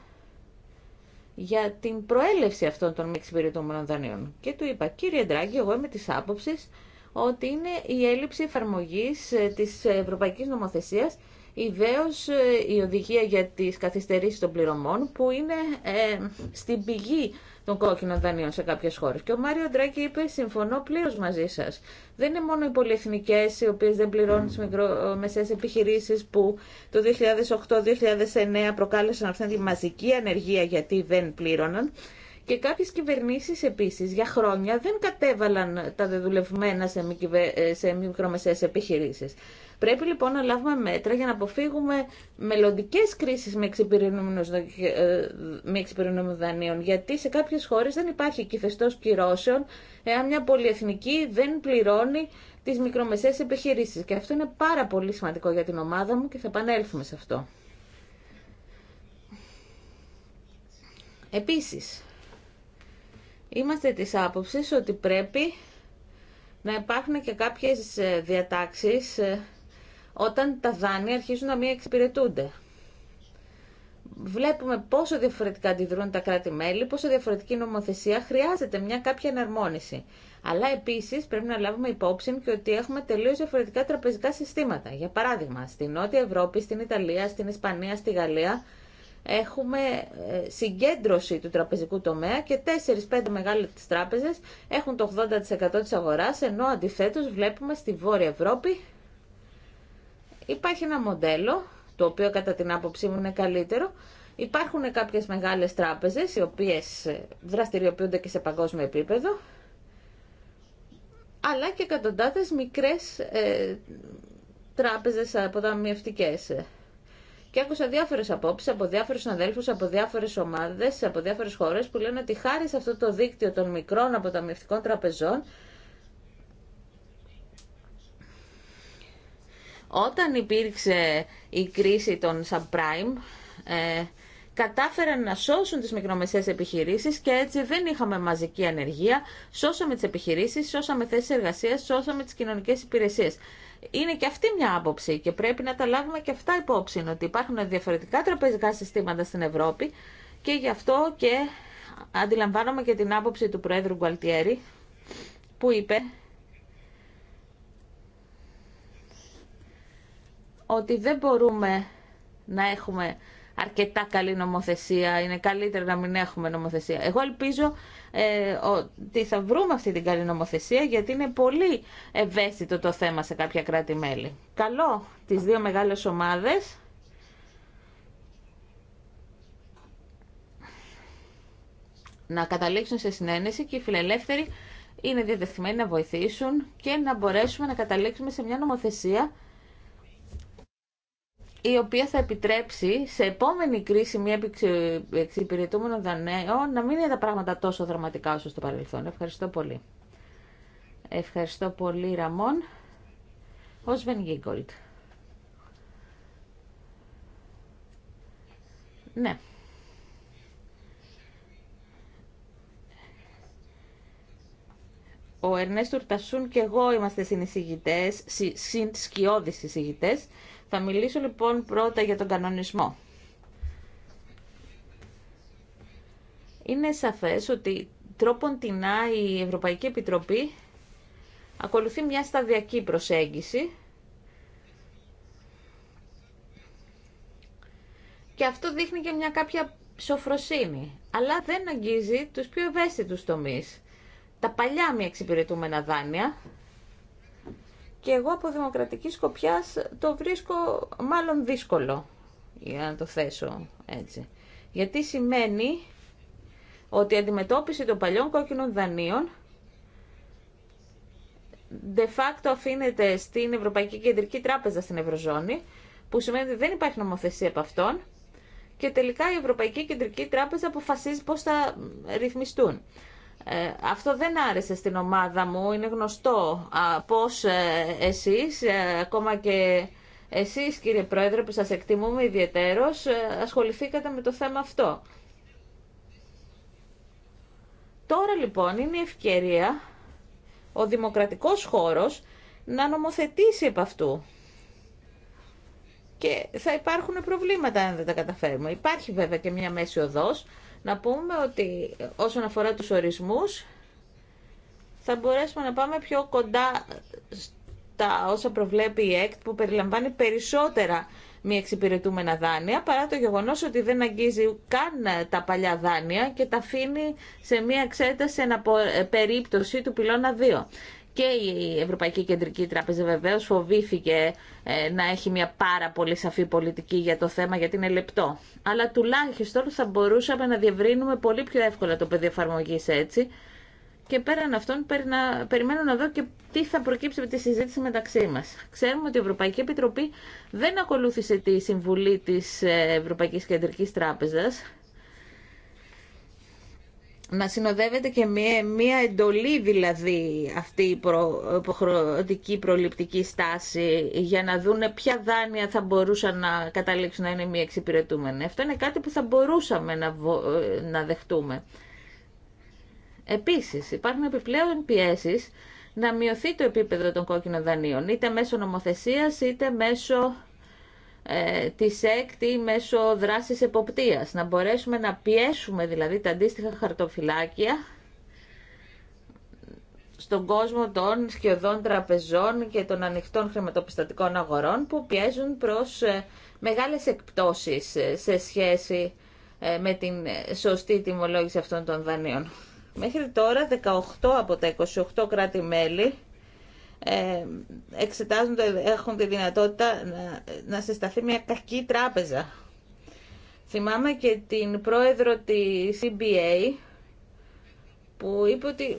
για την προέλευση αυτών των μη εξυπηρετούμενων δανείων. Και του είπα, κύριε Ντράγκη, εγώ είμαι της άποψης ότι είναι η έλλειψη εφαρμογής ε, της Ευρωπαϊκής Νομοθεσίας Ιδέως ε, η οδηγία για τι καθυστερήσει των πληρωμών που είναι ε, στην πηγή των κόκκινων δανείων σε κάποιε χώρε. Και ο Μάριο Ντράκη είπε: Συμφωνώ πλήρω μαζί σα. Δεν είναι μόνο οι πολυεθνικέ οι οποίε δεν πληρώνουν τι μικρομεσαίε ε, επιχειρήσει που το 2008-2009 προκάλεσαν αυτή τη μαζική ανεργία γιατί δεν πλήρωναν. Και κάποιες κυβερνήσεις επίσης για χρόνια δεν κατέβαλαν τα δεδουλευμένα σε, μικρο, σε μικρομεσαίες επιχειρήσεις. Πρέπει λοιπόν να λάβουμε μέτρα για να αποφύγουμε μελλοντικέ κρίσει με εξυπηρετούμενο ε, δανείων. Γιατί σε κάποιε χώρε δεν υπάρχει κυφεστό κυρώσεων εάν μια πολυεθνική δεν πληρώνει τι μικρομεσαίες επιχειρήσει. Και αυτό είναι πάρα πολύ σημαντικό για την ομάδα μου και θα επανέλθουμε σε αυτό. Επίσης, είμαστε της άποψης ότι πρέπει να υπάρχουν και κάποιες ε, διατάξεις ε, όταν τα δάνεια αρχίζουν να μην εξυπηρετούνται. Βλέπουμε πόσο διαφορετικά αντιδρούν τα κράτη-μέλη, πόσο διαφορετική νομοθεσία χρειάζεται μια κάποια εναρμόνιση. Αλλά επίση πρέπει να λάβουμε υπόψη και ότι έχουμε τελείω διαφορετικά τραπεζικά συστήματα. Για παράδειγμα, στην Νότια Ευρώπη, στην Ιταλία, στην Ισπανία, στη Γαλλία έχουμε ε, συγκέντρωση του τραπεζικού τομέα και 4-5 μεγάλες τράπεζε έχουν το 80% τη αγορά, ενώ αντιθέτω, βλέπουμε στη Βόρεια Ευρώπη Υπάρχει ένα μοντέλο, το οποίο κατά την άποψή μου είναι καλύτερο. Υπάρχουν κάποιες μεγάλες τράπεζες, οι οποίες δραστηριοποιούνται και σε παγκόσμιο επίπεδο, αλλά και εκατοντάδες μικρές ε, τράπεζες αποταμιευτικές. Και άκουσα διάφορες απόψεις από διάφορους αδέλφους, από διάφορες ομάδες, από διάφορες χώρες που λένε ότι χάρη σε αυτό το δίκτυο των μικρών αποταμιευτικών τραπεζών Όταν υπήρξε η κρίση των subprime, ε, κατάφεραν να σώσουν τις μικρομεσαίες επιχειρήσεις και έτσι δεν είχαμε μαζική ανεργία. Σώσαμε τις επιχειρήσεις, σώσαμε θέσεις εργασίας, σώσαμε τις κοινωνικές υπηρεσίες. Είναι και αυτή μια άποψη και πρέπει να τα λάβουμε και αυτά υπόψη, ότι υπάρχουν διαφορετικά τραπεζικά συστήματα στην Ευρώπη και γι' αυτό και αντιλαμβάνομαι και την άποψη του Προέδρου Γκουαλτιέρη που είπε ότι δεν μπορούμε να έχουμε αρκετά καλή νομοθεσία, είναι καλύτερο να μην έχουμε νομοθεσία. Εγώ ελπίζω ε, ότι θα βρούμε αυτή την καλή νομοθεσία γιατί είναι πολύ ευαίσθητο το θέμα σε κάποια κράτη-μέλη. Καλό τις δύο μεγάλες ομάδες να καταλήξουν σε συνένεση και οι φιλελεύθεροι είναι διατεθειμένοι να βοηθήσουν και να μπορέσουμε να καταλήξουμε σε μια νομοθεσία η οποία θα επιτρέψει σε επόμενη κρίση μια εξυπηρετούμενο δανέο να μην είναι τα πράγματα τόσο δραματικά όσο στο παρελθόν. Ευχαριστώ πολύ. Ευχαριστώ πολύ, Ραμόν. Ο Σβεν Γίγκολτ. Ναι. Ο Ερνέστο Τασούν και εγώ είμαστε συνεισηγητές, συν σκιώδεις θα μιλήσω λοιπόν πρώτα για τον κανονισμό. Είναι σαφές ότι τρόπον την η Ευρωπαϊκή Επιτροπή ακολουθεί μια σταδιακή προσέγγιση και αυτό δείχνει και μια κάποια σοφροσύνη, αλλά δεν αγγίζει τους πιο ευαίσθητους τομείς. Τα παλιά μη εξυπηρετούμενα δάνεια, και εγώ από δημοκρατική σκοπιά το βρίσκω μάλλον δύσκολο για να το θέσω έτσι. Γιατί σημαίνει ότι η αντιμετώπιση των παλιών κόκκινων δανείων de facto αφήνεται στην Ευρωπαϊκή Κεντρική Τράπεζα στην Ευρωζώνη, που σημαίνει ότι δεν υπάρχει νομοθεσία από αυτόν και τελικά η Ευρωπαϊκή Κεντρική Τράπεζα αποφασίζει πώς θα ρυθμιστούν. Ε, αυτό δεν άρεσε στην ομάδα μου, είναι γνωστό Α, πώς ε, εσείς, ε, ακόμα και εσείς κύριε Πρόεδρε που σας εκτιμούμε ιδιαιτέρως, ασχοληθήκατε με το θέμα αυτό. Τώρα λοιπόν είναι η ευκαιρία ο δημοκρατικός χώρος να νομοθετήσει επ' αυτού. Και θα υπάρχουν προβλήματα αν δεν τα καταφέρουμε. Υπάρχει βέβαια και μια μέση οδός, να πούμε ότι όσον αφορά τους ορισμούς, θα μπορέσουμε να πάμε πιο κοντά στα όσα προβλέπει η ΕΚΤ που περιλαμβάνει περισσότερα μη εξυπηρετούμενα δάνεια παρά το γεγονός ότι δεν αγγίζει καν τα παλιά δάνεια και τα αφήνει σε μία εξέταση ένα περίπτωση του πυλώνα 2. Και η Ευρωπαϊκή Κεντρική Τράπεζα βεβαίω φοβήθηκε ε, να έχει μια πάρα πολύ σαφή πολιτική για το θέμα γιατί είναι λεπτό. Αλλά τουλάχιστον θα μπορούσαμε να διευρύνουμε πολύ πιο εύκολα το πεδίο εφαρμογή έτσι. Και πέραν αυτών περιμένω να δω και τι θα προκύψει με τη συζήτηση μεταξύ μας. Ξέρουμε ότι η Ευρωπαϊκή Επιτροπή δεν ακολούθησε τη συμβουλή τη ε, Ευρωπαϊκή Κεντρική Τράπεζα να συνοδεύεται και μία, μία εντολή δηλαδή αυτή η υποχρεωτική προληπτική στάση για να δούνε ποια δάνεια θα μπορούσαν να καταλήξουν να είναι μη εξυπηρετούμενα. Αυτό είναι κάτι που θα μπορούσαμε να, ε, να δεχτούμε. Επίσης υπάρχουν επιπλέον πιέσεις να μειωθεί το επίπεδο των κόκκινων δανείων είτε μέσω νομοθεσίας είτε μέσω ε, της έκτη μέσω δράσης εποπτείας. Να μπορέσουμε να πιέσουμε δηλαδή τα αντίστοιχα χαρτοφυλάκια στον κόσμο των σχεδόν τραπεζών και των ανοιχτών χρηματοπιστωτικών αγορών που πιέζουν προς ε, μεγάλες εκπτώσεις ε, σε σχέση ε, με την σωστή τιμολόγηση αυτών των δανείων. Μέχρι τώρα 18 από τα 28 κράτη-μέλη ε, εξετάζουν, έχουν τη δυνατότητα να, να συσταθεί μια κακή τράπεζα. Θυμάμαι και την πρόεδρο τη CBA που είπε ότι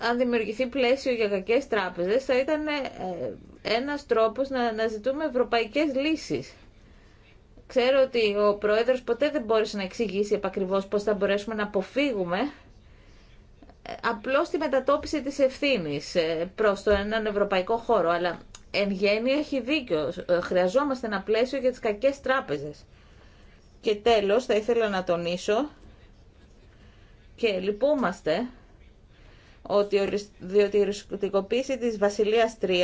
αν δημιουργηθεί πλαίσιο για κακές τράπεζες θα ήταν ε, ένα τρόπος να ζητούμε ευρωπαϊκές λύσεις. Ξέρω ότι ο πρόεδρος ποτέ δεν μπόρεσε να εξηγήσει επακριβώς πώς θα μπορέσουμε να αποφύγουμε απλώς τη μετατόπιση της ευθύνη ε, προς το έναν ευρωπαϊκό χώρο. Αλλά εν γέννη έχει δίκιο. Ε, χρειαζόμαστε ένα πλαίσιο για τις κακές τράπεζες. Και τέλος θα ήθελα να τονίσω και λυπούμαστε ότι διότι η ρηστικοποίηση της Βασιλείας 3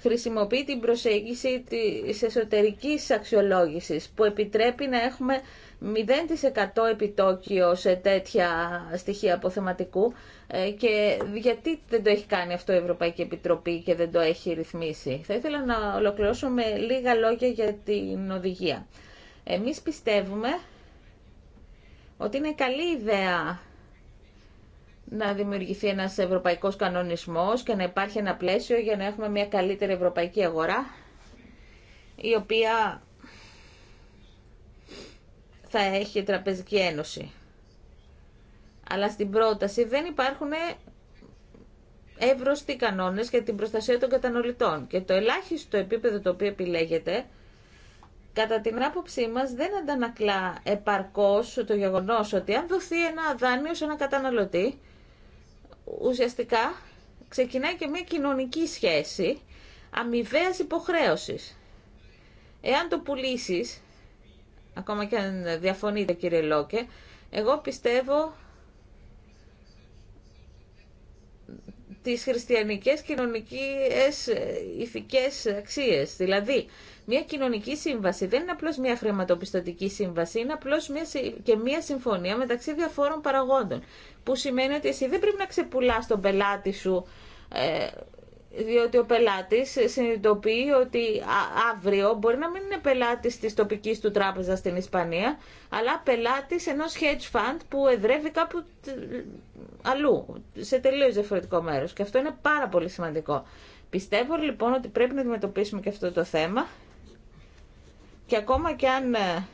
χρησιμοποιεί την προσέγγιση της εσωτερικής αξιολόγησης που επιτρέπει να έχουμε 0% επιτόκιο σε τέτοια στοιχεία αποθεματικού ε, και γιατί δεν το έχει κάνει αυτό η Ευρωπαϊκή Επιτροπή και δεν το έχει ρυθμίσει. Θα ήθελα να ολοκληρώσω με λίγα λόγια για την οδηγία. Εμείς πιστεύουμε ότι είναι καλή ιδέα να δημιουργηθεί ένας ευρωπαϊκός κανονισμός και να υπάρχει ένα πλαίσιο για να έχουμε μια καλύτερη ευρωπαϊκή αγορά, η οποία θα έχει τραπεζική ένωση. Αλλά στην πρόταση δεν υπάρχουν εύρωστοι κανόνες για την προστασία των καταναλωτών και το ελάχιστο επίπεδο το οποίο επιλέγεται κατά την άποψή μας δεν αντανακλά επαρκώς το γεγονός ότι αν δοθεί ένα δάνειο σε ένα καταναλωτή ουσιαστικά ξεκινάει και μια κοινωνική σχέση αμοιβαία υποχρέωσης. Εάν το πουλήσει, ακόμα και αν διαφωνείτε κύριε Λόκε, εγώ πιστεύω τις χριστιανικές κοινωνικές ε, ηθικές αξίες. Δηλαδή, μια κοινωνική σύμβαση δεν είναι απλώ μια χρηματοπιστωτική σύμβαση, είναι απλώ μια, και μια συμφωνία μεταξύ διαφόρων παραγόντων. Που σημαίνει ότι εσύ δεν πρέπει να ξεπουλά τον πελάτη σου ε, διότι ο πελάτη συνειδητοποιεί ότι αύριο μπορεί να μην είναι πελάτη τη τοπική του τράπεζα στην Ισπανία, αλλά πελάτη ενό hedge fund που εδρεύει κάπου αλλού, σε τελείω διαφορετικό μέρο. Και αυτό είναι πάρα πολύ σημαντικό. Πιστεύω λοιπόν ότι πρέπει να αντιμετωπίσουμε και αυτό το θέμα και ακόμα και αν ε,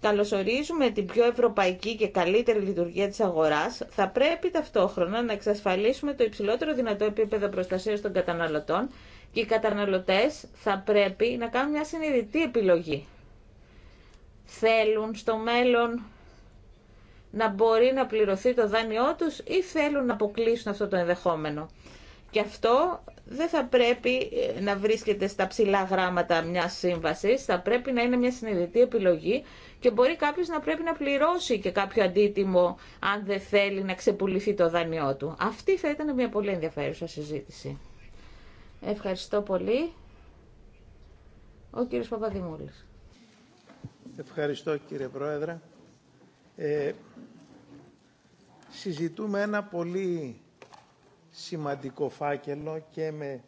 καλωσορίζουμε την πιο ευρωπαϊκή και καλύτερη λειτουργία της αγοράς, θα πρέπει ταυτόχρονα να εξασφαλίσουμε το υψηλότερο δυνατό επίπεδο προστασίας των καταναλωτών και οι καταναλωτές θα πρέπει να κάνουν μια συνειδητή επιλογή. Θέλουν στο μέλλον να μπορεί να πληρωθεί το δάνειό τους ή θέλουν να αποκλείσουν αυτό το ενδεχόμενο. Και αυτό δεν θα πρέπει ε, να βρίσκεται στα ψηλά γράμματα μια σύμβαση. Θα πρέπει να είναι μια συνειδητή επιλογή και μπορεί κάποιο να πρέπει να πληρώσει και κάποιο αντίτιμο αν δεν θέλει να ξεπουληθεί το δάνειό του. Αυτή θα ήταν μια πολύ ενδιαφέρουσα συζήτηση. Ευχαριστώ πολύ. Ο κύριος Παπαδημούλης. Ευχαριστώ κύριε Πρόεδρε. Ε, συζητούμε ένα πολύ σημαντικό φάκελο και με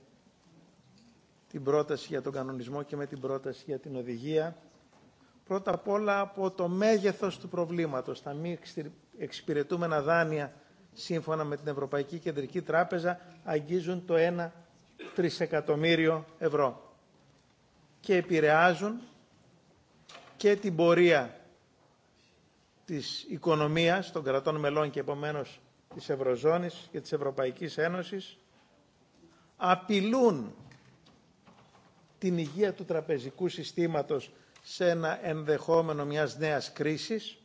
την πρόταση για τον κανονισμό και με την πρόταση για την οδηγία. Πρώτα απ' όλα από το μέγεθος του προβλήματος. Τα μη εξυπηρετούμενα δάνεια σύμφωνα με την Ευρωπαϊκή Κεντρική Τράπεζα αγγίζουν το 1 τρισεκατομμύριο ευρώ και επηρεάζουν και την πορεία της οικονομίας των κρατών μελών και επομένως της Ευρωζώνης και της Ευρωπαϊκής Ένωσης απειλούν την υγεία του τραπεζικού συστήματος σε ένα ενδεχόμενο μιας νέας κρίσης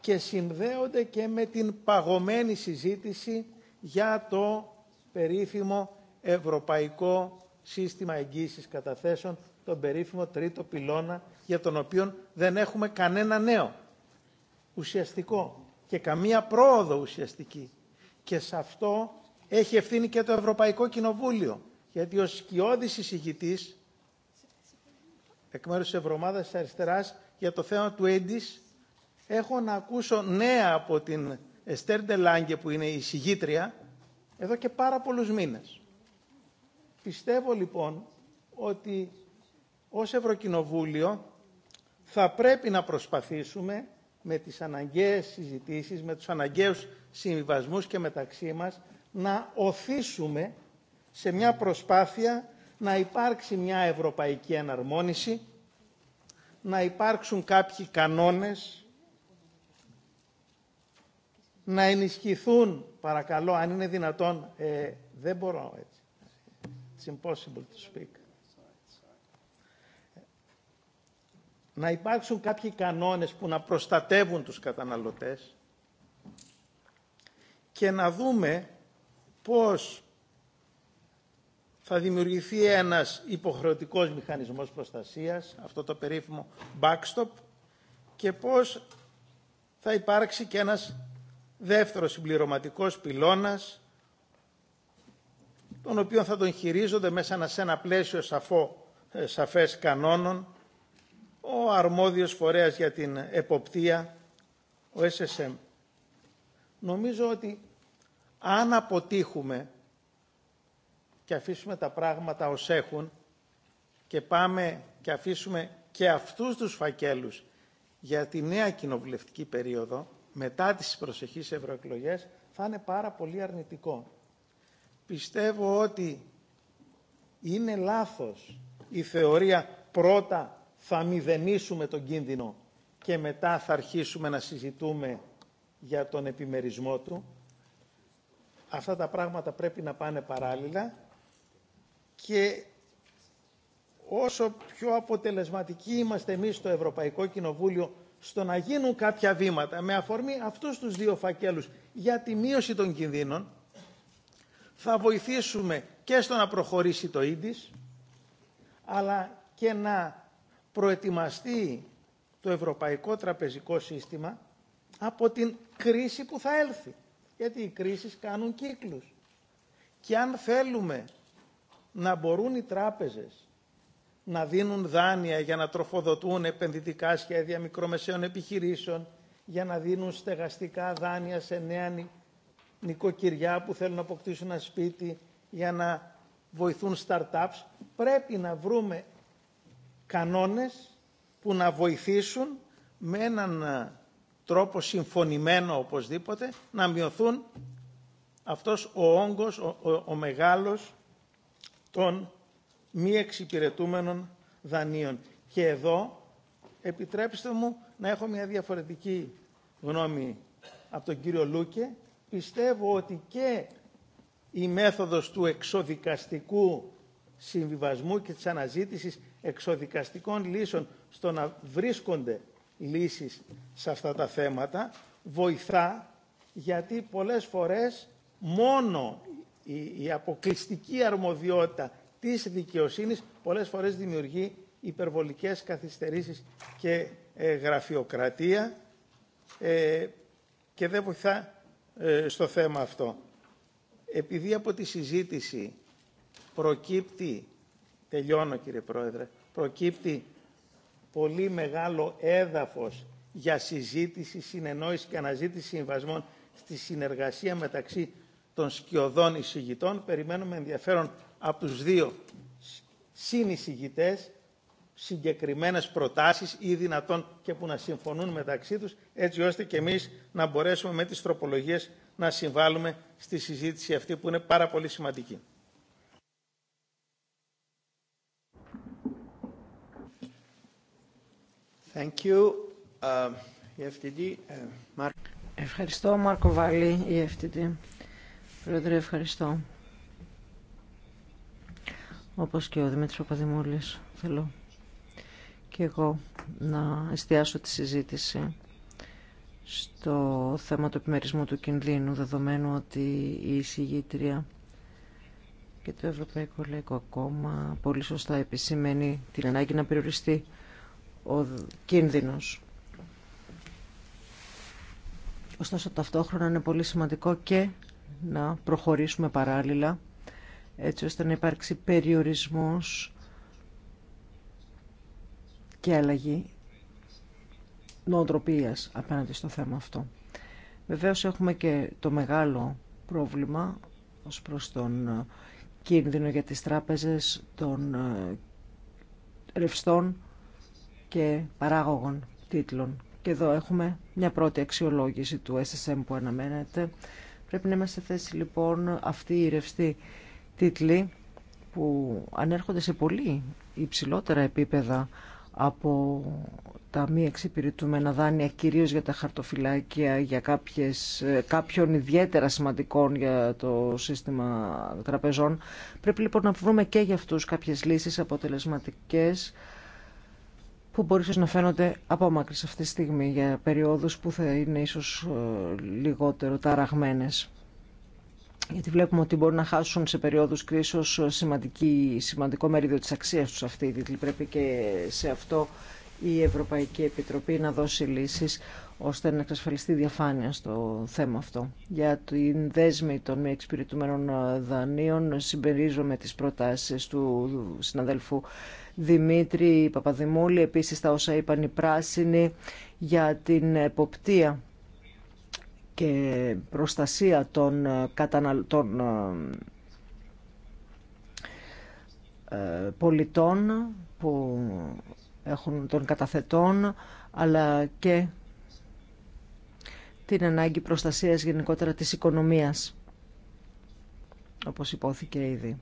και συνδέονται και με την παγωμένη συζήτηση για το περίφημο Ευρωπαϊκό Σύστημα Εγγύησης Καταθέσεων, τον περίφημο τρίτο πυλώνα, για τον οποίο δεν έχουμε κανένα νέο ουσιαστικό και καμία πρόοδο ουσιαστική. Και σε αυτό έχει ευθύνη και το Ευρωπαϊκό Κοινοβούλιο. Γιατί ο σκιώδης εισηγητής εκ μέρους της Ευρωμάδας Αριστεράς για το θέμα του έντις έχω να ακούσω νέα από την Εστέρ Ντελάγκε που είναι η εισηγήτρια εδώ και πάρα πολλούς μήνες. Πιστεύω λοιπόν ότι ως Ευρωκοινοβούλιο θα πρέπει να προσπαθήσουμε με τις αναγκαίες συζητήσεις, με τους αναγκαίους συμβιβασμούς και μεταξύ μας να οθήσουμε σε μια προσπάθεια να υπάρξει μια ευρωπαϊκή εναρμόνιση, να υπάρξουν κάποιοι κανόνες, να ενισχυθούν, παρακαλώ, αν είναι δυνατόν, ε, δεν μπορώ έτσι, it's impossible to speak. να υπάρξουν κάποιοι κανόνες που να προστατεύουν τους καταναλωτές και να δούμε πώς θα δημιουργηθεί ένας υποχρεωτικός μηχανισμός προστασίας, αυτό το περίφημο backstop, και πώς θα υπάρξει και ένας δεύτερος συμπληρωματικός πυλώνας, τον οποίο θα τον χειρίζονται μέσα σε ένα πλαίσιο σαφό, ε, σαφές κανόνων, ο αρμόδιος φορέας για την εποπτεία, ο SSM. Νομίζω ότι αν αποτύχουμε και αφήσουμε τα πράγματα ως έχουν και πάμε και αφήσουμε και αυτούς τους φακέλους για τη νέα κοινοβουλευτική περίοδο, μετά τις προσεχείς ευρωεκλογές, θα είναι πάρα πολύ αρνητικό. Πιστεύω ότι είναι λάθος η θεωρία πρώτα θα μηδενίσουμε τον κίνδυνο και μετά θα αρχίσουμε να συζητούμε για τον επιμερισμό του. Αυτά τα πράγματα πρέπει να πάνε παράλληλα και όσο πιο αποτελεσματικοί είμαστε εμείς στο Ευρωπαϊκό Κοινοβούλιο στο να γίνουν κάποια βήματα με αφορμή αυτούς τους δύο φακέλους για τη μείωση των κινδύνων θα βοηθήσουμε και στο να προχωρήσει το ίντις αλλά και να προετοιμαστεί το ευρωπαϊκό τραπεζικό σύστημα από την κρίση που θα έλθει. Γιατί οι κρίσεις κάνουν κύκλους. Και αν θέλουμε να μπορούν οι τράπεζες να δίνουν δάνεια για να τροφοδοτούν επενδυτικά σχέδια μικρομεσαίων επιχειρήσεων, για να δίνουν στεγαστικά δάνεια σε νέα νοικοκυριά που θέλουν να αποκτήσουν ένα σπίτι, για να βοηθούν startups, πρέπει να βρούμε κανόνες που να βοηθήσουν με έναν ε, τρόπο συμφωνημένο οπωσδήποτε να μειωθούν αυτός ο όγκος, ο, ο, μεγάλος των μη εξυπηρετούμενων δανείων. Και εδώ επιτρέψτε μου να έχω μια διαφορετική γνώμη από τον κύριο Λούκε. Πιστεύω ότι και η μέθοδος του εξοδικαστικού συμβιβασμού και της αναζήτησης εξοδικαστικών λύσεων στο να βρίσκονται λύσεις σε αυτά τα θέματα βοηθά γιατί πολλές φορές μόνο η αποκλειστική αρμοδιότητα της δικαιοσύνης πολλές φορές δημιουργεί υπερβολικές καθυστερήσεις και ε, γραφειοκρατία ε, και δεν βοηθά ε, στο θέμα αυτό. Επειδή από τη συζήτηση προκύπτει Τελειώνω κύριε Πρόεδρε. Προκύπτει πολύ μεγάλο έδαφος για συζήτηση, συνεννόηση και αναζήτηση συμβασμών στη συνεργασία μεταξύ των σκιωδών εισηγητών. Περιμένουμε ενδιαφέρον από τους δύο συνεισηγητές συγκεκριμένες προτάσεις ή δυνατόν και που να συμφωνούν μεταξύ τους έτσι ώστε και εμείς να μπορέσουμε με τις τροπολογίες να συμβάλλουμε στη συζήτηση αυτή που είναι πάρα πολύ σημαντική. Um, e uh, ευχαριστώ, Μάρκο Βαλή, η e FTD. Πρόεδρε, ευχαριστώ. Όπως και ο Δημήτρης Παπαδημούλης, θέλω και εγώ να εστιάσω τη συζήτηση στο θέμα του επιμερισμού του κινδύνου, δεδομένου ότι η εισηγήτρια και το Ευρωπαϊκό Λαϊκό Κόμμα πολύ σωστά επισημαίνει την ανάγκη να περιοριστεί ο κίνδυνος. Ωστόσο ταυτόχρονα είναι πολύ σημαντικό και να προχωρήσουμε παράλληλα έτσι ώστε να υπάρξει περιορισμός και αλλαγή νοοτροπίας απέναντι στο θέμα αυτό. Βεβαίως έχουμε και το μεγάλο πρόβλημα ως προς τον ε, κίνδυνο για τις τράπεζες των ε, ρευστών και παράγωγων τίτλων. Και εδώ έχουμε μια πρώτη αξιολόγηση του SSM που αναμένεται. Πρέπει να είμαστε θέση λοιπόν αυτή οι ρευστή τίτλοι που ανέρχονται σε πολύ υψηλότερα επίπεδα από τα μη εξυπηρετούμενα δάνεια, κυρίως για τα χαρτοφυλάκια, για κάποιες, κάποιων ιδιαίτερα σημαντικών για το σύστημα τραπεζών. Πρέπει λοιπόν να βρούμε και για αυτούς κάποιες λύσεις αποτελεσματικές που μπορεί να φαίνονται απόμακρες αυτή τη στιγμή για περιόδους που θα είναι ίσως ε, λιγότερο ταραγμένες. Γιατί βλέπουμε ότι μπορεί να χάσουν σε περιόδους κρίσεως ε, σημαντικό μερίδιο της αξίας τους αυτή η Πρέπει και σε αυτό η Ευρωπαϊκή Επιτροπή να δώσει λύσεις ώστε να εξασφαλιστεί διαφάνεια στο θέμα αυτό. Για την δέσμη των μη εξυπηρετούμενων ε, δανείων συμπερίζομαι τις προτάσεις του συναδέλφου Δημήτρη Παπαδημούλη, επίσης τα όσα είπαν οι πράσινοι για την εποπτεία και προστασία των, καταναλ... Ε, ε, πολιτών που έχουν των καταθετών αλλά και την ανάγκη προστασίας γενικότερα της οικονομίας όπως υπόθηκε ήδη.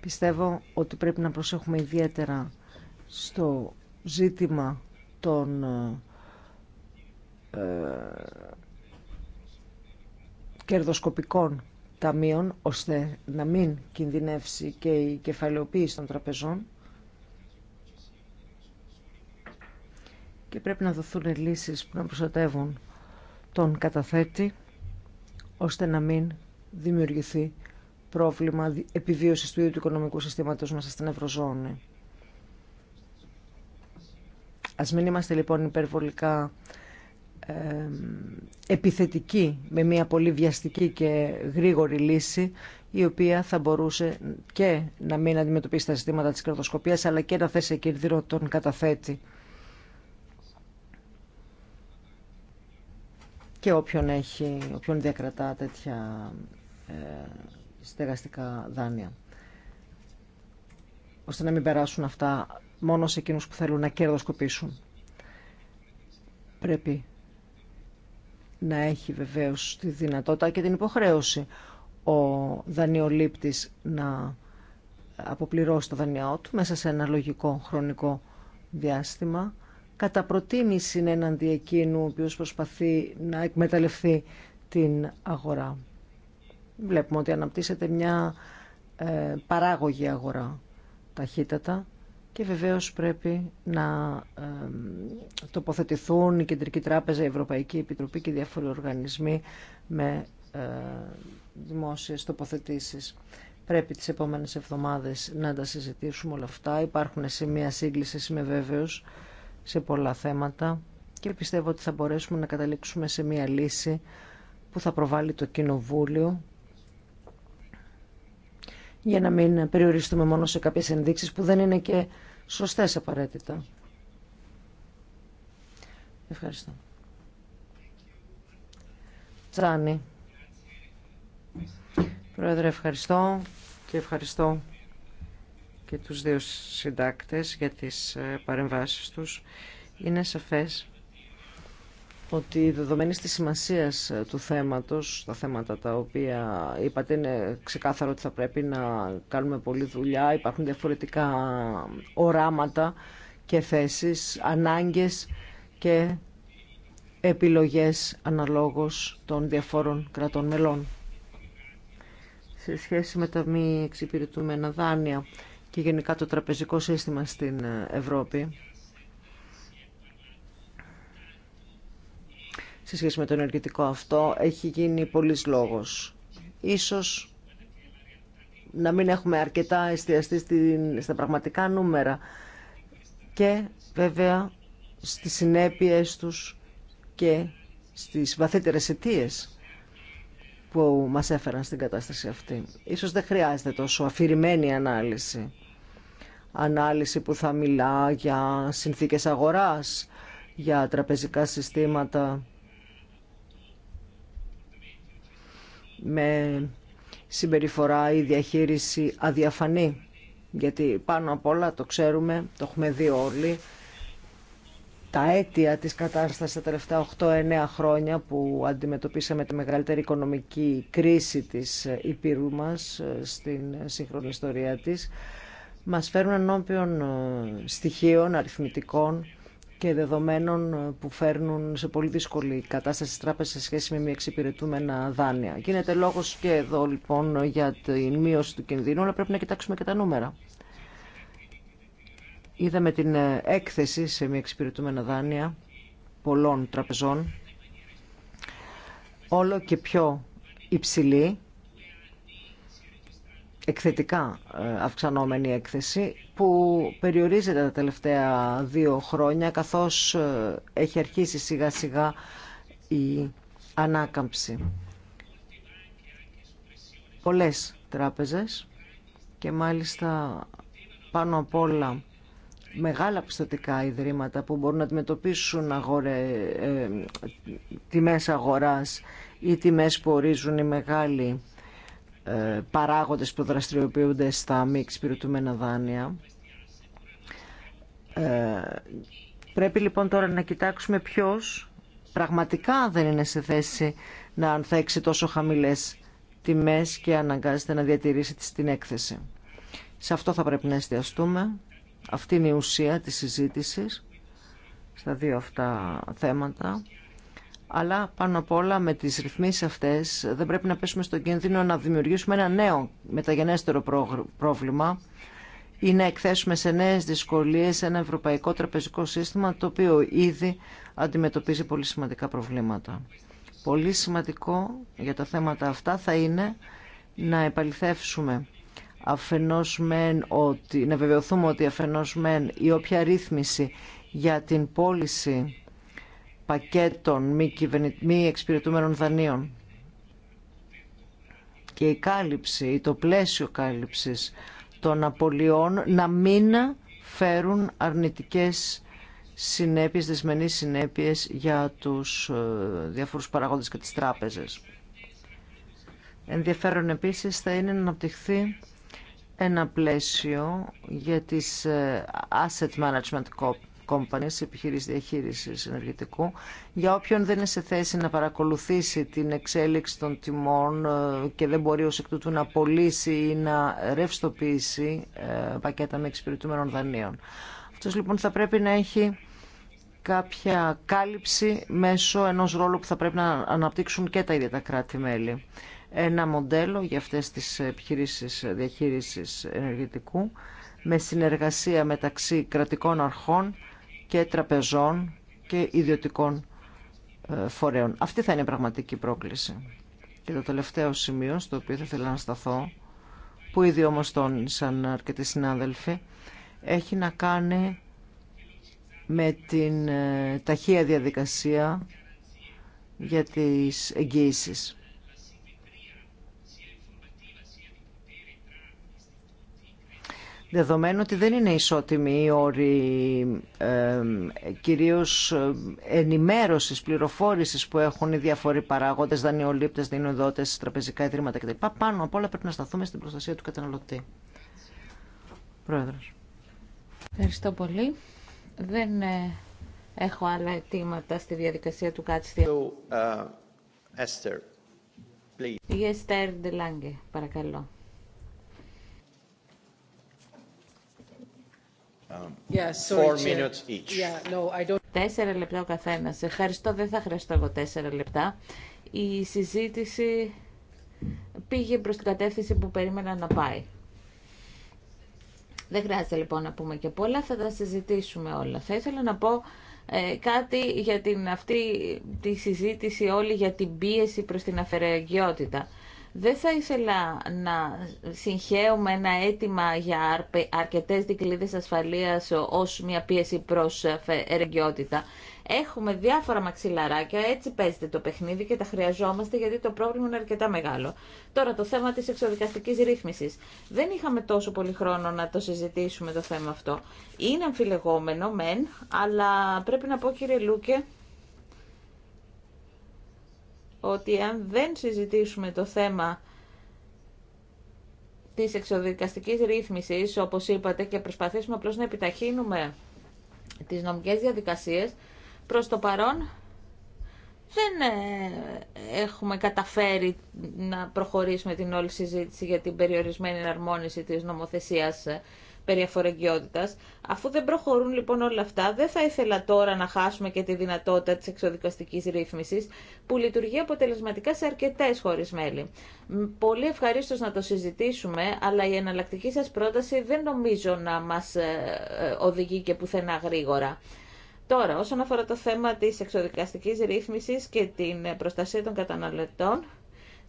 Πιστεύω ότι πρέπει να προσέχουμε ιδιαίτερα στο ζήτημα των ε, ε, κερδοσκοπικών ταμείων, ώστε να μην κινδυνεύσει και η κεφαλαιοποίηση των τραπεζών. Και πρέπει να δοθούν λύσεις που να προστατεύουν τον καταθέτη, ώστε να μην δημιουργηθεί πρόβλημα επιβίωσης του ίδιου του οικονομικού συστήματος μέσα στην Ευρωζώνη. Ας μην είμαστε λοιπόν υπερβολικά επιθετικοί με μια πολύ βιαστική και γρήγορη λύση η οποία θα μπορούσε και να μην αντιμετωπίσει τα ζητήματα της κερδοσκοπίας αλλά και να θέσει κερδίρο τον καταθέτη και όποιον, έχει, όποιον διακρατά τέτοια ε, στεγαστικά δάνεια. Ώστε να μην περάσουν αυτά μόνο σε εκείνους που θέλουν να κερδοσκοπήσουν. Πρέπει να έχει βεβαίως τη δυνατότητα και την υποχρέωση ο δανειολήπτης να αποπληρώσει το δανειό του μέσα σε ένα λογικό χρονικό διάστημα κατά προτίμηση εναντί εκείνου ο οποίος προσπαθεί να εκμεταλλευτεί την αγορά βλέπουμε ότι αναπτύσσεται μια ε, παράγωγη αγορά ταχύτατα και βεβαίως πρέπει να ε, τοποθετηθούν η Κεντρική Τράπεζα, η Ευρωπαϊκή Επιτροπή και διάφοροι οργανισμοί με ε, δημόσιες τοποθετήσεις. Πρέπει τις επόμενες εβδομάδες να τα συζητήσουμε όλα αυτά. Υπάρχουν σημεία σύγκληση είμαι βέβαιος, σε πολλά θέματα και πιστεύω ότι θα μπορέσουμε να καταλήξουμε σε μια λύση που θα προβάλλει το Κοινοβούλιο για να μην περιοριστούμε μόνο σε κάποιες ενδείξεις που δεν είναι και σωστές απαραίτητα. Ευχαριστώ. Τσάνι. Πρόεδρε, ευχαριστώ και ευχαριστώ και τους δύο συντάκτες για τις ε, παρεμβάσεις τους. Είναι σαφές ότι δεδομένη τη σημασία ε, του θέματος, τα θέματα τα οποία είπατε είναι ξεκάθαρο ότι θα πρέπει να κάνουμε πολλή δουλειά, υπάρχουν διαφορετικά οράματα και θέσει, ανάγκες και επιλογές αναλόγω των διαφόρων κρατών μελών. Σε σχέση με τα μη εξυπηρετούμενα δάνεια και γενικά το τραπεζικό σύστημα στην ε, Ευρώπη, σε σχέση με το ενεργητικό αυτό έχει γίνει πολλή λόγο. Ίσως να μην έχουμε αρκετά εστιαστεί στα πραγματικά νούμερα και βέβαια στις συνέπειες τους και στις βαθύτερες αιτίε που μας έφεραν στην κατάσταση αυτή. Ίσως δεν χρειάζεται τόσο αφηρημένη ανάλυση. Ανάλυση που θα μιλά για συνθήκες αγοράς, για τραπεζικά συστήματα με συμπεριφορά ή διαχείριση αδιαφανή. Γιατί πάνω απ' όλα το ξέρουμε, το έχουμε δει όλοι, τα αίτια της κατάστασης τα τελευταία 8-9 χρόνια που αντιμετωπίσαμε τη μεγαλύτερη οικονομική κρίση της Υπήρου μας ε, στην σύγχρονη ιστορία της, μας φέρουν ενώπιον ε, στοιχείων αριθμητικών και δεδομένων που φέρνουν σε πολύ δύσκολη κατάσταση στις τράπεζες σε σχέση με μη εξυπηρετούμενα δάνεια. Γίνεται λόγος και εδώ λοιπόν για την μείωση του κινδύνου, αλλά πρέπει να κοιτάξουμε και τα νούμερα. Είδαμε την έκθεση σε μη εξυπηρετούμενα δάνεια πολλών τραπεζών, όλο και πιο υψηλή εκθετικά ε, αυξανόμενη έκθεση που περιορίζεται τα τελευταία δύο χρόνια καθώς ε, έχει αρχίσει σιγά σιγά η ανάκαμψη. Πολλές τράπεζες και μάλιστα πάνω απ' όλα μεγάλα πιστοτικά ιδρύματα που μπορούν να αντιμετωπίσουν αγορε, ε, τιμές αγοράς ή τιμές που ορίζουν οι μεγάλοι ε, παράγοντες που δραστηριοποιούνται στα μη εξυπηρετούμενα δάνεια. Ε, πρέπει λοιπόν τώρα να κοιτάξουμε ποιος πραγματικά δεν είναι σε θέση να ανθέξει τόσο χαμηλές τιμές και αναγκάζεται να διατηρήσει την έκθεση. Σε αυτό θα πρέπει να εστιαστούμε. Αυτή είναι η ουσία της συζήτησης στα δύο αυτά θέματα αλλά πάνω απ' όλα με τις ρυθμίσεις αυτές δεν πρέπει να πέσουμε στον κίνδυνο να δημιουργήσουμε ένα νέο μεταγενέστερο πρόβλημα ή να εκθέσουμε σε νέες δυσκολίες ένα ευρωπαϊκό τραπεζικό σύστημα το οποίο ήδη αντιμετωπίζει πολύ σημαντικά προβλήματα. Πολύ σημαντικό για τα θέματα αυτά θα είναι να επαληθεύσουμε ότι, να βεβαιωθούμε ότι αφενός μεν η όποια ρύθμιση για την πώληση πακέτων μη, κυβερνη... μη εξυπηρετούμενων δανείων. Και η κάλυψη, το πλαίσιο κάλυψης των απολειών να μην φέρουν αρνητικές συνέπειες, δεσμενείς συνέπειες για τους ε, διάφορους παραγόντες και τις τράπεζες. Ενδιαφέρον επίσης θα είναι να αναπτυχθεί ένα πλαίσιο για τις ε, asset management corp companies, επιχειρήση διαχείριση ενεργητικού, για όποιον δεν είναι σε θέση να παρακολουθήσει την εξέλιξη των τιμών ε, και δεν μπορεί ω εκ τούτου να πωλήσει ή να ρευστοποιήσει ε, πακέτα με εξυπηρετούμενων δανείων. Αυτό λοιπόν θα πρέπει να έχει κάποια κάλυψη μέσω ενός ρόλου που θα πρέπει να αναπτύξουν και τα ίδια τα κράτη-μέλη. Ένα μοντέλο για αυτές τις επιχειρήσεις διαχείρισης ενεργητικού με συνεργασία μεταξύ κρατικών αρχών και τραπεζών και ιδιωτικών ε, φορέων. Αυτή θα είναι η πραγματική πρόκληση. Και το τελευταίο σημείο στο οποίο θα ήθελα να σταθώ, που ήδη όμως τόνισαν αρκετοί συνάδελφοι, έχει να κάνει με την ε, ταχεία διαδικασία για τις εγγύησεις. δεδομένου ότι δεν είναι ισότιμοι οι όροι ε, κυρίως ενημέρωσης, πληροφόρησης που έχουν οι διαφοροί παράγοντες, δανειολήπτες, δινοδότες, τραπεζικά ιδρύματα κτλ. Πάνω απ' όλα πρέπει να σταθούμε στην προστασία του καταναλωτή. Πρόεδρος. Ευχαριστώ πολύ. Δεν ε, έχω άλλα αιτήματα στη διαδικασία του Κάτστη. Uh, Η Εστέρ παρακαλώ. Um, uh, τέσσερα λεπτά ο καθένας. Ευχαριστώ, δεν θα χρειαστώ εγώ τέσσερα λεπτά. Η συζήτηση πήγε προς την κατεύθυνση που περίμενα να πάει. Δεν χρειάζεται λοιπόν να πούμε και πολλά, θα τα συζητήσουμε όλα. Θα ήθελα να πω ε, κάτι για την, αυτή τη συζήτηση όλη για την πίεση προς την αφαιρεγγιότητα. Δεν θα ήθελα να συγχαίουμε ένα αίτημα για αρκετές δικλείδες ασφαλείας ως μια πίεση προς ε, ερεγγιότητα. Έχουμε διάφορα μαξιλαράκια, έτσι παίζεται το παιχνίδι και τα χρειαζόμαστε γιατί το πρόβλημα είναι αρκετά μεγάλο. Τώρα το θέμα της εξοδικαστικής ρύθμισης. Δεν είχαμε τόσο πολύ χρόνο να το συζητήσουμε το θέμα αυτό. Είναι αμφιλεγόμενο μεν, αλλά πρέπει να πω κύριε Λούκε ότι αν δεν συζητήσουμε το θέμα της εξοδικαστικής ρύθμισης, όπως είπατε, και προσπαθήσουμε απλώς να επιταχύνουμε τις νομικές διαδικασίες, προς το παρόν δεν ε, έχουμε καταφέρει να προχωρήσουμε την όλη συζήτηση για την περιορισμένη εναρμόνιση της νομοθεσίας περί Αφού δεν προχωρούν λοιπόν όλα αυτά, δεν θα ήθελα τώρα να χάσουμε και τη δυνατότητα της εξοδικαστικής ρύθμισης, που λειτουργεί αποτελεσματικά σε αρκετές χώρες μέλη. Πολύ ευχαρίστω να το συζητήσουμε, αλλά η εναλλακτική σας πρόταση δεν νομίζω να μας ε, ε, οδηγεί και πουθενά γρήγορα. Τώρα, όσον αφορά το θέμα της εξοδικαστικής ρύθμισης και την προστασία των καταναλωτών,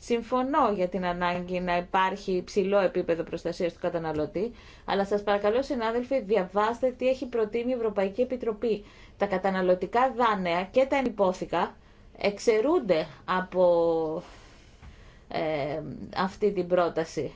Συμφωνώ για την ανάγκη να υπάρχει υψηλό επίπεδο προστασίας του καταναλωτή, αλλά σας παρακαλώ συνάδελφοι διαβάστε τι έχει προτείνει η Ευρωπαϊκή Επιτροπή. Τα καταναλωτικά δάνεια και τα ενυπόθηκα εξαιρούνται από ε, αυτή την πρόταση.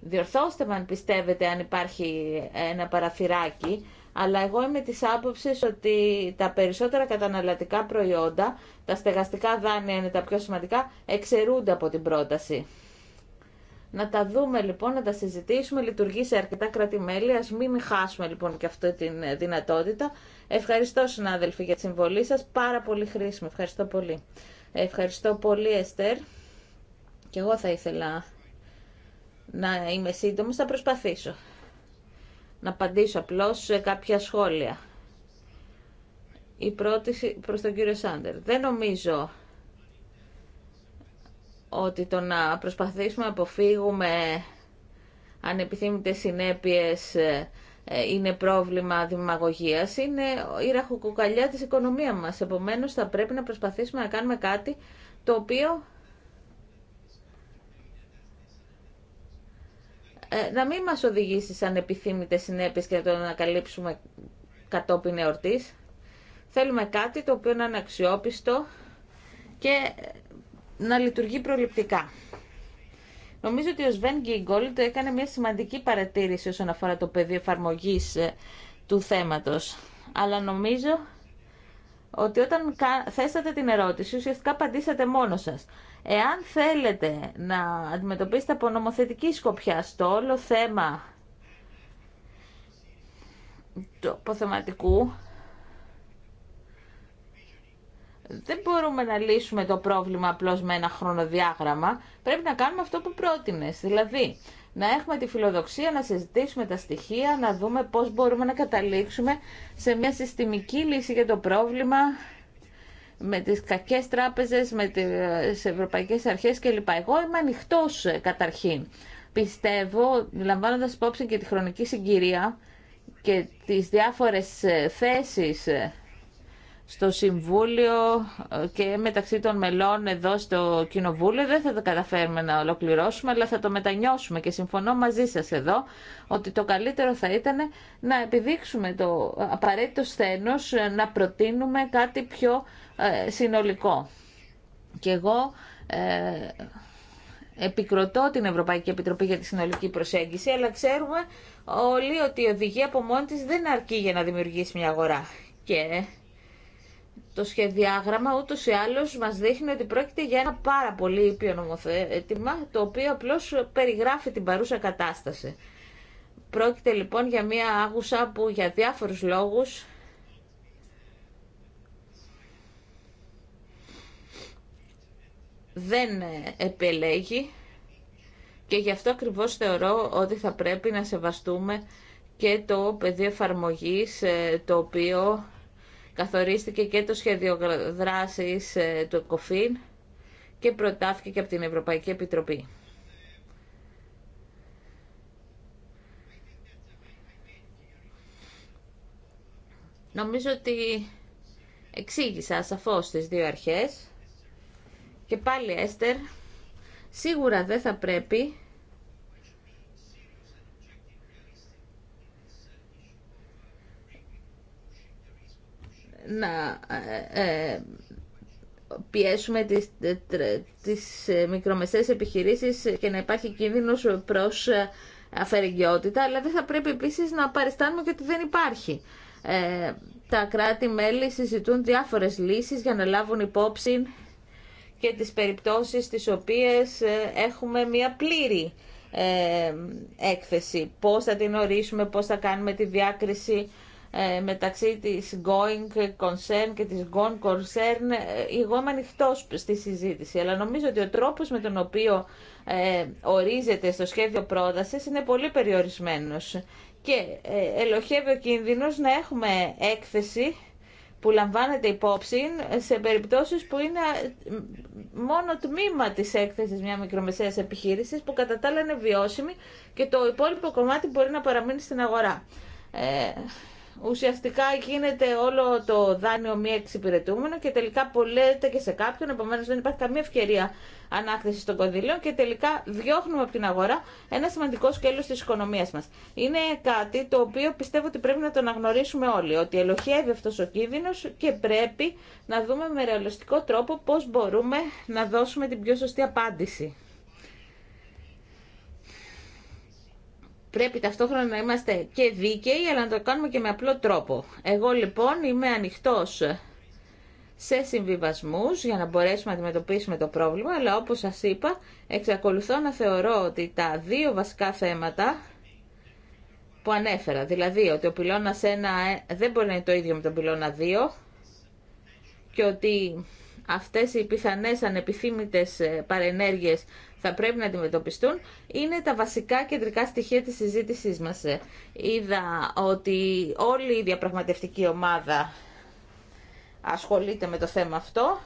Διορθώστε με αν πιστεύετε αν υπάρχει ένα παραθυράκι αλλά εγώ είμαι της άποψης ότι τα περισσότερα καταναλωτικά προϊόντα, τα στεγαστικά δάνεια είναι τα πιο σημαντικά, εξαιρούνται από την πρόταση. Να τα δούμε λοιπόν, να τα συζητήσουμε. Λειτουργεί σε αρκετά κρατημέλη. Α μην χάσουμε λοιπόν και αυτή τη δυνατότητα. Ευχαριστώ συνάδελφοι για τη συμβολή σα. Πάρα πολύ χρήσιμη. Ευχαριστώ πολύ. Ευχαριστώ πολύ, Εστέρ. Και εγώ θα ήθελα να είμαι σύντομο. Θα προσπαθήσω να απαντήσω απλώς σε κάποια σχόλια. Η πρώτη προς τον κύριο Σάντερ. Δεν νομίζω ότι το να προσπαθήσουμε να αποφύγουμε ανεπιθύμητες συνέπειες ε, ε, είναι πρόβλημα δημαγωγίας, είναι η ραχοκοκαλιά της οικονομίας μας. Επομένως θα πρέπει να προσπαθήσουμε να κάνουμε κάτι το οποίο Ε, να μην μας οδηγήσει σαν επιθύμητες συνέπειες και να το ανακαλύψουμε κατόπιν εορτής. Θέλουμε κάτι το οποίο να είναι αξιόπιστο και ε, να λειτουργεί προληπτικά. Νομίζω ότι ο Σβέν Γκίγκολτ έκανε μια σημαντική παρατήρηση όσον αφορά το πεδίο εφαρμογή ε, του θέματος. Αλλά νομίζω ότι όταν θέσατε την ερώτηση, ουσιαστικά απαντήσατε μόνο σας. Εάν θέλετε να αντιμετωπίσετε από νομοθετική σκοπιά στο όλο θέμα του αποθεματικού, δεν μπορούμε να λύσουμε το πρόβλημα απλώς με ένα χρονοδιάγραμμα. Πρέπει να κάνουμε αυτό που πρότεινες, δηλαδή να έχουμε τη φιλοδοξία να συζητήσουμε τα στοιχεία, να δούμε πώς μπορούμε να καταλήξουμε σε μια συστημική λύση για το πρόβλημα με τις κακές τράπεζες, με τις ευρωπαϊκές αρχές κλπ. Εγώ είμαι ανοιχτό ε, καταρχήν. Πιστεύω, λαμβάνοντας υπόψη και τη χρονική συγκυρία και τις διάφορες ε, θέσεις ε, στο Συμβούλιο και μεταξύ των μελών εδώ στο Κοινοβούλιο. Δεν θα το καταφέρουμε να ολοκληρώσουμε, αλλά θα το μετανιώσουμε και συμφωνώ μαζί σας εδώ ότι το καλύτερο θα ήταν να επιδείξουμε το απαραίτητο σθένος, να προτείνουμε κάτι πιο ε, συνολικό. Και εγώ ε, επικροτώ την Ευρωπαϊκή Επιτροπή για τη συνολική προσέγγιση, αλλά ξέρουμε όλοι ότι η οδηγία από μόνη της δεν αρκεί για να δημιουργήσει μια αγορά. Και το σχεδιάγραμμα ούτως ή άλλως μας δείχνει ότι πρόκειται για ένα πάρα πολύ ήπιο νομοθέτημα, το οποίο απλώς περιγράφει την παρούσα κατάσταση. Πρόκειται λοιπόν για μια άγουσα που για διάφορους λόγους δεν ε, επελέγει και γι' αυτό ακριβώς θεωρώ ότι θα πρέπει να σεβαστούμε και το πεδίο εφαρμογή ε, το οποίο καθορίστηκε και το σχέδιο δράσης ε, του ΕΚΟΦΗΝ και προτάθηκε και από την Ευρωπαϊκή Επιτροπή. Νομίζω ότι εξήγησα σαφώς τις δύο αρχές. Και πάλι, Έστερ, σίγουρα δεν θα πρέπει να ε, ε, πιέσουμε τις, τις ε, μικρομεσαίες επιχειρήσεις και να υπάρχει κίνδυνος προς αφαιρεγγιότητα, αλλά δεν θα πρέπει επίσης να παριστάνουμε και ότι δεν υπάρχει. τα κράτη-μέλη συζητούν διάφορες λύσεις για να λάβουν υπόψη και τις περιπτώσεις τις οποίες ε, έχουμε μία πλήρη ε, έκθεση. Πώς θα την ορίσουμε, πώς θα κάνουμε τη διάκριση ε, μεταξύ της going concern και της gone concern. Εγώ είμαι ανοιχτό στη συζήτηση, αλλά νομίζω ότι ο τρόπος με τον οποίο ορίζεται στο σχέδιο πρότασης είναι πολύ περιορισμένος. Και ελοχεύει ο κίνδυνος να έχουμε έκθεση που λαμβάνεται υπόψη σε περιπτώσεις που είναι μόνο τμήμα της έκθεσης μια μικρομεσαίας επιχείρησης που κατά τα άλλα είναι βιώσιμη και το υπόλοιπο κομμάτι μπορεί να παραμείνει στην αγορά. Ε, ουσιαστικά γίνεται όλο το δάνειο μη εξυπηρετούμενο και τελικά πολλέται και σε κάποιον, επομένω δεν υπάρχει καμία ευκαιρία ανάκτηση των κονδυλίων και τελικά διώχνουμε από την αγορά ένα σημαντικό σκέλος της οικονομίας μας. Είναι κάτι το οποίο πιστεύω ότι πρέπει να το αναγνωρίσουμε όλοι, ότι ελοχεύει αυτός ο κίνδυνος και πρέπει να δούμε με ρεαλιστικό τρόπο πώς μπορούμε να δώσουμε την πιο σωστή απάντηση. πρέπει ταυτόχρονα να είμαστε και δίκαιοι, αλλά να το κάνουμε και με απλό τρόπο. Εγώ λοιπόν είμαι ανοιχτός σε συμβιβασμούς για να μπορέσουμε να αντιμετωπίσουμε το πρόβλημα, αλλά όπως σας είπα, εξακολουθώ να θεωρώ ότι τα δύο βασικά θέματα που ανέφερα, δηλαδή ότι ο πυλώνας 1 ε, δεν μπορεί να είναι το ίδιο με τον πυλώνα 2 και ότι αυτές οι πιθανές ανεπιθύμητες ε, παρενέργειες θα πρέπει να αντιμετωπιστούν, είναι τα βασικά κεντρικά στοιχεία της συζήτησής μας. Ε, είδα ότι όλη η διαπραγματευτική ομάδα ασχολείται με το θέμα αυτό.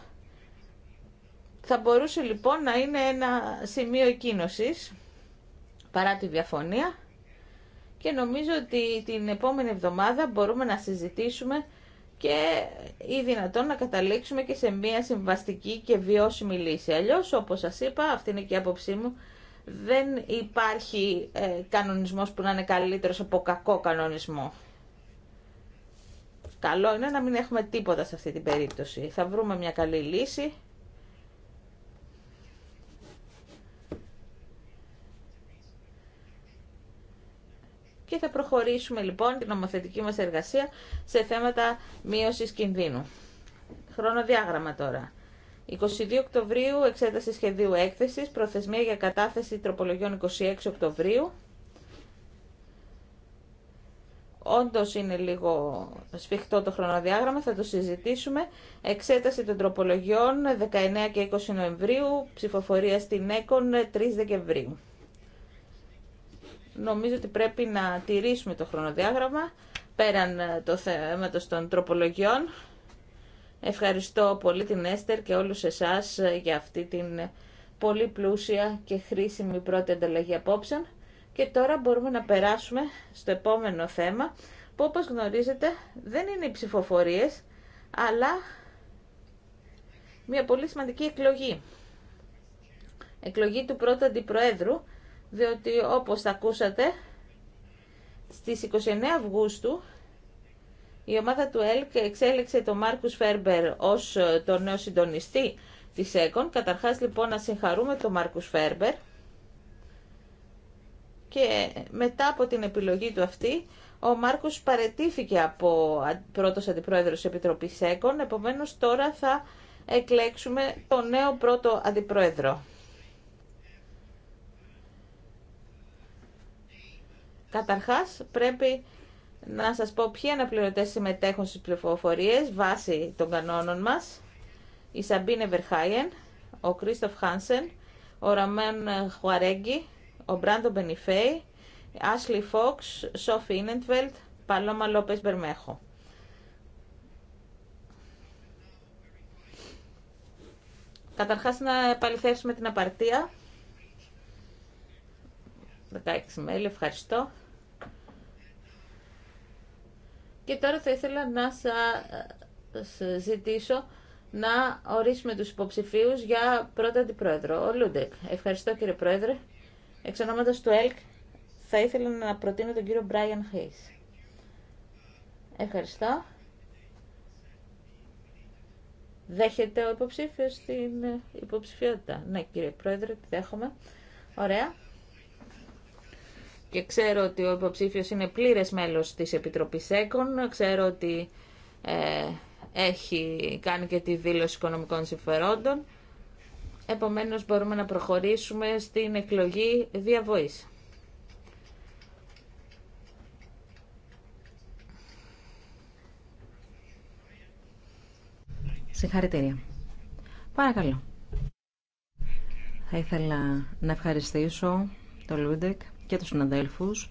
Θα μπορούσε λοιπόν να είναι ένα σημείο εκκίνωσης, παρά τη διαφωνία, και νομίζω ότι την επόμενη εβδομάδα μπορούμε να συζητήσουμε και ή δυνατόν να καταλήξουμε και σε μια συμβαστική και βιώσιμη λύση. Αλλιώς, όπως σας είπα, αυτή είναι και η άποψή μου, δεν υπάρχει ε, κανονισμός που να είναι καλύτερος από κακό κανονισμό. Καλό είναι να μην έχουμε τίποτα σε αυτή την περίπτωση. Θα βρούμε μια καλή λύση. και θα προχωρήσουμε λοιπόν την νομοθετική μας εργασία σε θέματα μείωσης κινδύνου. Χρονοδιάγραμμα τώρα. 22 Οκτωβρίου εξέταση σχεδίου έκθεσης, προθεσμία για κατάθεση τροπολογιών 26 Οκτωβρίου. Όντως είναι λίγο σφιχτό το χρονοδιάγραμμα, θα το συζητήσουμε. Εξέταση των τροπολογιών 19 και 20 Νοεμβρίου, ψηφοφορία στην ΕΚΟΝ 3 Δεκεμβρίου. Νομίζω ότι πρέπει να τηρήσουμε το χρονοδιάγραμμα πέραν ε, το θέμα των τροπολογιών. Ευχαριστώ πολύ την Έστερ και όλους εσάς ε, για αυτή την ε, πολύ πλούσια και χρήσιμη πρώτη ανταλλαγή απόψεων. Και τώρα μπορούμε να περάσουμε στο επόμενο θέμα που όπως γνωρίζετε δεν είναι οι ψηφοφορίες αλλά μια πολύ σημαντική εκλογή. Εκλογή του πρώτου αντιπροέδρου διότι όπως θα ακούσατε, στις 29 Αυγούστου η ομάδα του ΕΛΚ εξέλεξε τον Μάρκους Φέρμπερ ως ε, τον νέο συντονιστή της ΕΚΟΝ. Καταρχάς λοιπόν να συγχαρούμε τον Μάρκους Φέρμπερ και μετά από την επιλογή του αυτή ο Μάρκος παρετήθηκε από πρώτος αντιπρόεδρος της Επιτροπής ΕΚΟΝ, επομένως τώρα θα εκλέξουμε τον νέο πρώτο αντιπρόεδρο. Καταρχάς πρέπει να σας πω ποιοι αναπληρωτές συμμετέχουν στις πληροφορίες βάσει των κανόνων μας. Η Σαμπίνε Βερχάιεν, ο Κρίστοφ Χάνσεν, ο Ραμέν Χουαρέγγι, ο Μπράντο Μπενιφέη, Άσλι Φόξ, Σόφι Ίνεντβελτ, Παλώμα Λόπες Μπερμέχο. Καταρχάς να επαληθεύσουμε την απαρτία. 16 μέλη, ευχαριστώ. Και τώρα θα ήθελα να σας ζητήσω να ορίσουμε τους υποψηφίους για πρώτο αντιπρόεδρο. Ο Λούντεκ. Ευχαριστώ κύριε Πρόεδρε. Εξ ονόματος του ΕΛΚ θα ήθελα να προτείνω τον κύριο Μπράιαν Χέις. Ευχαριστώ. Δέχεται ο υποψήφιος την υποψηφιότητα. Ναι κύριε Πρόεδρε, τη δέχομαι. Ωραία και ξέρω ότι ο υποψήφιος είναι πλήρες μέλος της Επιτροπής ΕΚΟΝ, ξέρω ότι ε, έχει κάνει και τη δήλωση οικονομικών συμφερόντων, επομένως μπορούμε να προχωρήσουμε στην εκλογή διαβοής. Συγχαρητήρια. Παρακαλώ. Θα ήθελα να ευχαριστήσω το Λούντεκ και τους συναδέλφους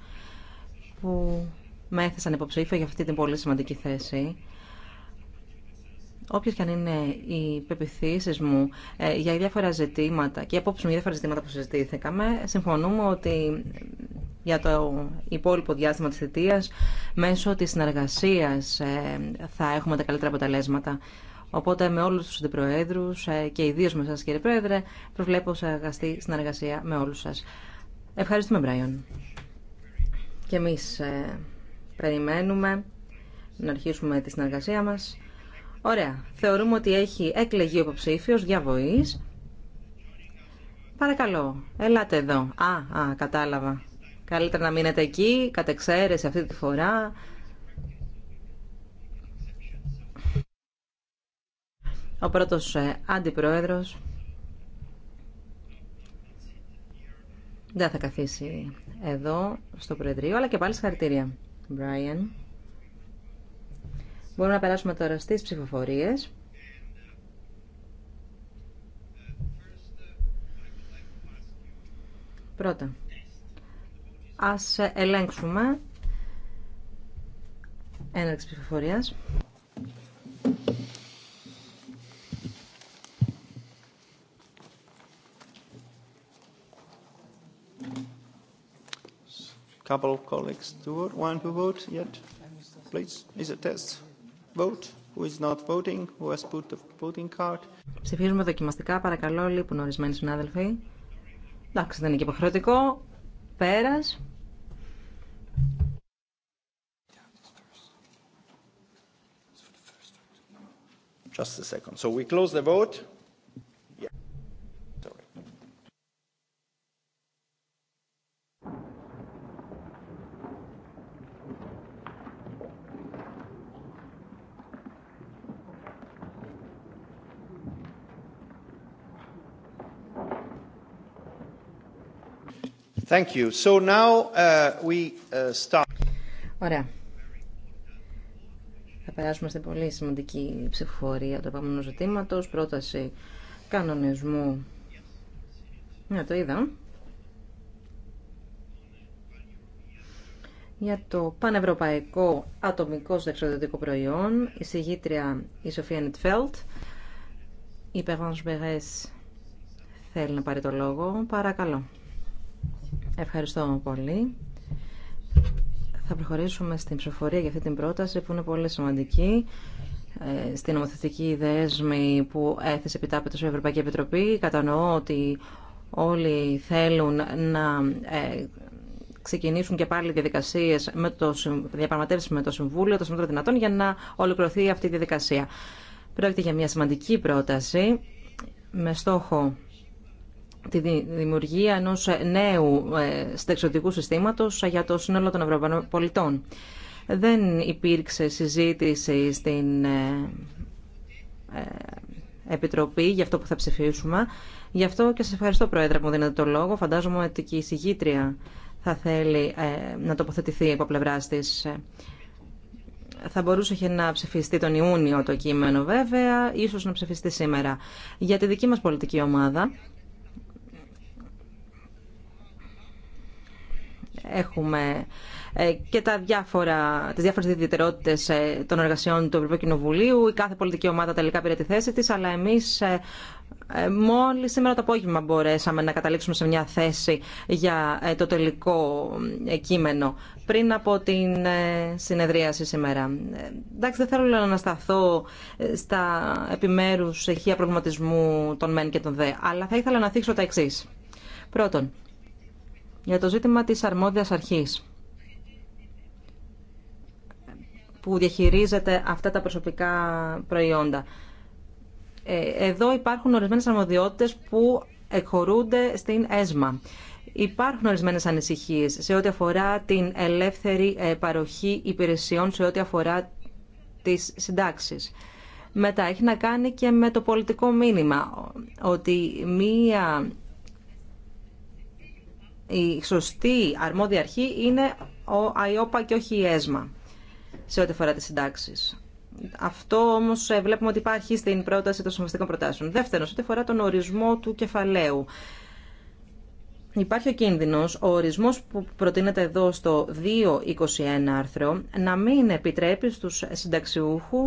που με έθεσαν υποψήφια για αυτή την πολύ σημαντική θέση. Όποιες και αν είναι οι πεπιθήσεις μου ε, για διάφορα ζητήματα και οι απόψεις μου για διάφορα ζητήματα που συζητήθηκαμε, συμφωνούμε ότι για το υπόλοιπο διάστημα της θητείας, μέσω της συνεργασίας ε, θα έχουμε τα καλύτερα αποτελέσματα. Οπότε με όλους τους αντιπροέδρους ε, και ιδίως με εσάς κύριε Πρόεδρε, προβλέπω σε αγαστή συνεργασία με όλους σας. Ευχαριστούμε, Μπράιον. Και εμείς ε, περιμένουμε να αρχίσουμε τη συνεργασία μας. Ωραία. Θεωρούμε ότι έχει εκλεγεί ο υποψήφιο διαβοή. Παρακαλώ, ελάτε εδώ. Α, α, κατάλαβα. Καλύτερα να μείνετε εκεί, κατ' εξαίρεση αυτή τη φορά. Ο πρώτος ε, αντιπρόεδρος δεν θα καθίσει εδώ στο Προεδρείο, αλλά και πάλι συγχαρητήρια, Brian. Μπορούμε να περάσουμε τώρα στις ψηφοφορίες. Πρώτα, ας ελέγξουμε έναρξη ψηφοφορίας. couple of colleagues to vote. Want to vote yet? Please. Is it test. Vote. Who is not voting? Who has put the voting card? Ψηφίζουμε δοκιμαστικά, παρακαλώ, λείπουν ορισμένοι συνάδελφοι. Εντάξει, δεν είναι και υποχρεωτικό. Πέρας. Just a second. So we close the vote. Thank you. So now, uh, we uh, start... Ωραία. Θα περάσουμε στην πολύ σημαντική ψηφοφορία του επόμενου ζητήματο. Πρόταση κανονισμού. Ναι, το είδα. Για το πανευρωπαϊκό ατομικό δεξιοδοτικό προϊόν, η συγγήτρια η Σοφία Νιτφέλτ, η Περβάνς Μπερές θέλει να πάρει το λόγο. Παρακαλώ. Ευχαριστώ πολύ. Θα προχωρήσουμε στην ψηφοφορία για αυτή την πρόταση που είναι πολύ σημαντική ε, στην νομοθετική δέσμη που έθεσε επιτάπητο η Ευρωπαϊκή Επιτροπή. Κατανοώ ότι όλοι θέλουν να ε, ξεκινήσουν και πάλι διαδικασίε διαπραγματεύσει με το Συμβούλιο, το Συμβούλιο Δυνατών, για να ολοκληρωθεί αυτή η διαδικασία. Πρόκειται για μια σημαντική πρόταση με στόχο τη δημιουργία ενός ε, νέου ε, στεξιωτικού συστήματος για το σύνολο των Ευρωπαϊκών πολιτών. Δεν υπήρξε συζήτηση στην ε, Επιτροπή για αυτό που θα ψηφίσουμε. Γι' αυτό και σας ευχαριστώ, Πρόεδρε, που μου δίνετε το λόγο. Φαντάζομαι ότι και η συγγήτρια θα θέλει να τοποθετηθεί από πλευρά τη. Θα μπορούσε και να ψηφιστεί τον Ιούνιο το κείμενο βέβαια, ίσως να ψηφιστεί σήμερα. Για τη δική μας πολιτική ομάδα, έχουμε ε, και τα διάφορα, τις διάφορες ιδιαιτερότητες ε, των εργασιών του Ευρωπαϊκού Κοινοβουλίου. Η κάθε πολιτική ομάδα τελικά πήρε τη θέση της, αλλά εμείς ε, μόλις σήμερα το απόγευμα μπορέσαμε να καταλήξουμε σε μια θέση για το τελικό κείμενο πριν από την συνεδρίαση σήμερα. Εντάξει, δεν θέλω να σταθώ στα επιμέρους ηχεία προβληματισμού των ΜΕΝ και των ΔΕ, αλλά θα ήθελα να θίξω τα εξή. Πρώτον, για το ζήτημα της αρμόδιας αρχής που διαχειρίζεται αυτά τα προσωπικά προϊόντα. Ε, εδώ υπάρχουν ορισμένες αρμοδιότητες που εκχωρούνται στην ΕΣΜΑ. Υπάρχουν ορισμένες ανησυχίες σε ό,τι αφορά την ελεύθερη ε, παροχή υπηρεσιών, σε ό,τι αφορά τις συντάξεις. Μετά έχει να κάνει και με το πολιτικό μήνυμα ότι μία η σωστή αρμόδια αρχή είναι ο ΑΙΟΠΑ και όχι η ΕΣΜΑ σε ό,τι αφορά τι συντάξει. Αυτό όμω ε, βλέπουμε ότι υπάρχει στην πρόταση των συμβαστικών προτάσεων. Δεύτερον, σε ό,τι αφορά τον ορισμό του κεφαλαίου. Υπάρχει ο κίνδυνο, ο ορισμό που προτείνεται εδώ στο 2.21 άρθρο, να μην επιτρέπει στου συνταξιούχου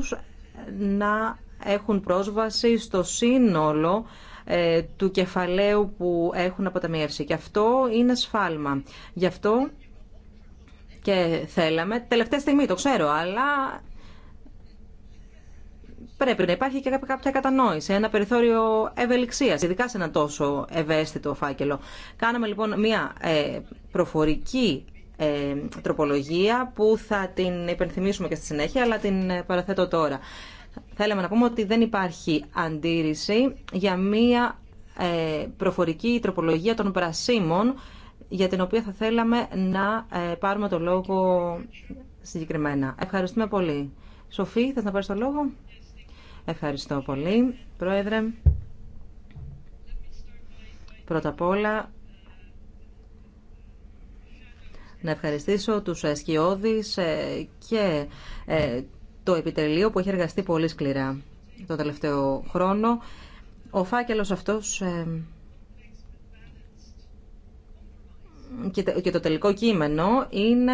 να έχουν πρόσβαση στο σύνολο ε, του κεφαλαίου που έχουν αποταμιεύσει. Και αυτό είναι σφάλμα. Γι' αυτό και θέλαμε, τελευταία στιγμή το ξέρω, αλλά πρέπει να υπάρχει και κάποια κατανόηση, ένα περιθώριο ευελιξίας, ειδικά σε ένα τόσο ευαίσθητο φάκελο. Κάναμε λοιπόν μια ε, προφορική ε, τροπολογία που θα την υπενθυμίσουμε και στη συνέχεια, αλλά την παραθέτω τώρα θέλαμε να πούμε ότι δεν υπάρχει αντίρρηση για μία ε, προφορική τροπολογία των πρασίμων για την οποία θα θέλαμε να ε, πάρουμε το λόγο συγκεκριμένα. Ευχαριστούμε πολύ. Σοφή, θες να πάρεις το λόγο? Ευχαριστώ πολύ, Πρόεδρε. Πρώτα απ' όλα, να ευχαριστήσω τους ε, σκιώδεις και το επιτελείο που έχει εργαστεί πολύ σκληρά το τελευταίο χρόνο. Ο φάκελος αυτός ε, και το τελικό κείμενο είναι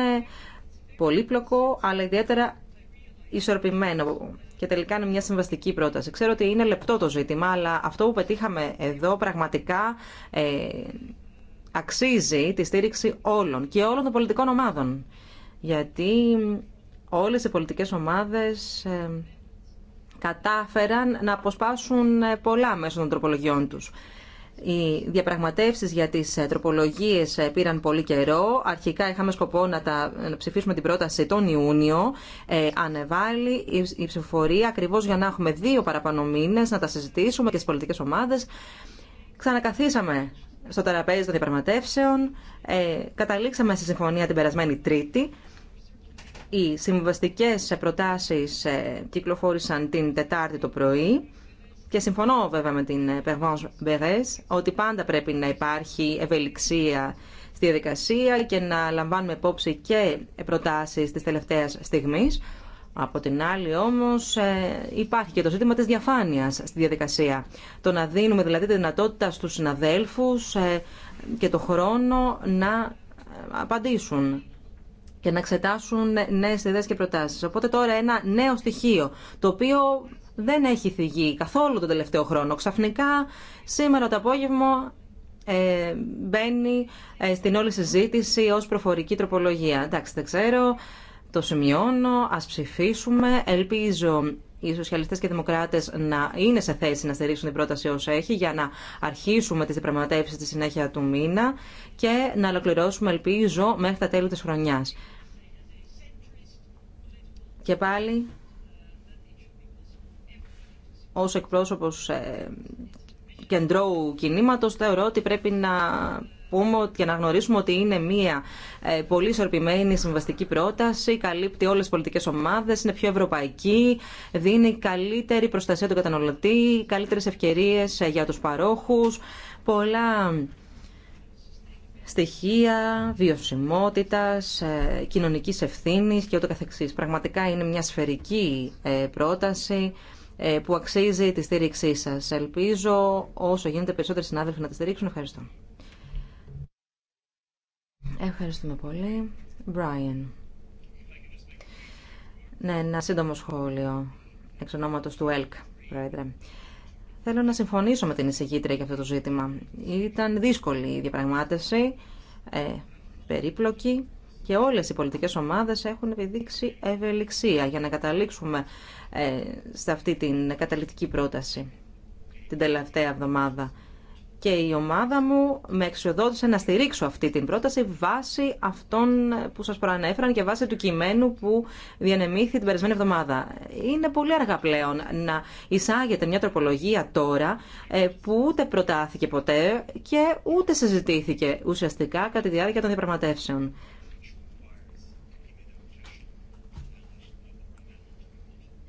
πολύπλοκο αλλά ιδιαίτερα ισορροπημένο και τελικά είναι μια συμβαστική πρόταση. Ξέρω ότι είναι λεπτό το ζήτημα, αλλά αυτό που πετύχαμε εδώ πραγματικά ε, αξίζει τη στήριξη όλων και όλων των πολιτικών ομάδων. Γιατί όλες οι πολιτικές ομάδες ε, κατάφεραν να αποσπάσουν ε, πολλά μέσω των τροπολογιών τους. Οι διαπραγματεύσεις για τις ε, τροπολογίες πήραν πολύ καιρό. Αρχικά είχαμε σκοπό να, τα, ψηφίσουμε την πρόταση τον Ιούνιο. Ε, ανεβάλλει η ψηφοφορία ακριβώς για να έχουμε δύο παραπάνω μήνες, να τα συζητήσουμε και στις πολιτικές ομάδες. Ξανακαθίσαμε στο τραπέζι των διαπραγματεύσεων. καταλήξαμε στη συμφωνία την περασμένη Τρίτη. Οι συμβιβαστικές προτάσεις ε, κυκλοφόρησαν την Τετάρτη το πρωί και συμφωνώ βέβαια με την Περβάνς Μπερές ότι πάντα πρέπει να υπάρχει ευελιξία στη διαδικασία και να λαμβάνουμε υπόψη και προτάσεις της τελευταίας στιγμής. Από την άλλη όμως ε, υπάρχει και το ζήτημα της διαφάνειας στη διαδικασία. Το να δίνουμε δηλαδή τη δυνατότητα στους συναδέλφους ε, και το χρόνο να απαντήσουν και να εξετάσουν νέες ιδέες και προτάσεις. Οπότε τώρα ένα νέο στοιχείο, το οποίο δεν έχει θυγεί καθόλου τον τελευταίο χρόνο. Ξαφνικά σήμερα το απόγευμα ε, μπαίνει ε, στην όλη συζήτηση ως προφορική τροπολογία. Εντάξει, δεν ξέρω, το σημειώνω, ας ψηφίσουμε. Ελπίζω οι σοσιαλιστέ και δημοκράτε να είναι σε θέση να στηρίξουν την πρόταση όσο έχει για να αρχίσουμε τι διαπραγματεύσει στη συνέχεια του μήνα και να ολοκληρώσουμε, ελπίζω, μέχρι τα τέλη τη χρονιά. Και πάλι, ω εκπρόσωπο ε, κεντρώου κινήματο, θεωρώ ότι πρέπει να πούμε και να γνωρίσουμε ότι είναι μια ε, πολύ ισορροπημένη συμβαστική πρόταση, καλύπτει όλε τι πολιτικέ ομάδε, είναι πιο ευρωπαϊκή, δίνει καλύτερη προστασία του καταναλωτή, καλύτερες ευκαιρίες ε, για του παρόχου. πολλά στοιχεία βιωσιμότητας, ε, κοινωνικής ευθύνης και ούτω καθεξής. Πραγματικά είναι μια σφαιρική πρόταση που αξίζει τη στήριξή σας. Ελπίζω όσο γίνεται περισσότεροι συνάδελφοι να τη στηρίξουν. Ευχαριστώ. Ευχαριστούμε πολύ. Brian. Ναι, ένα σύντομο σχόλιο εξ ονόματος του ΕΛΚ, Πρόεδρε. Θέλω να συμφωνήσω με την εισηγήτρια για αυτό το ζήτημα. Ήταν δύσκολη η διαπραγμάτευση, ε, περίπλοκη και όλες οι πολιτικές ομάδες έχουν επιδείξει ευελιξία για να καταλήξουμε ε, σε αυτή την καταλητική πρόταση την τελευταία εβδομάδα και η ομάδα μου με εξοδότησε να στηρίξω αυτή την πρόταση βάσει αυτών που σας προανέφεραν και βάσει του κειμένου που διανεμήθη την περασμένη εβδομάδα. Είναι πολύ αργά πλέον να εισάγεται μια τροπολογία τώρα ε, που ούτε προτάθηκε ποτέ και ούτε συζητήθηκε ουσιαστικά κατά τη διάρκεια των διαπραγματεύσεων.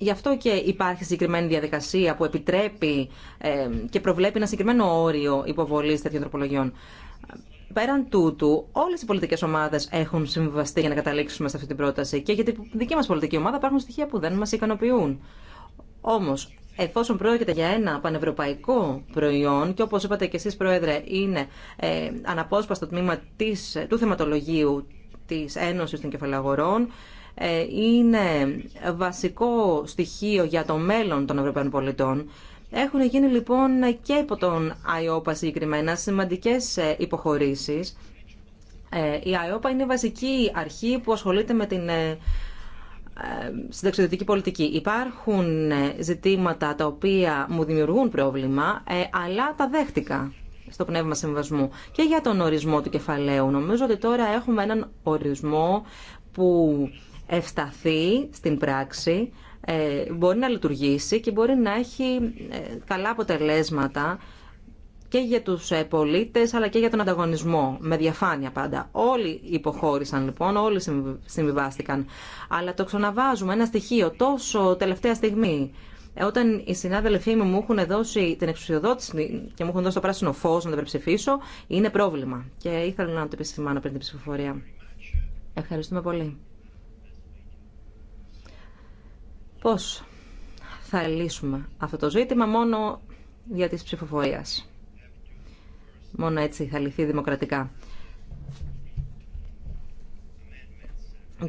Γι' αυτό και υπάρχει συγκεκριμένη διαδικασία που επιτρέπει και προβλέπει ένα συγκεκριμένο όριο υποβολή τέτοιων τροπολογιών. Πέραν τούτου, όλε οι πολιτικέ ομάδε έχουν συμβιβαστεί για να καταλήξουμε σε αυτή την πρόταση και για τη δική μα πολιτική ομάδα υπάρχουν στοιχεία που δεν μα ικανοποιούν. Όμω, εφόσον πρόκειται για ένα πανευρωπαϊκό προϊόν και όπω είπατε και εσεί, Πρόεδρε, είναι ε, αναπόσπαστο τμήμα της, του θεματολογίου τη Ένωση των Κεφαλαγορών, ε, είναι βασικό στοιχείο για το μέλλον των Ευρωπαίων πολιτών. Έχουν γίνει λοιπόν και από τον ΑΕΟΠΑ συγκεκριμένα σημαντικές ε, υποχωρήσεις. Ε, η ΑΕΟΠΑ είναι βασική αρχή που ασχολείται με την συνταξιδοτική πολιτική. Υπάρχουν ζητήματα τα οποία μου δημιουργούν πρόβλημα, αλλά τα δέχτηκα στο πνεύμα συμβασμού. Και για τον ορισμό του κεφαλαίου. Νομίζω ότι τώρα έχουμε έναν ορισμό που ευσταθεί στην πράξη, ε, μπορεί να λειτουργήσει και μπορεί να έχει ε, καλά αποτελέσματα και για τους ε, πολίτες αλλά και για τον ανταγωνισμό, με διαφάνεια πάντα. Όλοι υποχώρησαν λοιπόν, όλοι συμβιβάστηκαν. Αλλά το ξαναβάζουμε ένα στοιχείο τόσο τελευταία στιγμή. Όταν οι συνάδελφοί μου μου έχουν δώσει την εξουσιοδότηση και μου έχουν δώσει το πράσινο φως να το υπερψηφίσω, είναι πρόβλημα. Και ήθελα να το επισημάνω πριν την ψηφοφορία. Ευχαριστούμε πολύ. πώς θα λύσουμε αυτό το ζήτημα μόνο για της ψηφοφορίας. Μόνο έτσι θα λυθεί δημοκρατικά.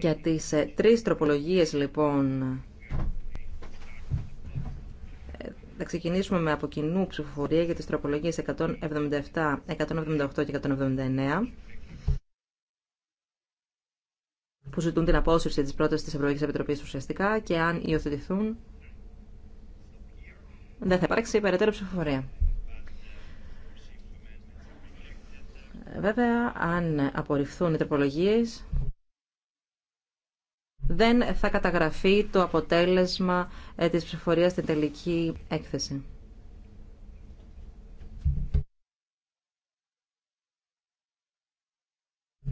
Για τις ε, τρεις τροπολογίες λοιπόν ε, θα ξεκινήσουμε με από κοινού ψηφοφορία για τις τροπολογίες 177, 178 και 179 που ζητούν την απόσυρση της πρότασης της Ευρωπαϊκής Επιτροπής ουσιαστικά και αν υιοθετηθούν δεν θα υπάρξει περαιτέρω ψηφοφορία. Βέβαια, αν απορριφθούν οι τροπολογίες, δεν θα καταγραφεί το αποτέλεσμα ε, της ψηφορίας στην τελική έκθεση.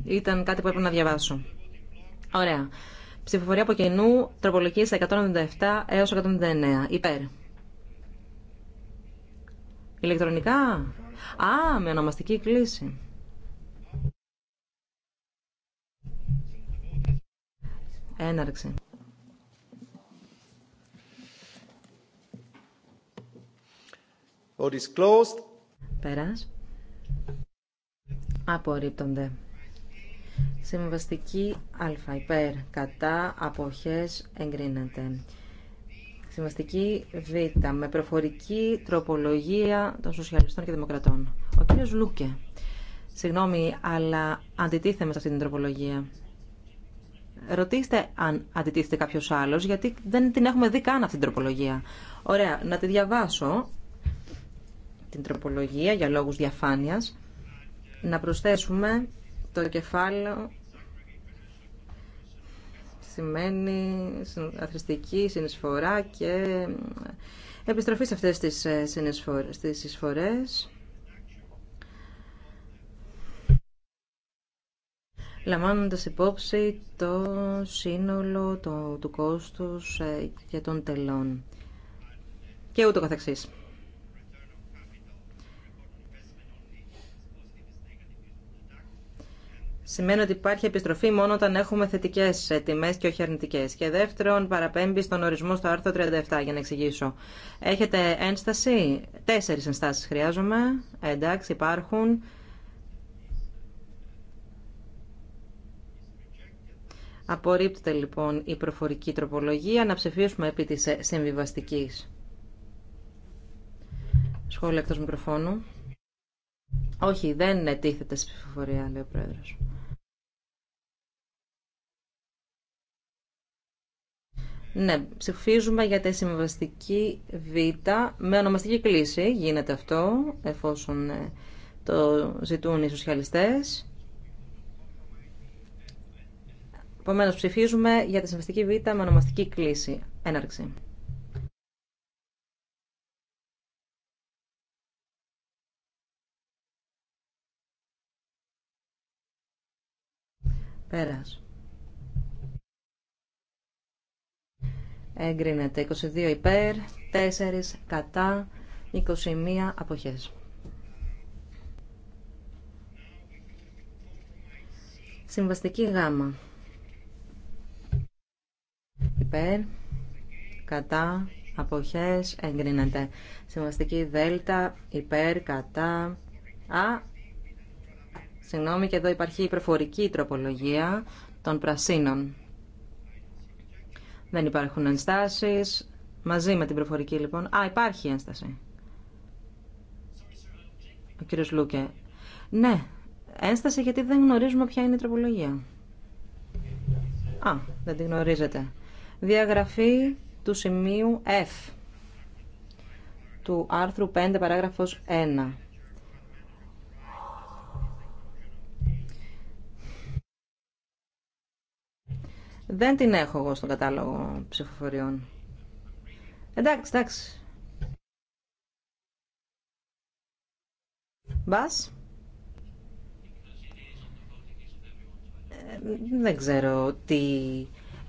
Ήταν κάτι που έπρεπε να διαβάσω. Ωραία. Ψηφοφορία από κοινού τροπολογίες 197 έως 199. Υπέρ. Ηλεκτρονικά. Α, με ονομαστική κλίση. Έναρξη. Vote is Πέρας. Απορρίπτονται. Συμβαστική α υπέρ κατά αποχές εγκρίνεται. Συμβαστική β με προφορική τροπολογία των Σοσιαλιστών και Δημοκρατών. Ο κ. Λούκε. Συγγνώμη, αλλά αντιτίθεμε σε αυτή την τροπολογία. Ρωτήστε αν αντιτίθεται κάποιος άλλος, γιατί δεν την έχουμε δει καν αυτή την τροπολογία. Ωραία, να τη διαβάσω, την τροπολογία, για λόγους διαφάνειας. Να προσθέσουμε το κεφάλαιο σημαίνει αθρηστική συνεισφορά και επιστροφή σε αυτές τις, ε, συνεισφορές, στις υπόψη το σύνολο το, του κόστους ε, και τον τελών και ούτω καθεξής. σημαίνει ότι υπάρχει επιστροφή μόνο όταν έχουμε θετικέ τιμέ και όχι αρνητικέ. Και δεύτερον, παραπέμπει στον ορισμό στο άρθρο 37 για να εξηγήσω. Έχετε ένσταση. Τέσσερι ενστάσεις χρειάζομαι. Εντάξει, υπάρχουν. Απορρίπτεται λοιπόν η προφορική τροπολογία. Να ψηφίσουμε επί της συμβιβαστικής. Σχόλιο εκτός μικροφώνου. Όχι, δεν ετίθεται στη ψηφοφορία, λέει ο Πρόεδρος. Ναι, ψηφίζουμε για τη συμβαστική Β με ονομαστική κλίση. Γίνεται αυτό, εφόσον ε, το ζητούν οι σοσιαλιστές. Επομένω, ψηφίζουμε για τη συμβαστική Β με ονομαστική κλίση. Έναρξη. Πέρας. εγκρίνεται 22 υπέρ, 4 κατά, 21 αποχές. Συμβαστική γάμα. Υπέρ, κατά, αποχές, εγκρίνεται. Συμβαστική δέλτα, υπέρ, κατά, α, συγγνώμη και εδώ υπάρχει η προφορική τροπολογία των πρασίνων. Δεν υπάρχουν ενστάσει. Μαζί με την προφορική λοιπόν. Α, υπάρχει ένσταση. Ο κύριος Λούκε. Ναι, ένσταση γιατί δεν γνωρίζουμε ποια είναι η τροπολογία. Α, δεν τη γνωρίζετε. Διαγραφή του σημείου F του άρθρου 5 παράγραφος 1 Δεν την έχω εγώ στον κατάλογο ψηφοφοριών. Εντάξει, εντάξει. Μπας. Ε, δεν ξέρω τι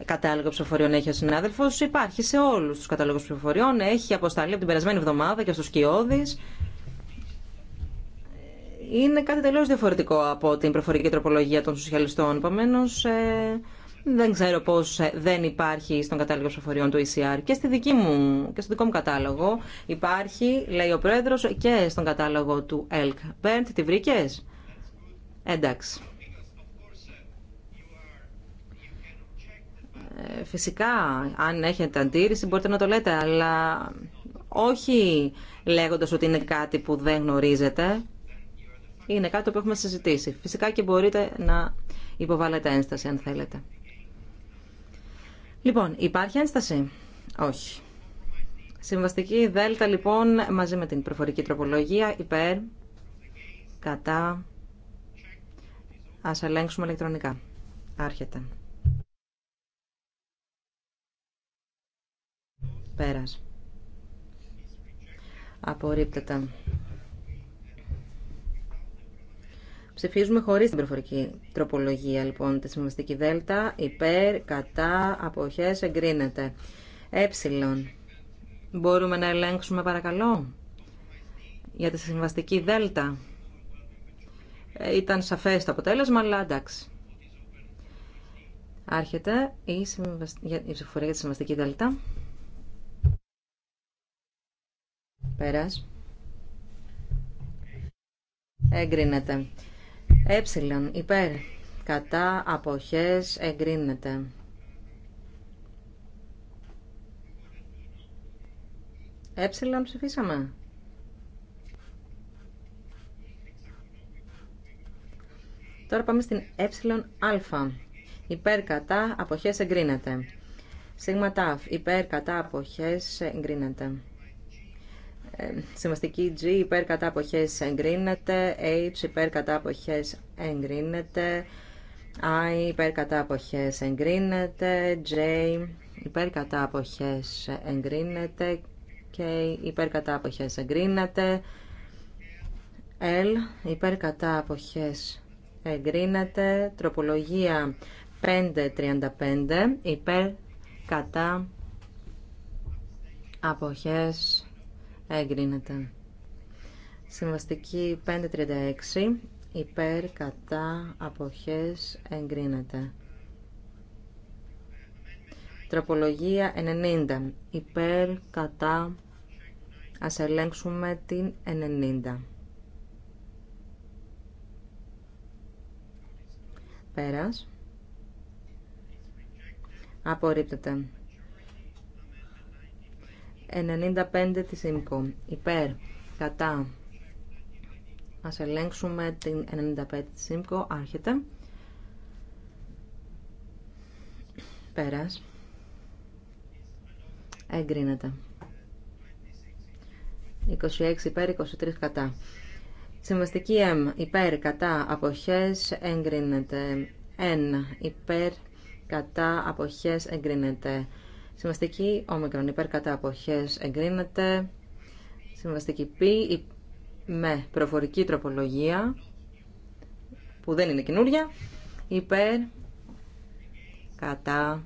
κατάλογο ψηφοφοριών έχει ο συνάδελφο. Υπάρχει σε όλου του κατάλογου ψηφοφοριών. Έχει αποσταλεί από την περασμένη εβδομάδα και στου Κιώδη. Είναι κάτι τελείω διαφορετικό από την προφορική τροπολογία των σοσιαλιστών. Επομένω, ε, δεν ξέρω πώς ε, δεν υπάρχει στον κατάλογο ψηφοφοριών του ECR και, στη δική μου, και στο δικό μου κατάλογο υπάρχει, λέει ο πρόεδρο, και στον κατάλογο του Elk. Μπέρντ, τη βρήκε. Εντάξει. Ε, φυσικά, αν έχετε αντίρρηση μπορείτε να το λέτε, αλλά όχι λέγοντας ότι είναι κάτι που δεν γνωρίζετε. Είναι κάτι που έχουμε συζητήσει. Φυσικά και μπορείτε να υποβάλλετε ένσταση αν θέλετε. Λοιπόν, υπάρχει ένσταση. Όχι. Συμβαστική δέλτα λοιπόν μαζί με την προφορική τροπολογία υπέρ, κατά, ας ελέγξουμε ηλεκτρονικά. Άρχεται. Πέρας. Απορρίπτεται. Ψηφίζουμε χωρί την προφορική τροπολογία, λοιπόν, τη συμβαστική δέλτα. Υπέρ, κατά, αποχές, εγκρίνεται. Ε. Μπορούμε να ελέγξουμε, παρακαλώ, για τη συμβαστική δέλτα. Ε, ήταν σαφές το αποτέλεσμα, αλλά εντάξει. Άρχεται η, συμβασ... η ψηφοφορία για τη συμβαστική δέλτα. Πέρας. Εγκρίνεται. Ε υπέρ κατά αποχές εγκρίνεται. Ε ψηφίσαμε. Τώρα πάμε στην ε, α. Υπέρ κατά αποχές εγκρίνεται. Σίγμα Υπέρ κατά αποχές εγκρίνεται. Συμβαστική G υπέρ κατά αποχές εγκρίνεται. H υπέρ κατά αποχές εγκρίνεται. I υπέρ κατά αποχές εγκρίνεται. J υπέρ κατά αποχές εγκρίνεται. K υπέρ κατά αποχές εγκρίνεται. L υπέρ κατά αποχές εγκρίνεται. Τροπολογία 535 υπέρ κατά αποχές Εγκρίνεται. Συμβαστική 536. Υπέρ, κατά, αποχές, εγκρίνεται. Τροπολογία 90. Υπέρ, κατά, ας ελέγξουμε την 90. Πέρας. Απορρίπτεται. 95 της ΙΜΚΟ. Υπέρ. Κατά. Ας ελέγξουμε την 95 της ΙΜΚΟ. Άρχεται. Πέρας. Εγκρίνεται. 26 υπέρ, 23 κατά. Συμβαστική M. Υπέρ, κατά, αποχές, εγκρίνεται. N. Υπέρ, κατά, αποχές, εγκρίνεται. Συμβαστική όμικρον υπέρ κατά αποχές εγκρίνεται. Συμβαστική π με προφορική τροπολογία που δεν είναι καινούρια. Υπέρ κατά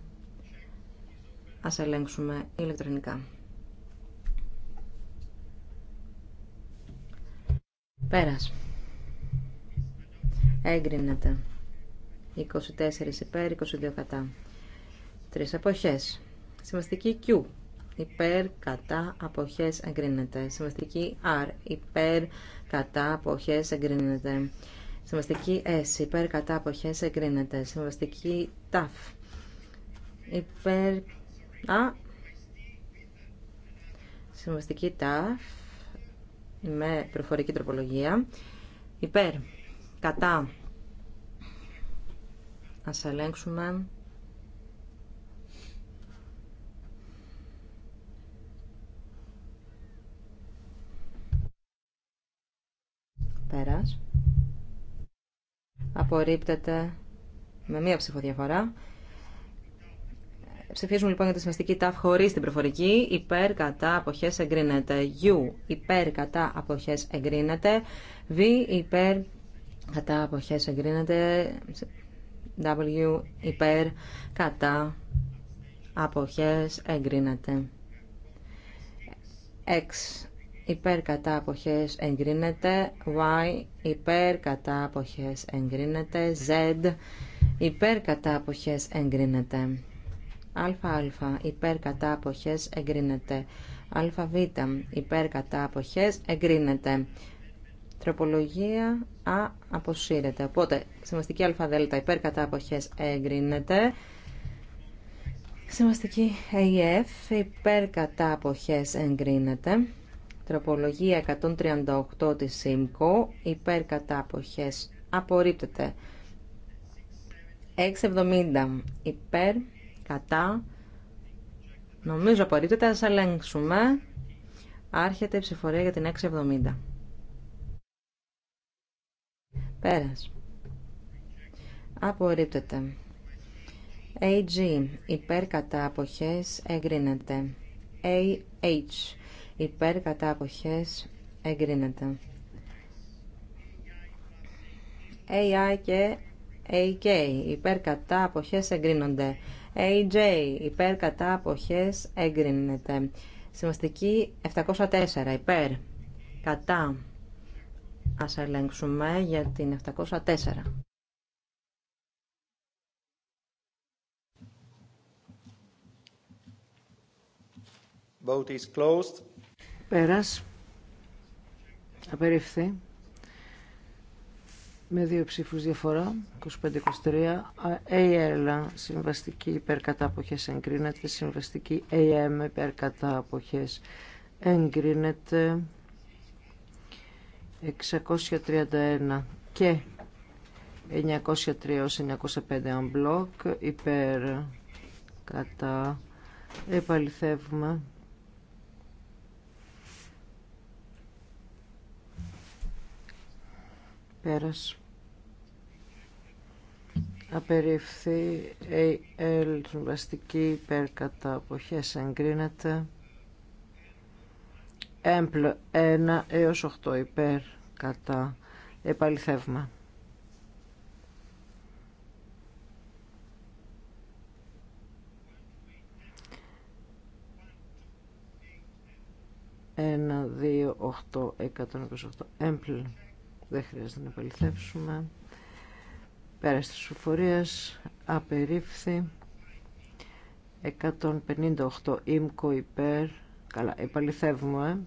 ας ελέγξουμε ηλεκτρονικά. Πέρας. Έγκρινεται. 24 υπέρ, 22 κατά. Τρεις εποχές. Συμβαστική Q. Υπέρ, κατά, αποχές, εγκρίνεται. Συμβαστική R. Υπέρ, κατά, αποχές, εγκρίνεται. Συμβαστική S. Υπέρ, κατά, αποχές, εγκρίνεται. Συμβαστική TAF. Υπέρ, α, Συμβαστική TAF με προφορική τροπολογία. Υπέρ, κατά. Ας ελέγξουμε. Πέρας. Απορρίπτεται με μία ψηφοδιαφορά. Ψηφίζουμε λοιπόν για τη σημαστική ΤΑΦ χωρίς την προφορική. Υπέρ κατά αποχές εγκρίνεται. U υπέρ κατά αποχές εγκρίνεται. V υπέρ κατά αποχές εγκρίνεται. W υπέρ κατά αποχές εγκρίνεται. X υπέρ κατά αποχές εγκρίνεται, Y υπέρ κατά αποχές εγκρίνεται, Z υπέρ κατά αποχές εγκρίνεται, ΑΑ υπέρ κατά αποχές εγκρίνεται, ΑΒ υπέρ κατά αποχές εγκρίνεται. Τροπολογία Α αποσύρεται. Οπότε, σημαστική ΑΔ υπέρ κατά αποχές εγκρίνεται. Σημαστική ΑΕΦ υπέρ κατά αποχές εγκρίνεται. Τροπολογία 138 της ΣΥΜΚΟ, υπέρ κατά αποχές, απορρίπτεται. 670 υπέρ, κατά, νομίζω απορρίπτεται, ας ελέγξουμε. Άρχεται η ψηφορία για την 670. Πέρας. Απορρίπτεται. AG, υπέρ κατά αποχές, εγκρίνεται. AH, υπέρ κατά αποχές εγκρίνεται. AI και AK υπέρ κατά αποχές εγκρίνονται. AJ υπέρ κατά αποχές εγκρίνεται. Σημαστική 704 υπέρ κατά. Ας ελέγξουμε για την 704. Vote is closed. Πέρας. Απερίφθη. Με δύο ψήφους διαφορά. 25-23. AL συμβαστική υπερκατάποχες εγκρίνεται. Συμβαστική AM υπερκατάποχες εγκρίνεται. 631 και 903-905 αμπλοκ μπλοκ κατά επαληθεύουμε Πέρας. απεριευθεί ΑΕΛ συμβαστική υπέρ κατά αποχές εγκρίνεται. Έμπλ 1 έως 8 υπέρ κατά επαληθεύμα. Ένα, δύο, οχτώ, εκατόν είκοσι οχτώ. Έμπλ δεν χρειάζεται να επαληθεύσουμε. Πέρα τη ψηφοφορία απερίφθη 158 ΙΜΚΟ υπέρ. Καλά, επαληθεύουμε.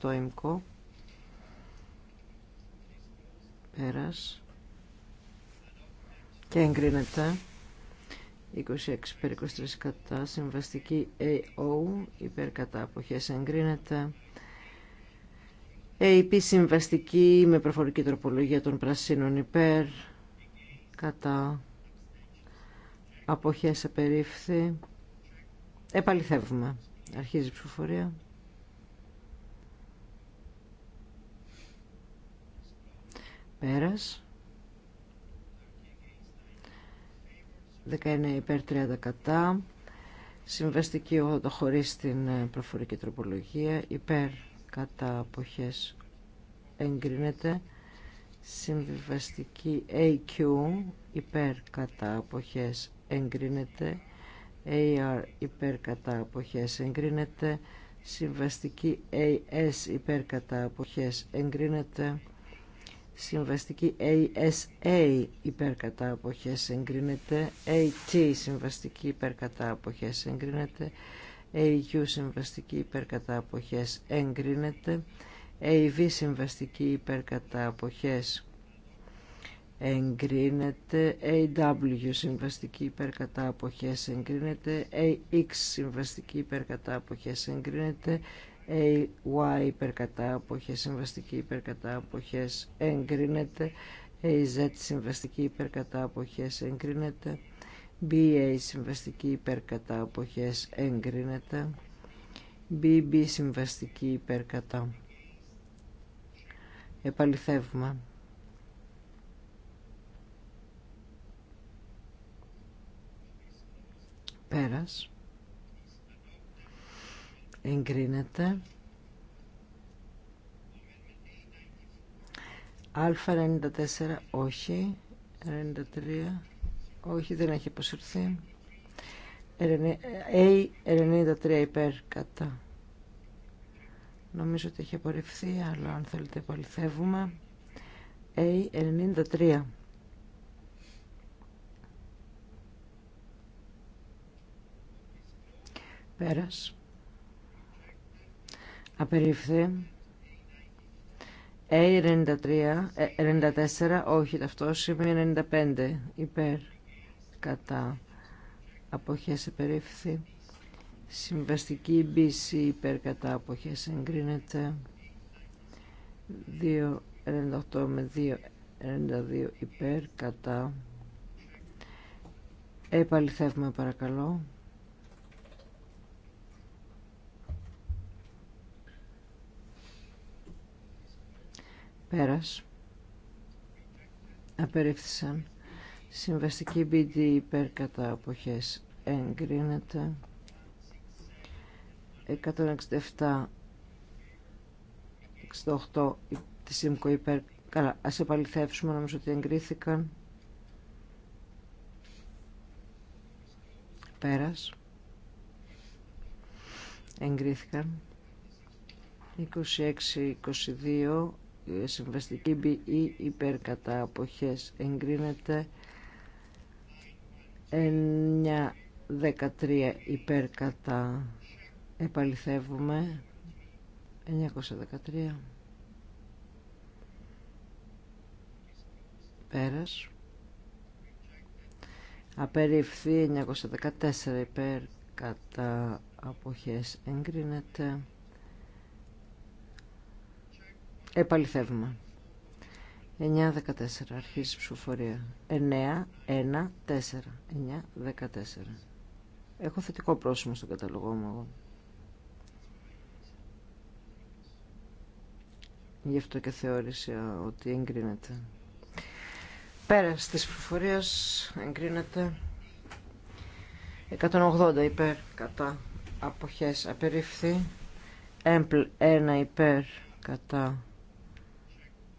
158 ΙΜΚΟ. Πέρας. Και εγκρίνεται. 26 υπέρ 23 κατά συμβαστική AO υπέρ κατά αποχές εγκρίνεται ΕΙΠ συμβαστική με προφορική τροπολογία των πρασίνων υπέρ κατά αποχές απερίφθη επαληθεύουμε αρχίζει η ψηφοφορία πέρας 19 υπέρ 30 κατά συμβαστική 80 χωρίς την ε, προφορική τροπολογία υπέρ κατά αποχές εγκρίνεται συμβιβαστική AQ υπέρ κατά αποχές εγκρίνεται AR υπέρ κατά αποχές εγκρίνεται συμβαστική AS υπέρ κατά αποχές εγκρίνεται συμβαστική ASA υπέρ κατά αποχές εγκρίνεται AT συμβαστική υπέρ κατά αποχές εγκρίνεται AU συμβαστική υπερκαταποχές εγκρίνεται AV συμβαστική υπερκαταποχές εγκρίνεται AW συμβαστική υπερκαταποχές εγκρίνεται AX συμβαστική υπερκαταποχές εγκρίνεται AY υπερκαταποχές συμβαστική υπερκαταποχές εγκρίνεται AZ συμβαστική υπερκαταποχές εγκρίνεται BA συμβαστική υπερκατά εγκρίνεται BB συμβαστικη υπερκατα κατά επαληθεύουμε πέρας εγκρίνεται Α94 όχι 93 όχι, δεν έχει αποσυρθεί. Ε, A93 υπέρ κατά. Νομίζω ότι έχει απορριφθεί, αλλά αν θέλετε επαληθεύουμε. A93. Πέρας. Απερίφθη. A93, 94, ε, όχι ταυτόσημη, 95, υπέρ κατά αποχές συμβαστική BC υπέρ κατά αποχές εγκρίνεται 298 με 292 υπέρ κατά επαληθεύουμε παρακαλώ πέρας απερίφθησαν Συμβαστική BD υπέρ κατά αποχές εγκρίνεται. 167 68 τη ΣΥΜΚΟ υπέρ. Καλά, ας επαληθεύσουμε νομίζω ότι εγκρίθηκαν. Πέρας. Εγκρίθηκαν. 26-22 ε, συμβαστική BE υπέρ κατά αποχές εγκρίνεται 913 υπέρ κατά επαληθεύουμε 913 πέρας απεριφθεί 914 υπέρ κατά αποχές εγκρίνεται επαληθεύουμε 9-14 αρχίζει ψηφοφορία. 9-1-4. 9-14. Έχω θετικό πρόσημο στον καταλογό μου εγώ. Γι' αυτό και θεώρησα ότι εγκρίνεται. Πέρας της ψηφοφορίας εγκρίνεται 180 υπέρ κατά αποχές απερίφθη. Έμπλ 1 υπέρ εγκρινεται Πέρα τη ψηφοφοριας εγκρινεται 180 υπερ κατα αποχες απεριφθη εμπλ 1 υπερ κατα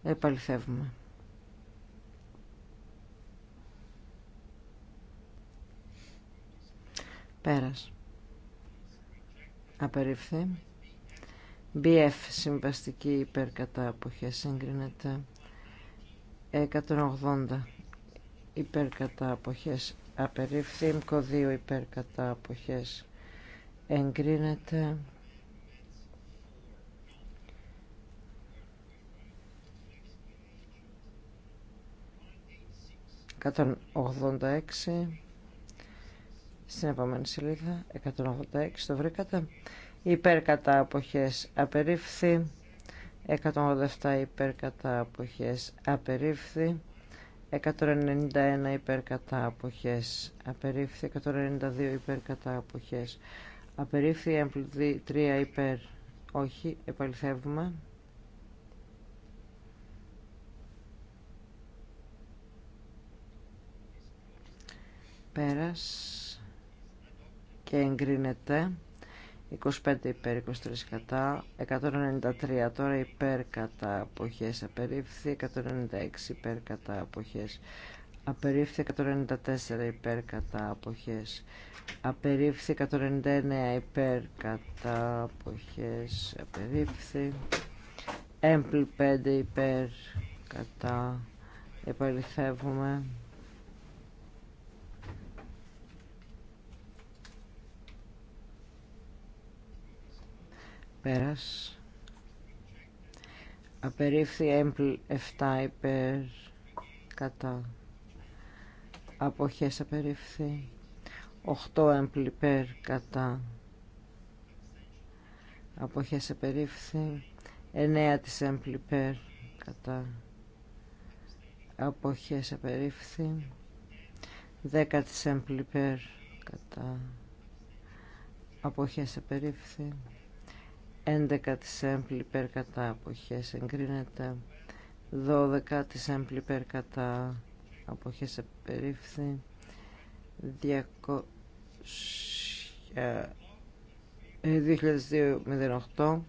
επαληθεύουμε. Πέρας. Απερίφθη. BF συμβαστική υπερκατά αποχές εγκρίνεται. 180 υπερκατά αποχές απερίφθη. ΜΚΟ 2 υπερκατά εγκρίνεται. 186 στην επόμενη σελίδα 186 το βρήκατε υπέρ κατά αποχές απερίφθη 187 υπέρ κατά αποχές απερίφθη 191 υπέρ κατά αποχές απερίφθη 192 υπέρ κατά αποχές απερίφθη 3 υπέρ όχι επαληθεύουμε πέρας και εγκρίνεται 25 υπέρ 23 κατά 193 τώρα υπέρ κατά αποχές απερίφθη 196 υπέρ κατά αποχές απερίφθη 194 υπέρ κατά αποχές απερίφθη 199 υπέρ κατά αποχές απερίφθη έμπλη 5 υπέρ κατά επαληθεύουμε Πέρας. Απερίφθη έμπλ 7 υπέρ κατά. Αποχές απερίφθη. 8 έμπλ υπέρ κατά. Αποχές απερίφθη. 9 της έμπλ υπέρ κατά. Αποχές απερίφθη. 10 της έμπλ υπέρ κατά. Αποχές απερίφθη. 11 της έμπλη υπέρ κατά αποχές εγκρίνεται 12 της έμπλη υπέρ κατά αποχές επερίφθη 2002-08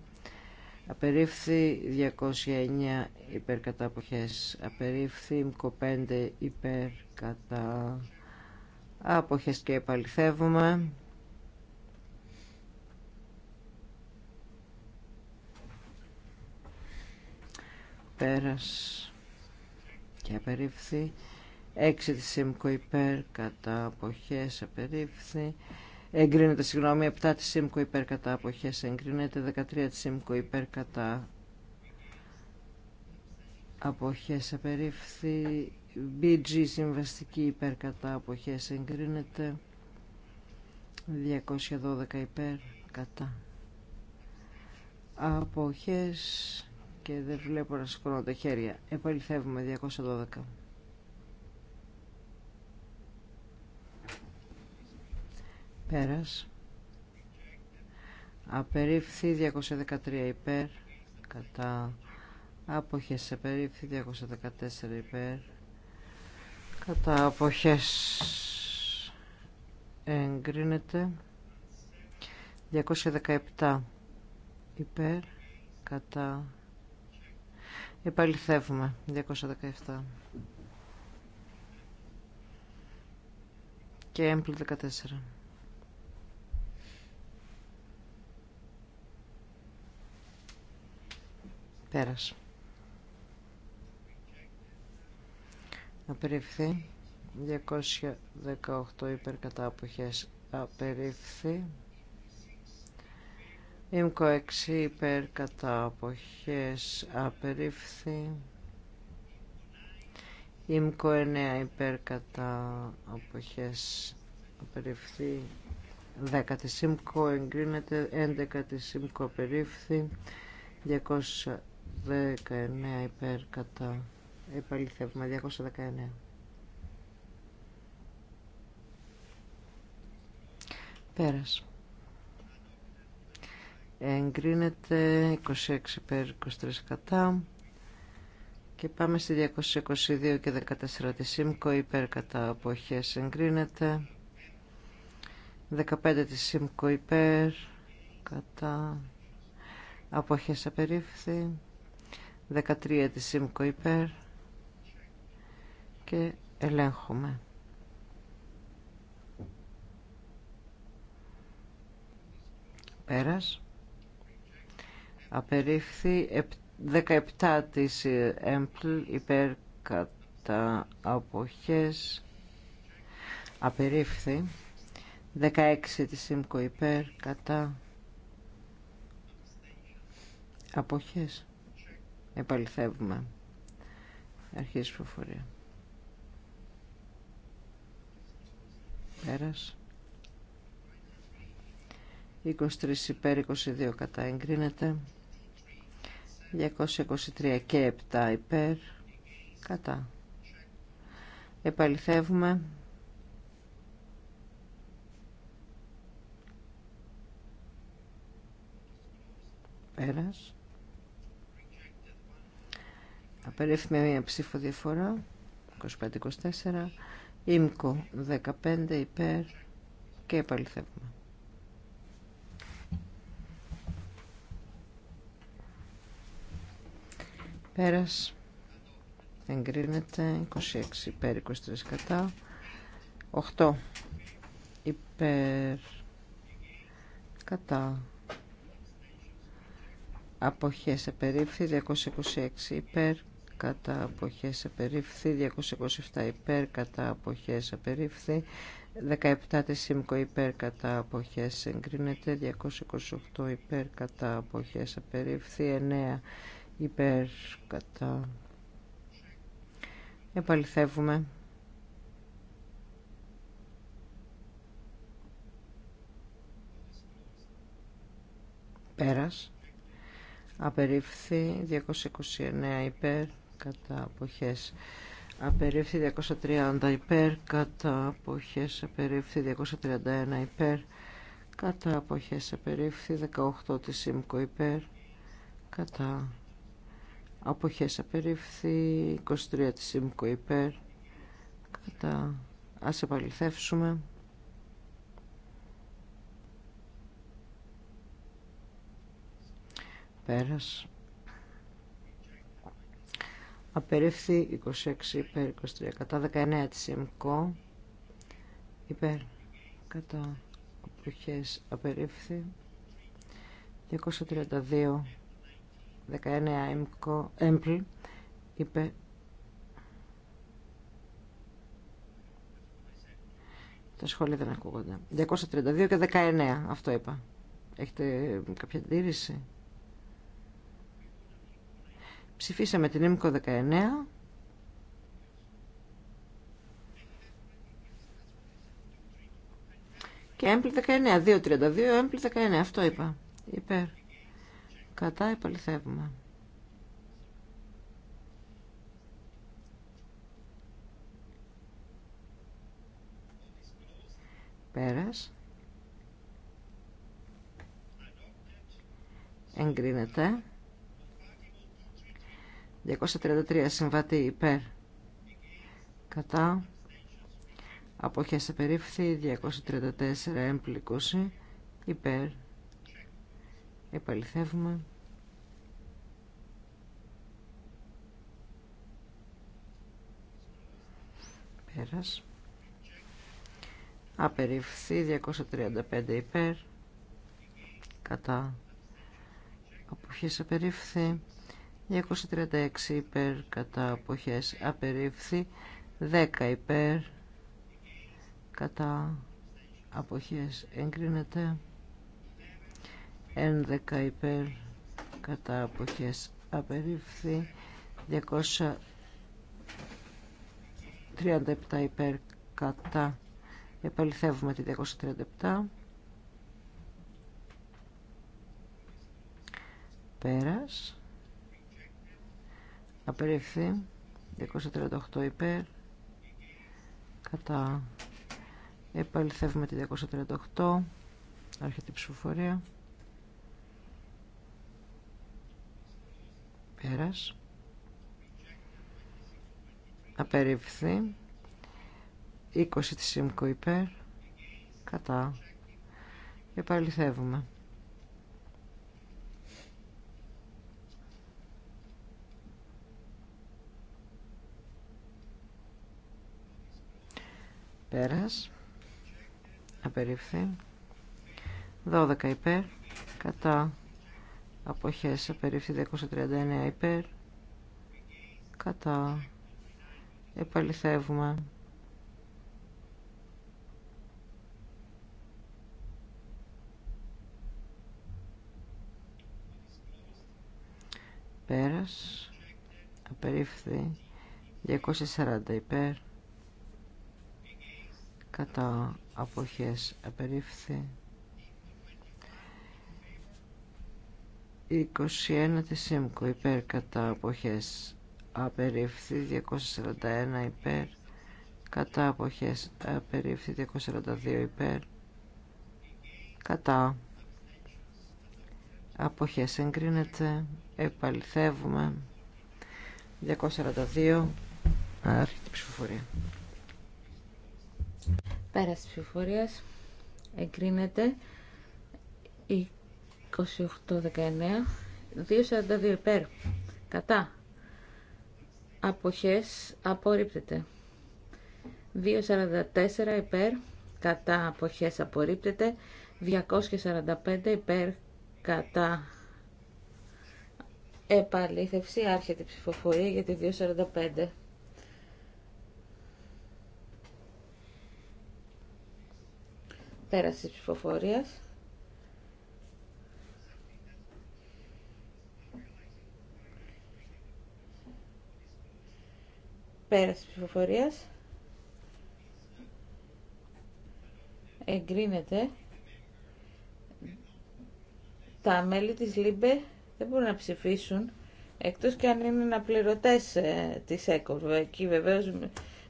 απερίφθη 209 ε, ε, υπέρ κατά αποχές απερίφθη 5 υπέρ κατά αποχές και επαληθεύουμε πέρας και απερίφθη 6 της ΣΥΜΚΟ υπέρ κατά αποχές απερίφθη εγκρίνεται συγγνώμη 7 της ΣΥΜΚΟ υπέρ κατά αποχές εγκρίνεται 13 της ΣΥΜΚΟ υπέρ κατά αποχές απερίφθη BG συμβαστική υπέρ κατά αποχές εγκρίνεται 212 υπέρ κατά αποχές και δεν βλέπω να σηκώνω τα χέρια. Επαληθεύουμε 212. Πέρας. Απερίφθη 213 υπέρ. Κατά. Αποχές απερίφθη 214 υπέρ. Κατά αποχές εγκρίνεται 217 υπέρ κατά Επαληθεύουμε. 217. Και έμπλου 14. Πέρασε. Απερίφθη. 218 υπερκατάποχες. Απερίφθη. ΥΜΚΟ 6 υπέρ κατά αποχές απερίφθη. ΥΜΚΟ 9 υπέρ κατά αποχές απερίφθη. 10 ΥΜΚΟ εγκρίνεται, 11 τη Ήμκο απερίφθη. 219 υπέρ κατά επαληθεύμα, 219. Πέρας εγκρίνεται 26 υπέρ 23 κατά και πάμε στη 222 και 14 τη ΣΥΜΚΟ υπέρ κατά αποχές εγκρίνεται 15 τη ΣΥΜΚΟ υπέρ κατά αποχές απερίφθη 13 τη ΣΥΜΚΟ υπέρ και ελέγχουμε πέρας απερίφθη 17 της ΕΜΠΛ υπέρ κατά αποχές απερίφθη 16 της ΣΥΜΚΟ υπέρ κατά αποχές επαληθεύουμε αρχής προφορία πέρας 23 υπέρ 22 κατά εγκρίνεται 223 και 7 υπέρ κατά επαληθεύουμε Απερίφημε απερίφθη μία ψήφο διαφορά 25-24 ΙΜΚΟ 15 υπέρ και επαληθεύουμε Πέρας. Εγκρίνεται. 26 υπέρ, 23 κατά. 8 υπέρ, κατά. Αποχές απερίφθη 226 υπέρ, κατά αποχές απερίφθη 227 υπέρ, κατά αποχές απερίφθη 17 της ΣΥΜΚΟ υπέρ κατά αποχές εγκρίνεται, 228 υπέρ κατά αποχές απερίφθη, 9 υπέρ κατά επαληθεύουμε πέρας απερίφθη 229 υπέρ κατά αποχές απερίφθη 230 υπέρ κατά αποχές απερίφθη 231 υπέρ κατά αποχές απερίφθη 18 της ΣΥΜΚΟ υπέρ κατά αποχές απερίφθη 23 της ΣΥΜΚΟ υπέρ κατά ας επαληθεύσουμε πέρας απερίφθη 26 υπέρ 23 κατά 19 της ΣΥΜΚΟ υπέρ κατά αποχές απερίφθη 232 19 έμπλ είπε τα σχόλια δεν ακούγονται 232 και 19 αυτό είπα έχετε κάποια αντίρρηση ψηφίσαμε την ΕΜΚΟ 19 και έμπλη 19 232 έμπλη 19 αυτό είπα υπέρ Κατά επαληθεύουμε. Πέρας. Εγκρίνεται. 233 συμβατή υπέρ. Κατά. Αποχές περίφθη 234 έμπληκωση 20 υπέρ επαληθεύουμε πέρας Απερίφθη 235 υπέρ κατά αποχές απερίφθη. 236 υπέρ κατά αποχές απερίφθη 10 υπέρ κατά αποχές εγκρίνεται 11 υπέρ κατά αποχές απερίφθη 237 υπέρ κατά επαληθεύουμε τη 237 πέρας απερίφθη 238 υπέρ κατά επαληθεύουμε τη 238 άρχεται η ψηφοφορία Πέρας. Απερίφθη. 20 της ΣΥΜΚΟ υπέρ. Κατά. Επαληθεύουμε. Πέρας. Απερίφθη. 12 υπέρ. Κατά αποχές απερίφθη 239 υπέρ κατά επαληθεύουμε πέρας απερίφθη 240 υπέρ κατά αποχές απερίφθη 21 τη ΣΥΜΚΟ υπέρ κατά αποχές απερίφθη 241 υπέρ κατά αποχές απερίφθη 242 υπέρ κατά αποχές εγκρίνεται επαληθεύουμε 242 άρχιτη ψηφοφορία πέρας ψηφοφορίας εγκρίνεται 28 2.42 υπέρ. Κατά. Αποχές απορρίπτεται. 2.44 υπέρ. Κατά αποχές απορρίπτεται. 245 υπέρ. Κατά επαλήθευση. Άρχεται η ψηφοφορία για τη 2.45. Πέραση της ψηφοφορίας. Πέραση της ψηφοφορίας. Εγκρίνεται. Τα μέλη της ΛΥΜΠΕ δεν μπορούν να ψηφίσουν, εκτός και αν είναι πληρωτές ε, της ΕΚΟΒ. Εκεί βεβαίως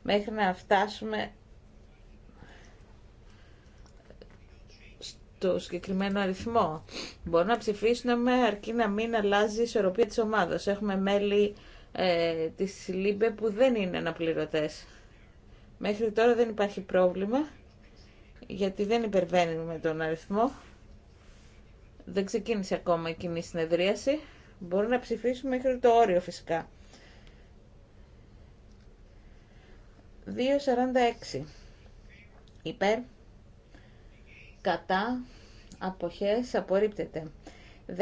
μέχρι να φτάσουμε στο συγκεκριμένο αριθμό. Μπορούν να ψηφίσουν με αρκεί να μην αλλάζει η ισορροπία της ομάδας. Έχουμε μέλη ε, της ΛΥΜΠΕ που δεν είναι αναπληρωτές. Μέχρι τώρα δεν υπάρχει πρόβλημα γιατί δεν με τον αριθμό. Δεν ξεκίνησε ακόμα η κοινή συνεδρίαση. Μπορούμε να ψηφίσουμε μέχρι το όριο φυσικά. 2.46 Υπέρ Κατά Αποχές Απορρίπτεται 14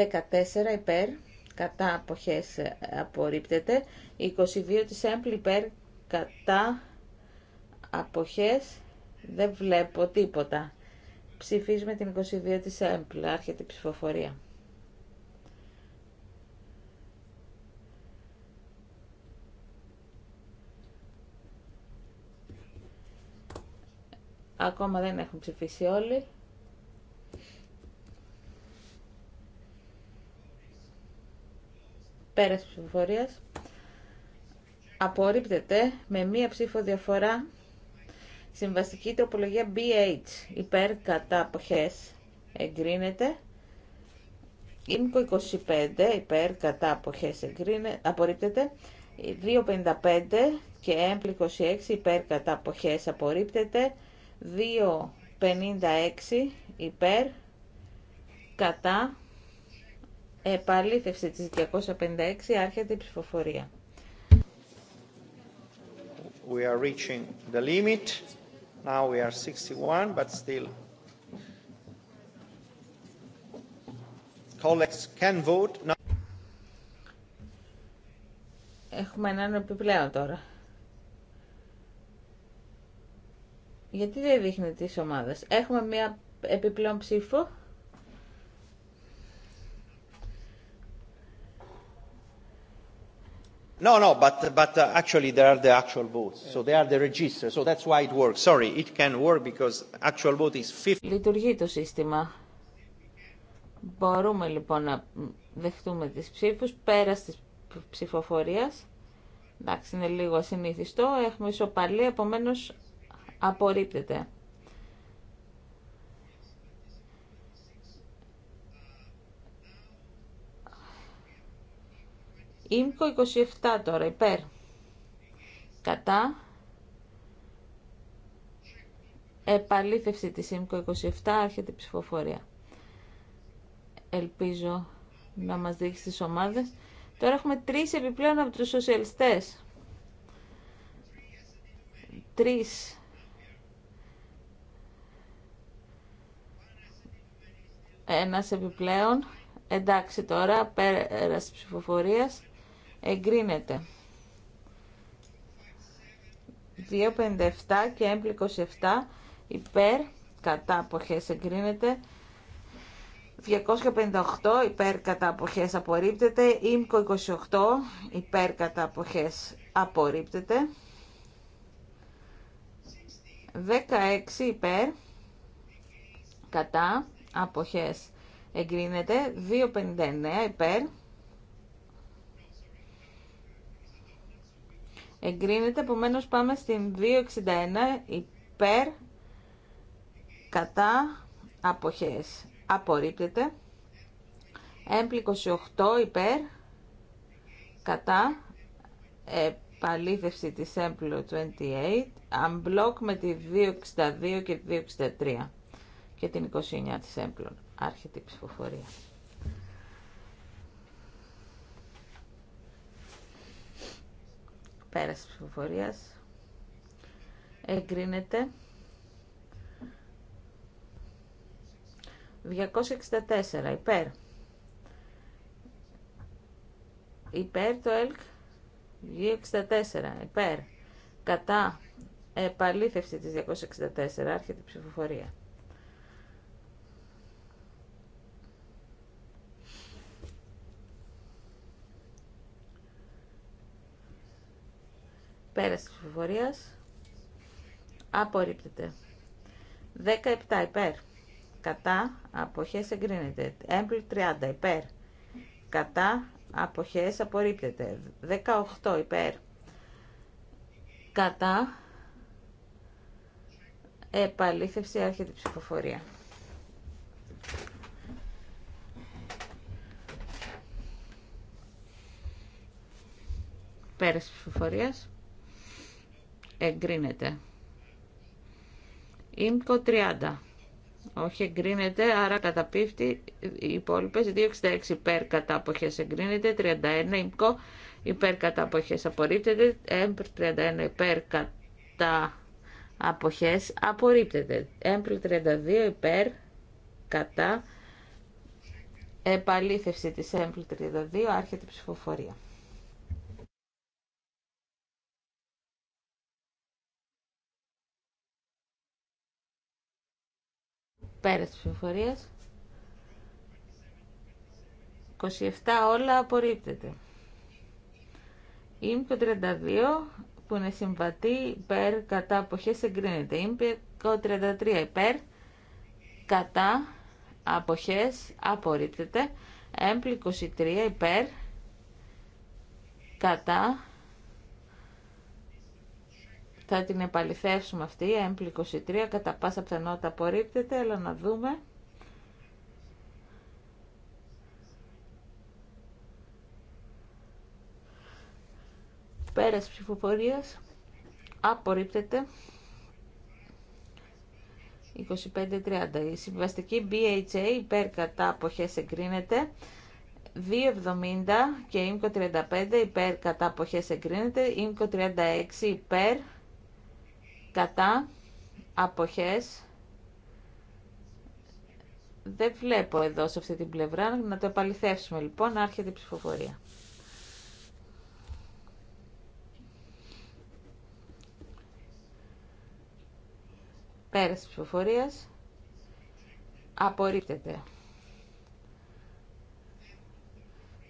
υπέρ κατά αποχές ε, απορρίπτεται. 22 της έμπλη υπέρ κατά αποχές δεν βλέπω τίποτα. Ψηφίζουμε την 22 της έμπλη. Άρχεται η ψηφοφορία. Ακόμα δεν έχουν ψηφίσει όλοι. Πέρας ψηφοφορίας. Απορρίπτεται με μία ψήφο διαφορά συμβαστική τροπολογία BH υπέρ κατά αποχές εγκρίνεται. ΙΜΚΟ 25 υπέρ κατά αποχές εγκρίνεται, απορρίπτεται. 2.55 και έμπλη 26 υπέρ κατά αποχές απορρίπτεται. 2.56 υπέρ κατά επαλήθευση της 256 άρχεται η ψηφοφορία. We are reaching the limit. Now we are 61, but still. Colleagues can vote. Now... Έχουμε έναν επιπλέον τώρα. Γιατί δεν δείχνει τις ομάδες. Έχουμε μία επιπλέον ψήφο. No, no, but, but uh, actually there are the actual votes, so they are the register, so that's why it works. Sorry, it can work because actual vote is 50. Λειτουργεί το σύστημα. Μπορούμε λοιπόν να δεχτούμε τις ψήφους πέρα τη ψηφοφορίας. Εντάξει, είναι λίγο ασυνήθιστο. Έχουμε ισοπαλή, επομένως απορρίπτεται. Ήμκο 27 τώρα, υπέρ. Κατά. Επαλήθευση της ΥΜΚΟ 27, άρχεται η ψηφοφορία. Ελπίζω να μας δείξει τις ομάδες. Τώρα έχουμε τρεις επιπλέον από τους σοσιαλιστές. Τρεις. Ένας επιπλέον. Εντάξει τώρα, πέρας της ψηφοφορίας εγκρίνεται. 2.57 και έμπλη 27 υπέρ, κατά αποχές εγκρίνεται. 258 υπέρ κατά αποχές απορρίπτεται. Ήμκο 28 υπέρ κατά αποχές απορρίπτεται. 16 υπέρ κατά αποχές εγκρίνεται. 259 υπέρ Εγκρίνεται, επομένω πάμε στην 261 υπέρ, κατά, αποχές. Απορρίπτεται. Έμπλη 28 υπέρ, κατά, επαλήθευση της έμπλο 28, αμπλοκ με τη 262 και τη 263 και την 29 της έμπλων. Άρχεται η ψηφοφορία. Πέραση ψηφοφορίας. Εγκρίνεται. 264 υπέρ. Υπέρ το ΕΛΚ. 264 υπέρ. Κατά επαλήθευση της 264 άρχεται η ψηφοφορία. Πέρας της ψηφοφορίας. Απορρίπτεται. 17 υπέρ. Κατά. Αποχές εγκρίνεται. Έμπλη 30 υπέρ. Κατά. Αποχές απορρίπτεται. 18 υπέρ. Κατά. Επαλήθευση έρχεται η ψηφοφορία. Πέραση ψηφοφορίας εγκρίνεται. Ήμκο 30. Όχι εγκρίνεται, άρα καταπίφτει οι υπόλοιπε 266 υπέρ κατά αποχές εγκρίνεται, 31 ΥΜΚΟ υπέρ κατά αποχές απορρίπτεται, 31 υπέρ κατά αποχές απορρίπτεται, 32 υπέρ κατά επαλήθευση της ΕΜΠΛ 32 άρχεται ψηφοφορία. Πέρα της ψηφοφορίας. 27 όλα απορρίπτεται. Ήμκο 32 που είναι συμβατή υπέρ κατά αποχές εγκρίνεται. Ήμκο 33 υπέρ κατά αποχές απορρίπτεται. Έμπλη 23 υπέρ κατά θα την επαληθεύσουμε αυτή, M23, κατά πάσα πιθανότητα απορρίπτεται, αλλά να δούμε. Πέρας ψηφοφορίας, απορρίπτεται. 25-30. Η συμβαστική BHA υπέρ κατά αποχές εγκρίνεται. 2,70 και ΙΜΚΟ 35 υπέρ κατά αποχές εγκρίνεται. ΙΜΚΟ 36 υπέρ κατά αποχές δεν βλέπω εδώ σε αυτή την πλευρά να το επαληθεύσουμε λοιπόν έρχεται η ψηφοφορία πέρας της ψηφοφορίας απορρίπτεται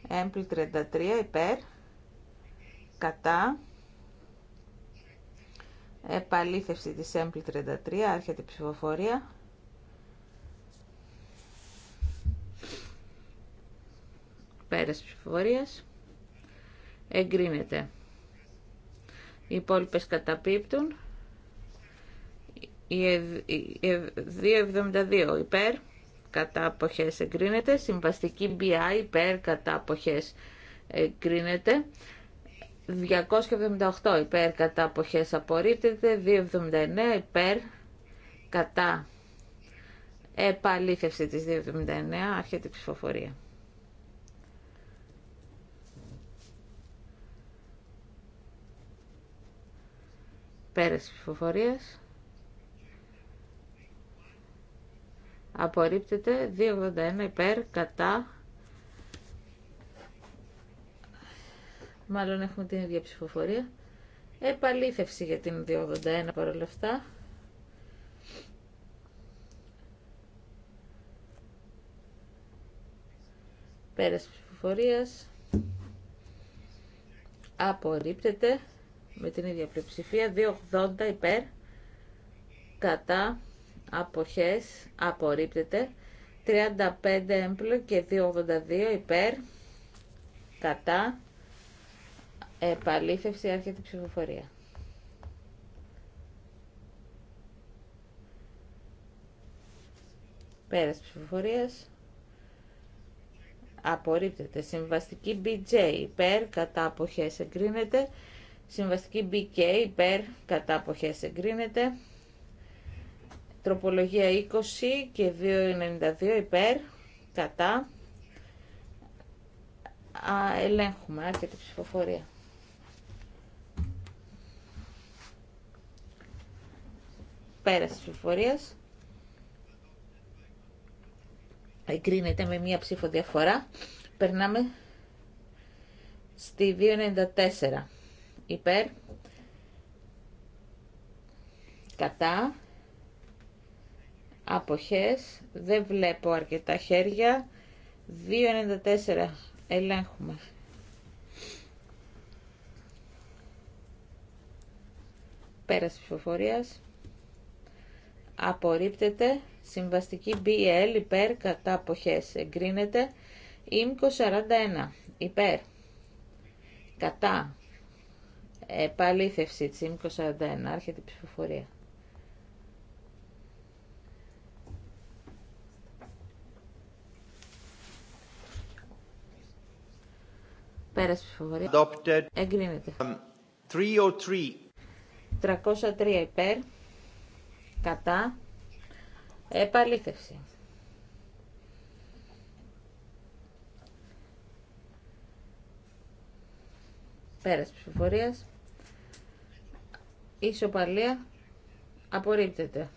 έμπλη 33 υπέρ κατά επαλήθευση της ΕΜΠΛ 33, άρχεται η ψηφοφορία. Πέρας ψηφοφορίας. Εγκρίνεται. Οι υπόλοιπες καταπίπτουν. Η 2.72 υπέρ, κατά αποχές εγκρίνεται. Συμβαστική BI υπέρ, κατά αποχές εγκρίνεται. 278 υπέρ κατά αποχές απορρίπτεται, 279 υπέρ κατά επαλήθευση της 279, άρχεται ψηφοφορία. Πέρας ψηφοφορίας. Απορρίπτεται 281 υπέρ κατά Μάλλον έχουμε την ίδια ψηφοφορία. Επαλήθευση για την 281 παρόλα αυτά. Πέρας ψηφοφορίας. Απορρίπτεται με την ίδια πλειοψηφία. 280 υπέρ. Κατά. Αποχές. Απορρίπτεται. 35 έμπλο και 282 υπέρ. Κατά Επαλήθευση άρχεται η ψηφοφορία. Πέρας ψηφοφορίας. Απορρίπτεται. Συμβαστική BJ υπέρ κατά αποχές εγκρίνεται. Συμβαστική BK υπέρ κατά αποχές εγκρίνεται. Τροπολογία 20 και 2,92 υπέρ κατά. Α, ελέγχουμε. Άρχεται η ψηφοφορία. Πέρας της ψηφοφορίας. Εγκρίνεται με μία ψήφο διαφορά. Περνάμε στη 294. Υπέρ. Κατά. Αποχές. Δεν βλέπω αρκετά χέρια. 294. Ελέγχουμε. Πέρας ψηφοφορίας απορρίπτεται, συμβαστική BL υπέρ κατά αποχές εγκρίνεται, ΙΜΚΟ 41 υπέρ κατά επαλήθευση της ΙΜΚΟ 41, άρχεται η ψηφοφορία. Πέρας ψηφοφορία. Εγκρίνεται. 303. Um, 303 υπέρ. Κατά. Επαλήθευση. Πέρας ψηφοφορίας. Ισοπαλία. Απορρίπτεται.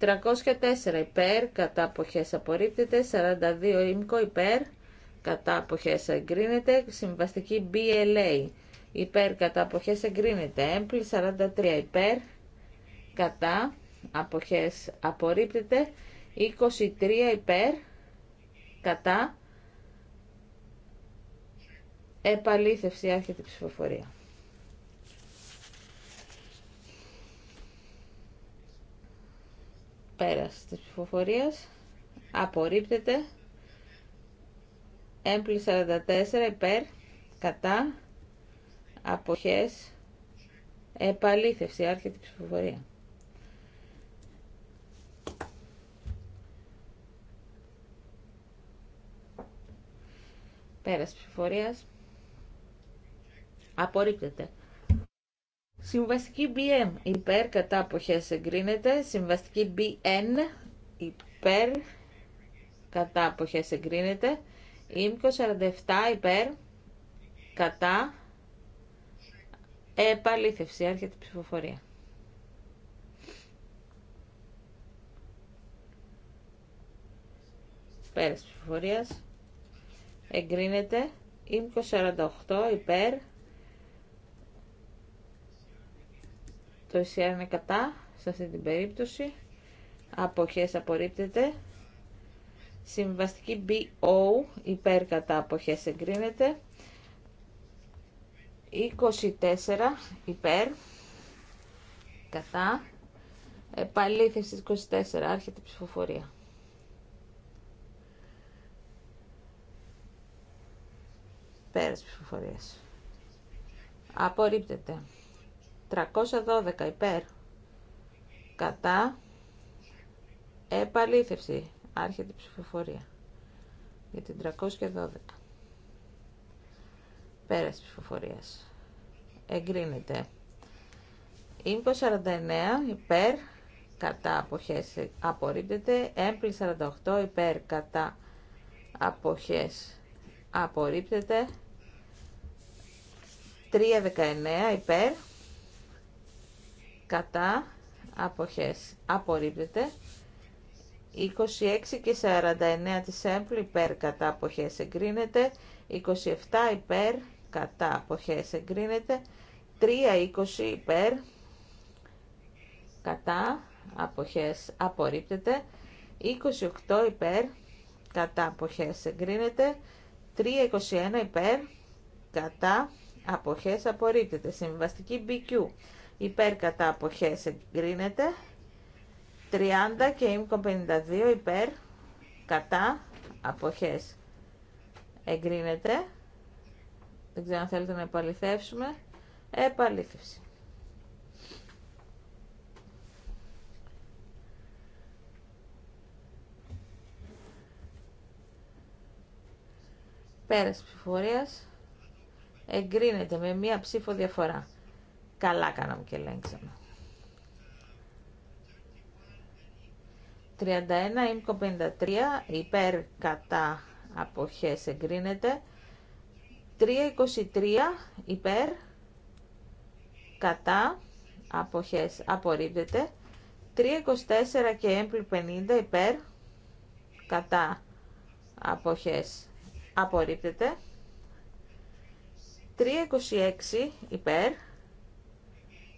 304 υπέρ, κατά αποχές απορρίπτεται, 42 ΙΜΚΟ υπέρ, κατά αποχές εγκρίνεται, συμβαστική BLA υπέρ, κατά αποχές εγκρίνεται, έμπλη 43 υπέρ, κατά, αποχές απορρίπτεται, 23 υπέρ, κατά, επαλήθευση άρχεται η ψηφοφορία. Πέρας της ψηφοφορίας, απορρίπτεται, έμπλη 44 υπέρ, κατά, αποχές, επαλήθευση άρχεται η ψηφοφορία. Πέρας ψηφορίας. Απορρίπτεται. Συμβαστική BM υπέρ κατά αποχές εγκρίνεται. Συμβαστική BN υπέρ κατά αποχές εγκρίνεται. Ήμκο 47 υπέρ κατά επαλήθευση. Άρχεται η ψηφοφορία. Πέρας ψηφοφορίας εγκρίνεται. Ήμκο 48 υπέρ. Το ΙΣΙΑ είναι κατά σε αυτή την περίπτωση. Αποχές απορρίπτεται. Συμβαστική BO υπέρ κατά αποχές εγκρίνεται. 24 υπέρ κατά επαλήθευση 24 άρχεται η ψηφοφορία. Πέρας ψηφοφορίας. Απορρίπτεται. 312 υπέρ. Κατά. Επαλήθευση. Άρχεται η ψηφοφορία. Για την 312. Πέρας ψηφοφορίας. Εγκρίνεται. Ήμπο 49 υπέρ. Κατά αποχές απορρίπτεται. Έμπλη 48 υπέρ. Κατά αποχές απορρίπτεται. 3.19 υπέρ, κατά, αποχές, απορρίπτεται. 26 και 49 της έμπλου υπέρ, κατά, αποχές, εγκρίνεται. 27 υπέρ, κατά, αποχές, εγκρίνεται. 3.20 υπέρ, κατά, αποχές, απορρίπτεται. 28 υπέρ, κατά, αποχές, εγκρίνεται. 3.21 υπέρ, κατά, αποχές απορρίπτεται. Συμβαστική BQ υπέρ κατά αποχές εγκρίνεται. 30 και ΙΜΚΟ 52 υπέρ κατά αποχές εγκρίνεται. Δεν ξέρω αν θέλετε να επαληθεύσουμε. Επαλήθευση. Πέρας ψηφορίας εγκρίνεται με μία ψήφο διαφορά. Καλά κάναμε και ελέγξαμε. 31 ΙΜΚΟ 53 υπέρ κατά αποχές εγκρίνεται. 323 υπέρ κατά αποχές απορρίπτεται. 324 και έμπλη 50 υπέρ κατά αποχές απορρίπτεται. 326 υπέρ,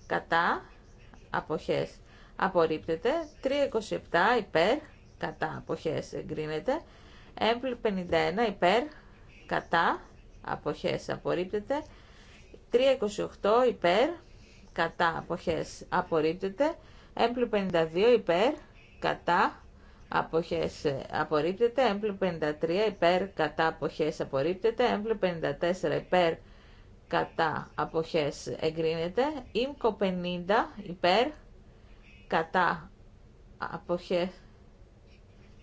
κατά, αποχές απορρίπτεται, 327 υπέρ, κατά, αποχές εγκρίνεται, έμπλου 51 υπέρ, κατά, αποχές απορρίπτεται, 328 υπέρ, κατά, αποχές απορρίπτεται, έμπλου 52 υπέρ, κατά, αποχές απορρίπτεται, έμπλου 53 υπέρ, κατά, αποχές απορρίπτεται, έμπλου 54 υπέρ, κατά αποχές εγκρίνεται. Ήμκο 50 υπέρ κατά αποχές.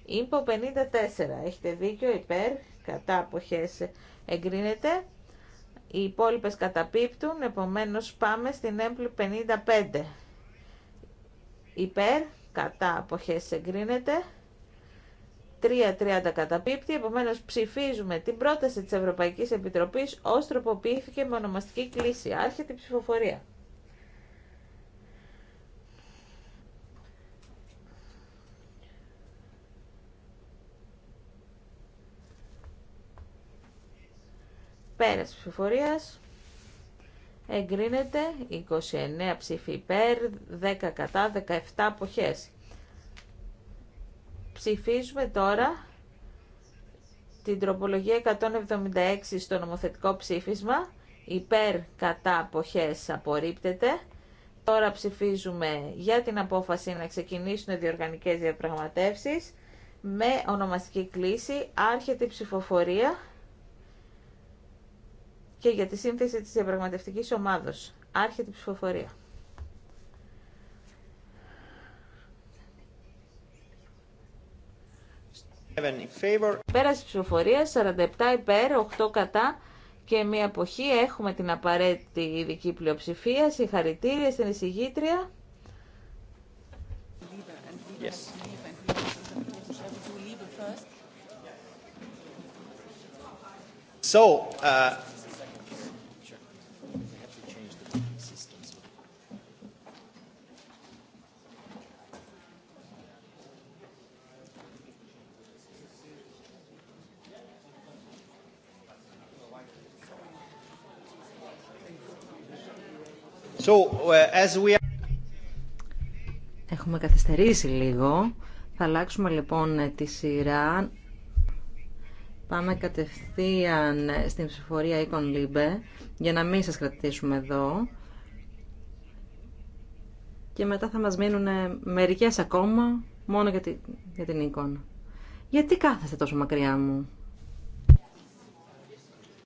Ήμκο 54 έχετε δίκιο υπέρ κατά αποχές εγκρίνεται. Οι υπόλοιπε καταπίπτουν, επομένως πάμε στην έμπλη 55. Υπέρ, κατά αποχές εγκρίνεται. 3.30 καταπίπτει, Επομένω ψηφίζουμε την πρόταση τη Ευρωπαϊκή Επιτροπή ω τροποποιήθηκε με ονομαστική κλίση. Άρχεται η ψηφοφορία. Πέρες ψηφοφορίας εγκρίνεται 29 ψήφοι υπέρ, 10 κατά, 17 αποχές. Ψηφίζουμε τώρα την τροπολογία 176 στο νομοθετικό ψήφισμα. Υπέρ κατά αποχές απορρίπτεται. Τώρα ψηφίζουμε για την απόφαση να ξεκινήσουν οι διοργανικές διαπραγματεύσεις με ονομαστική κλίση, άρχεται η ψηφοφορία και για τη σύνθεση της διαπραγματευτικής ομάδος. Άρχεται η ψηφοφορία. Πέραση ψηφοφορία 47 υπέρ, 8 κατά και μία εποχή. Έχουμε την απαραίτητη ειδική πλειοψηφία. Συγχαρητήρια στην εισηγήτρια. Yes. So, uh... Uh, Έχουμε καθυστερήσει λίγο. Θα αλλάξουμε λοιπόν τη σειρά. Πάμε κατευθείαν στην ψηφορία Econ για να μην σας κρατήσουμε εδώ. Και μετά θα μας μείνουν μερικές ακόμα μόνο για για την εικόνα. Γιατί κάθεστε τόσο μακριά μου.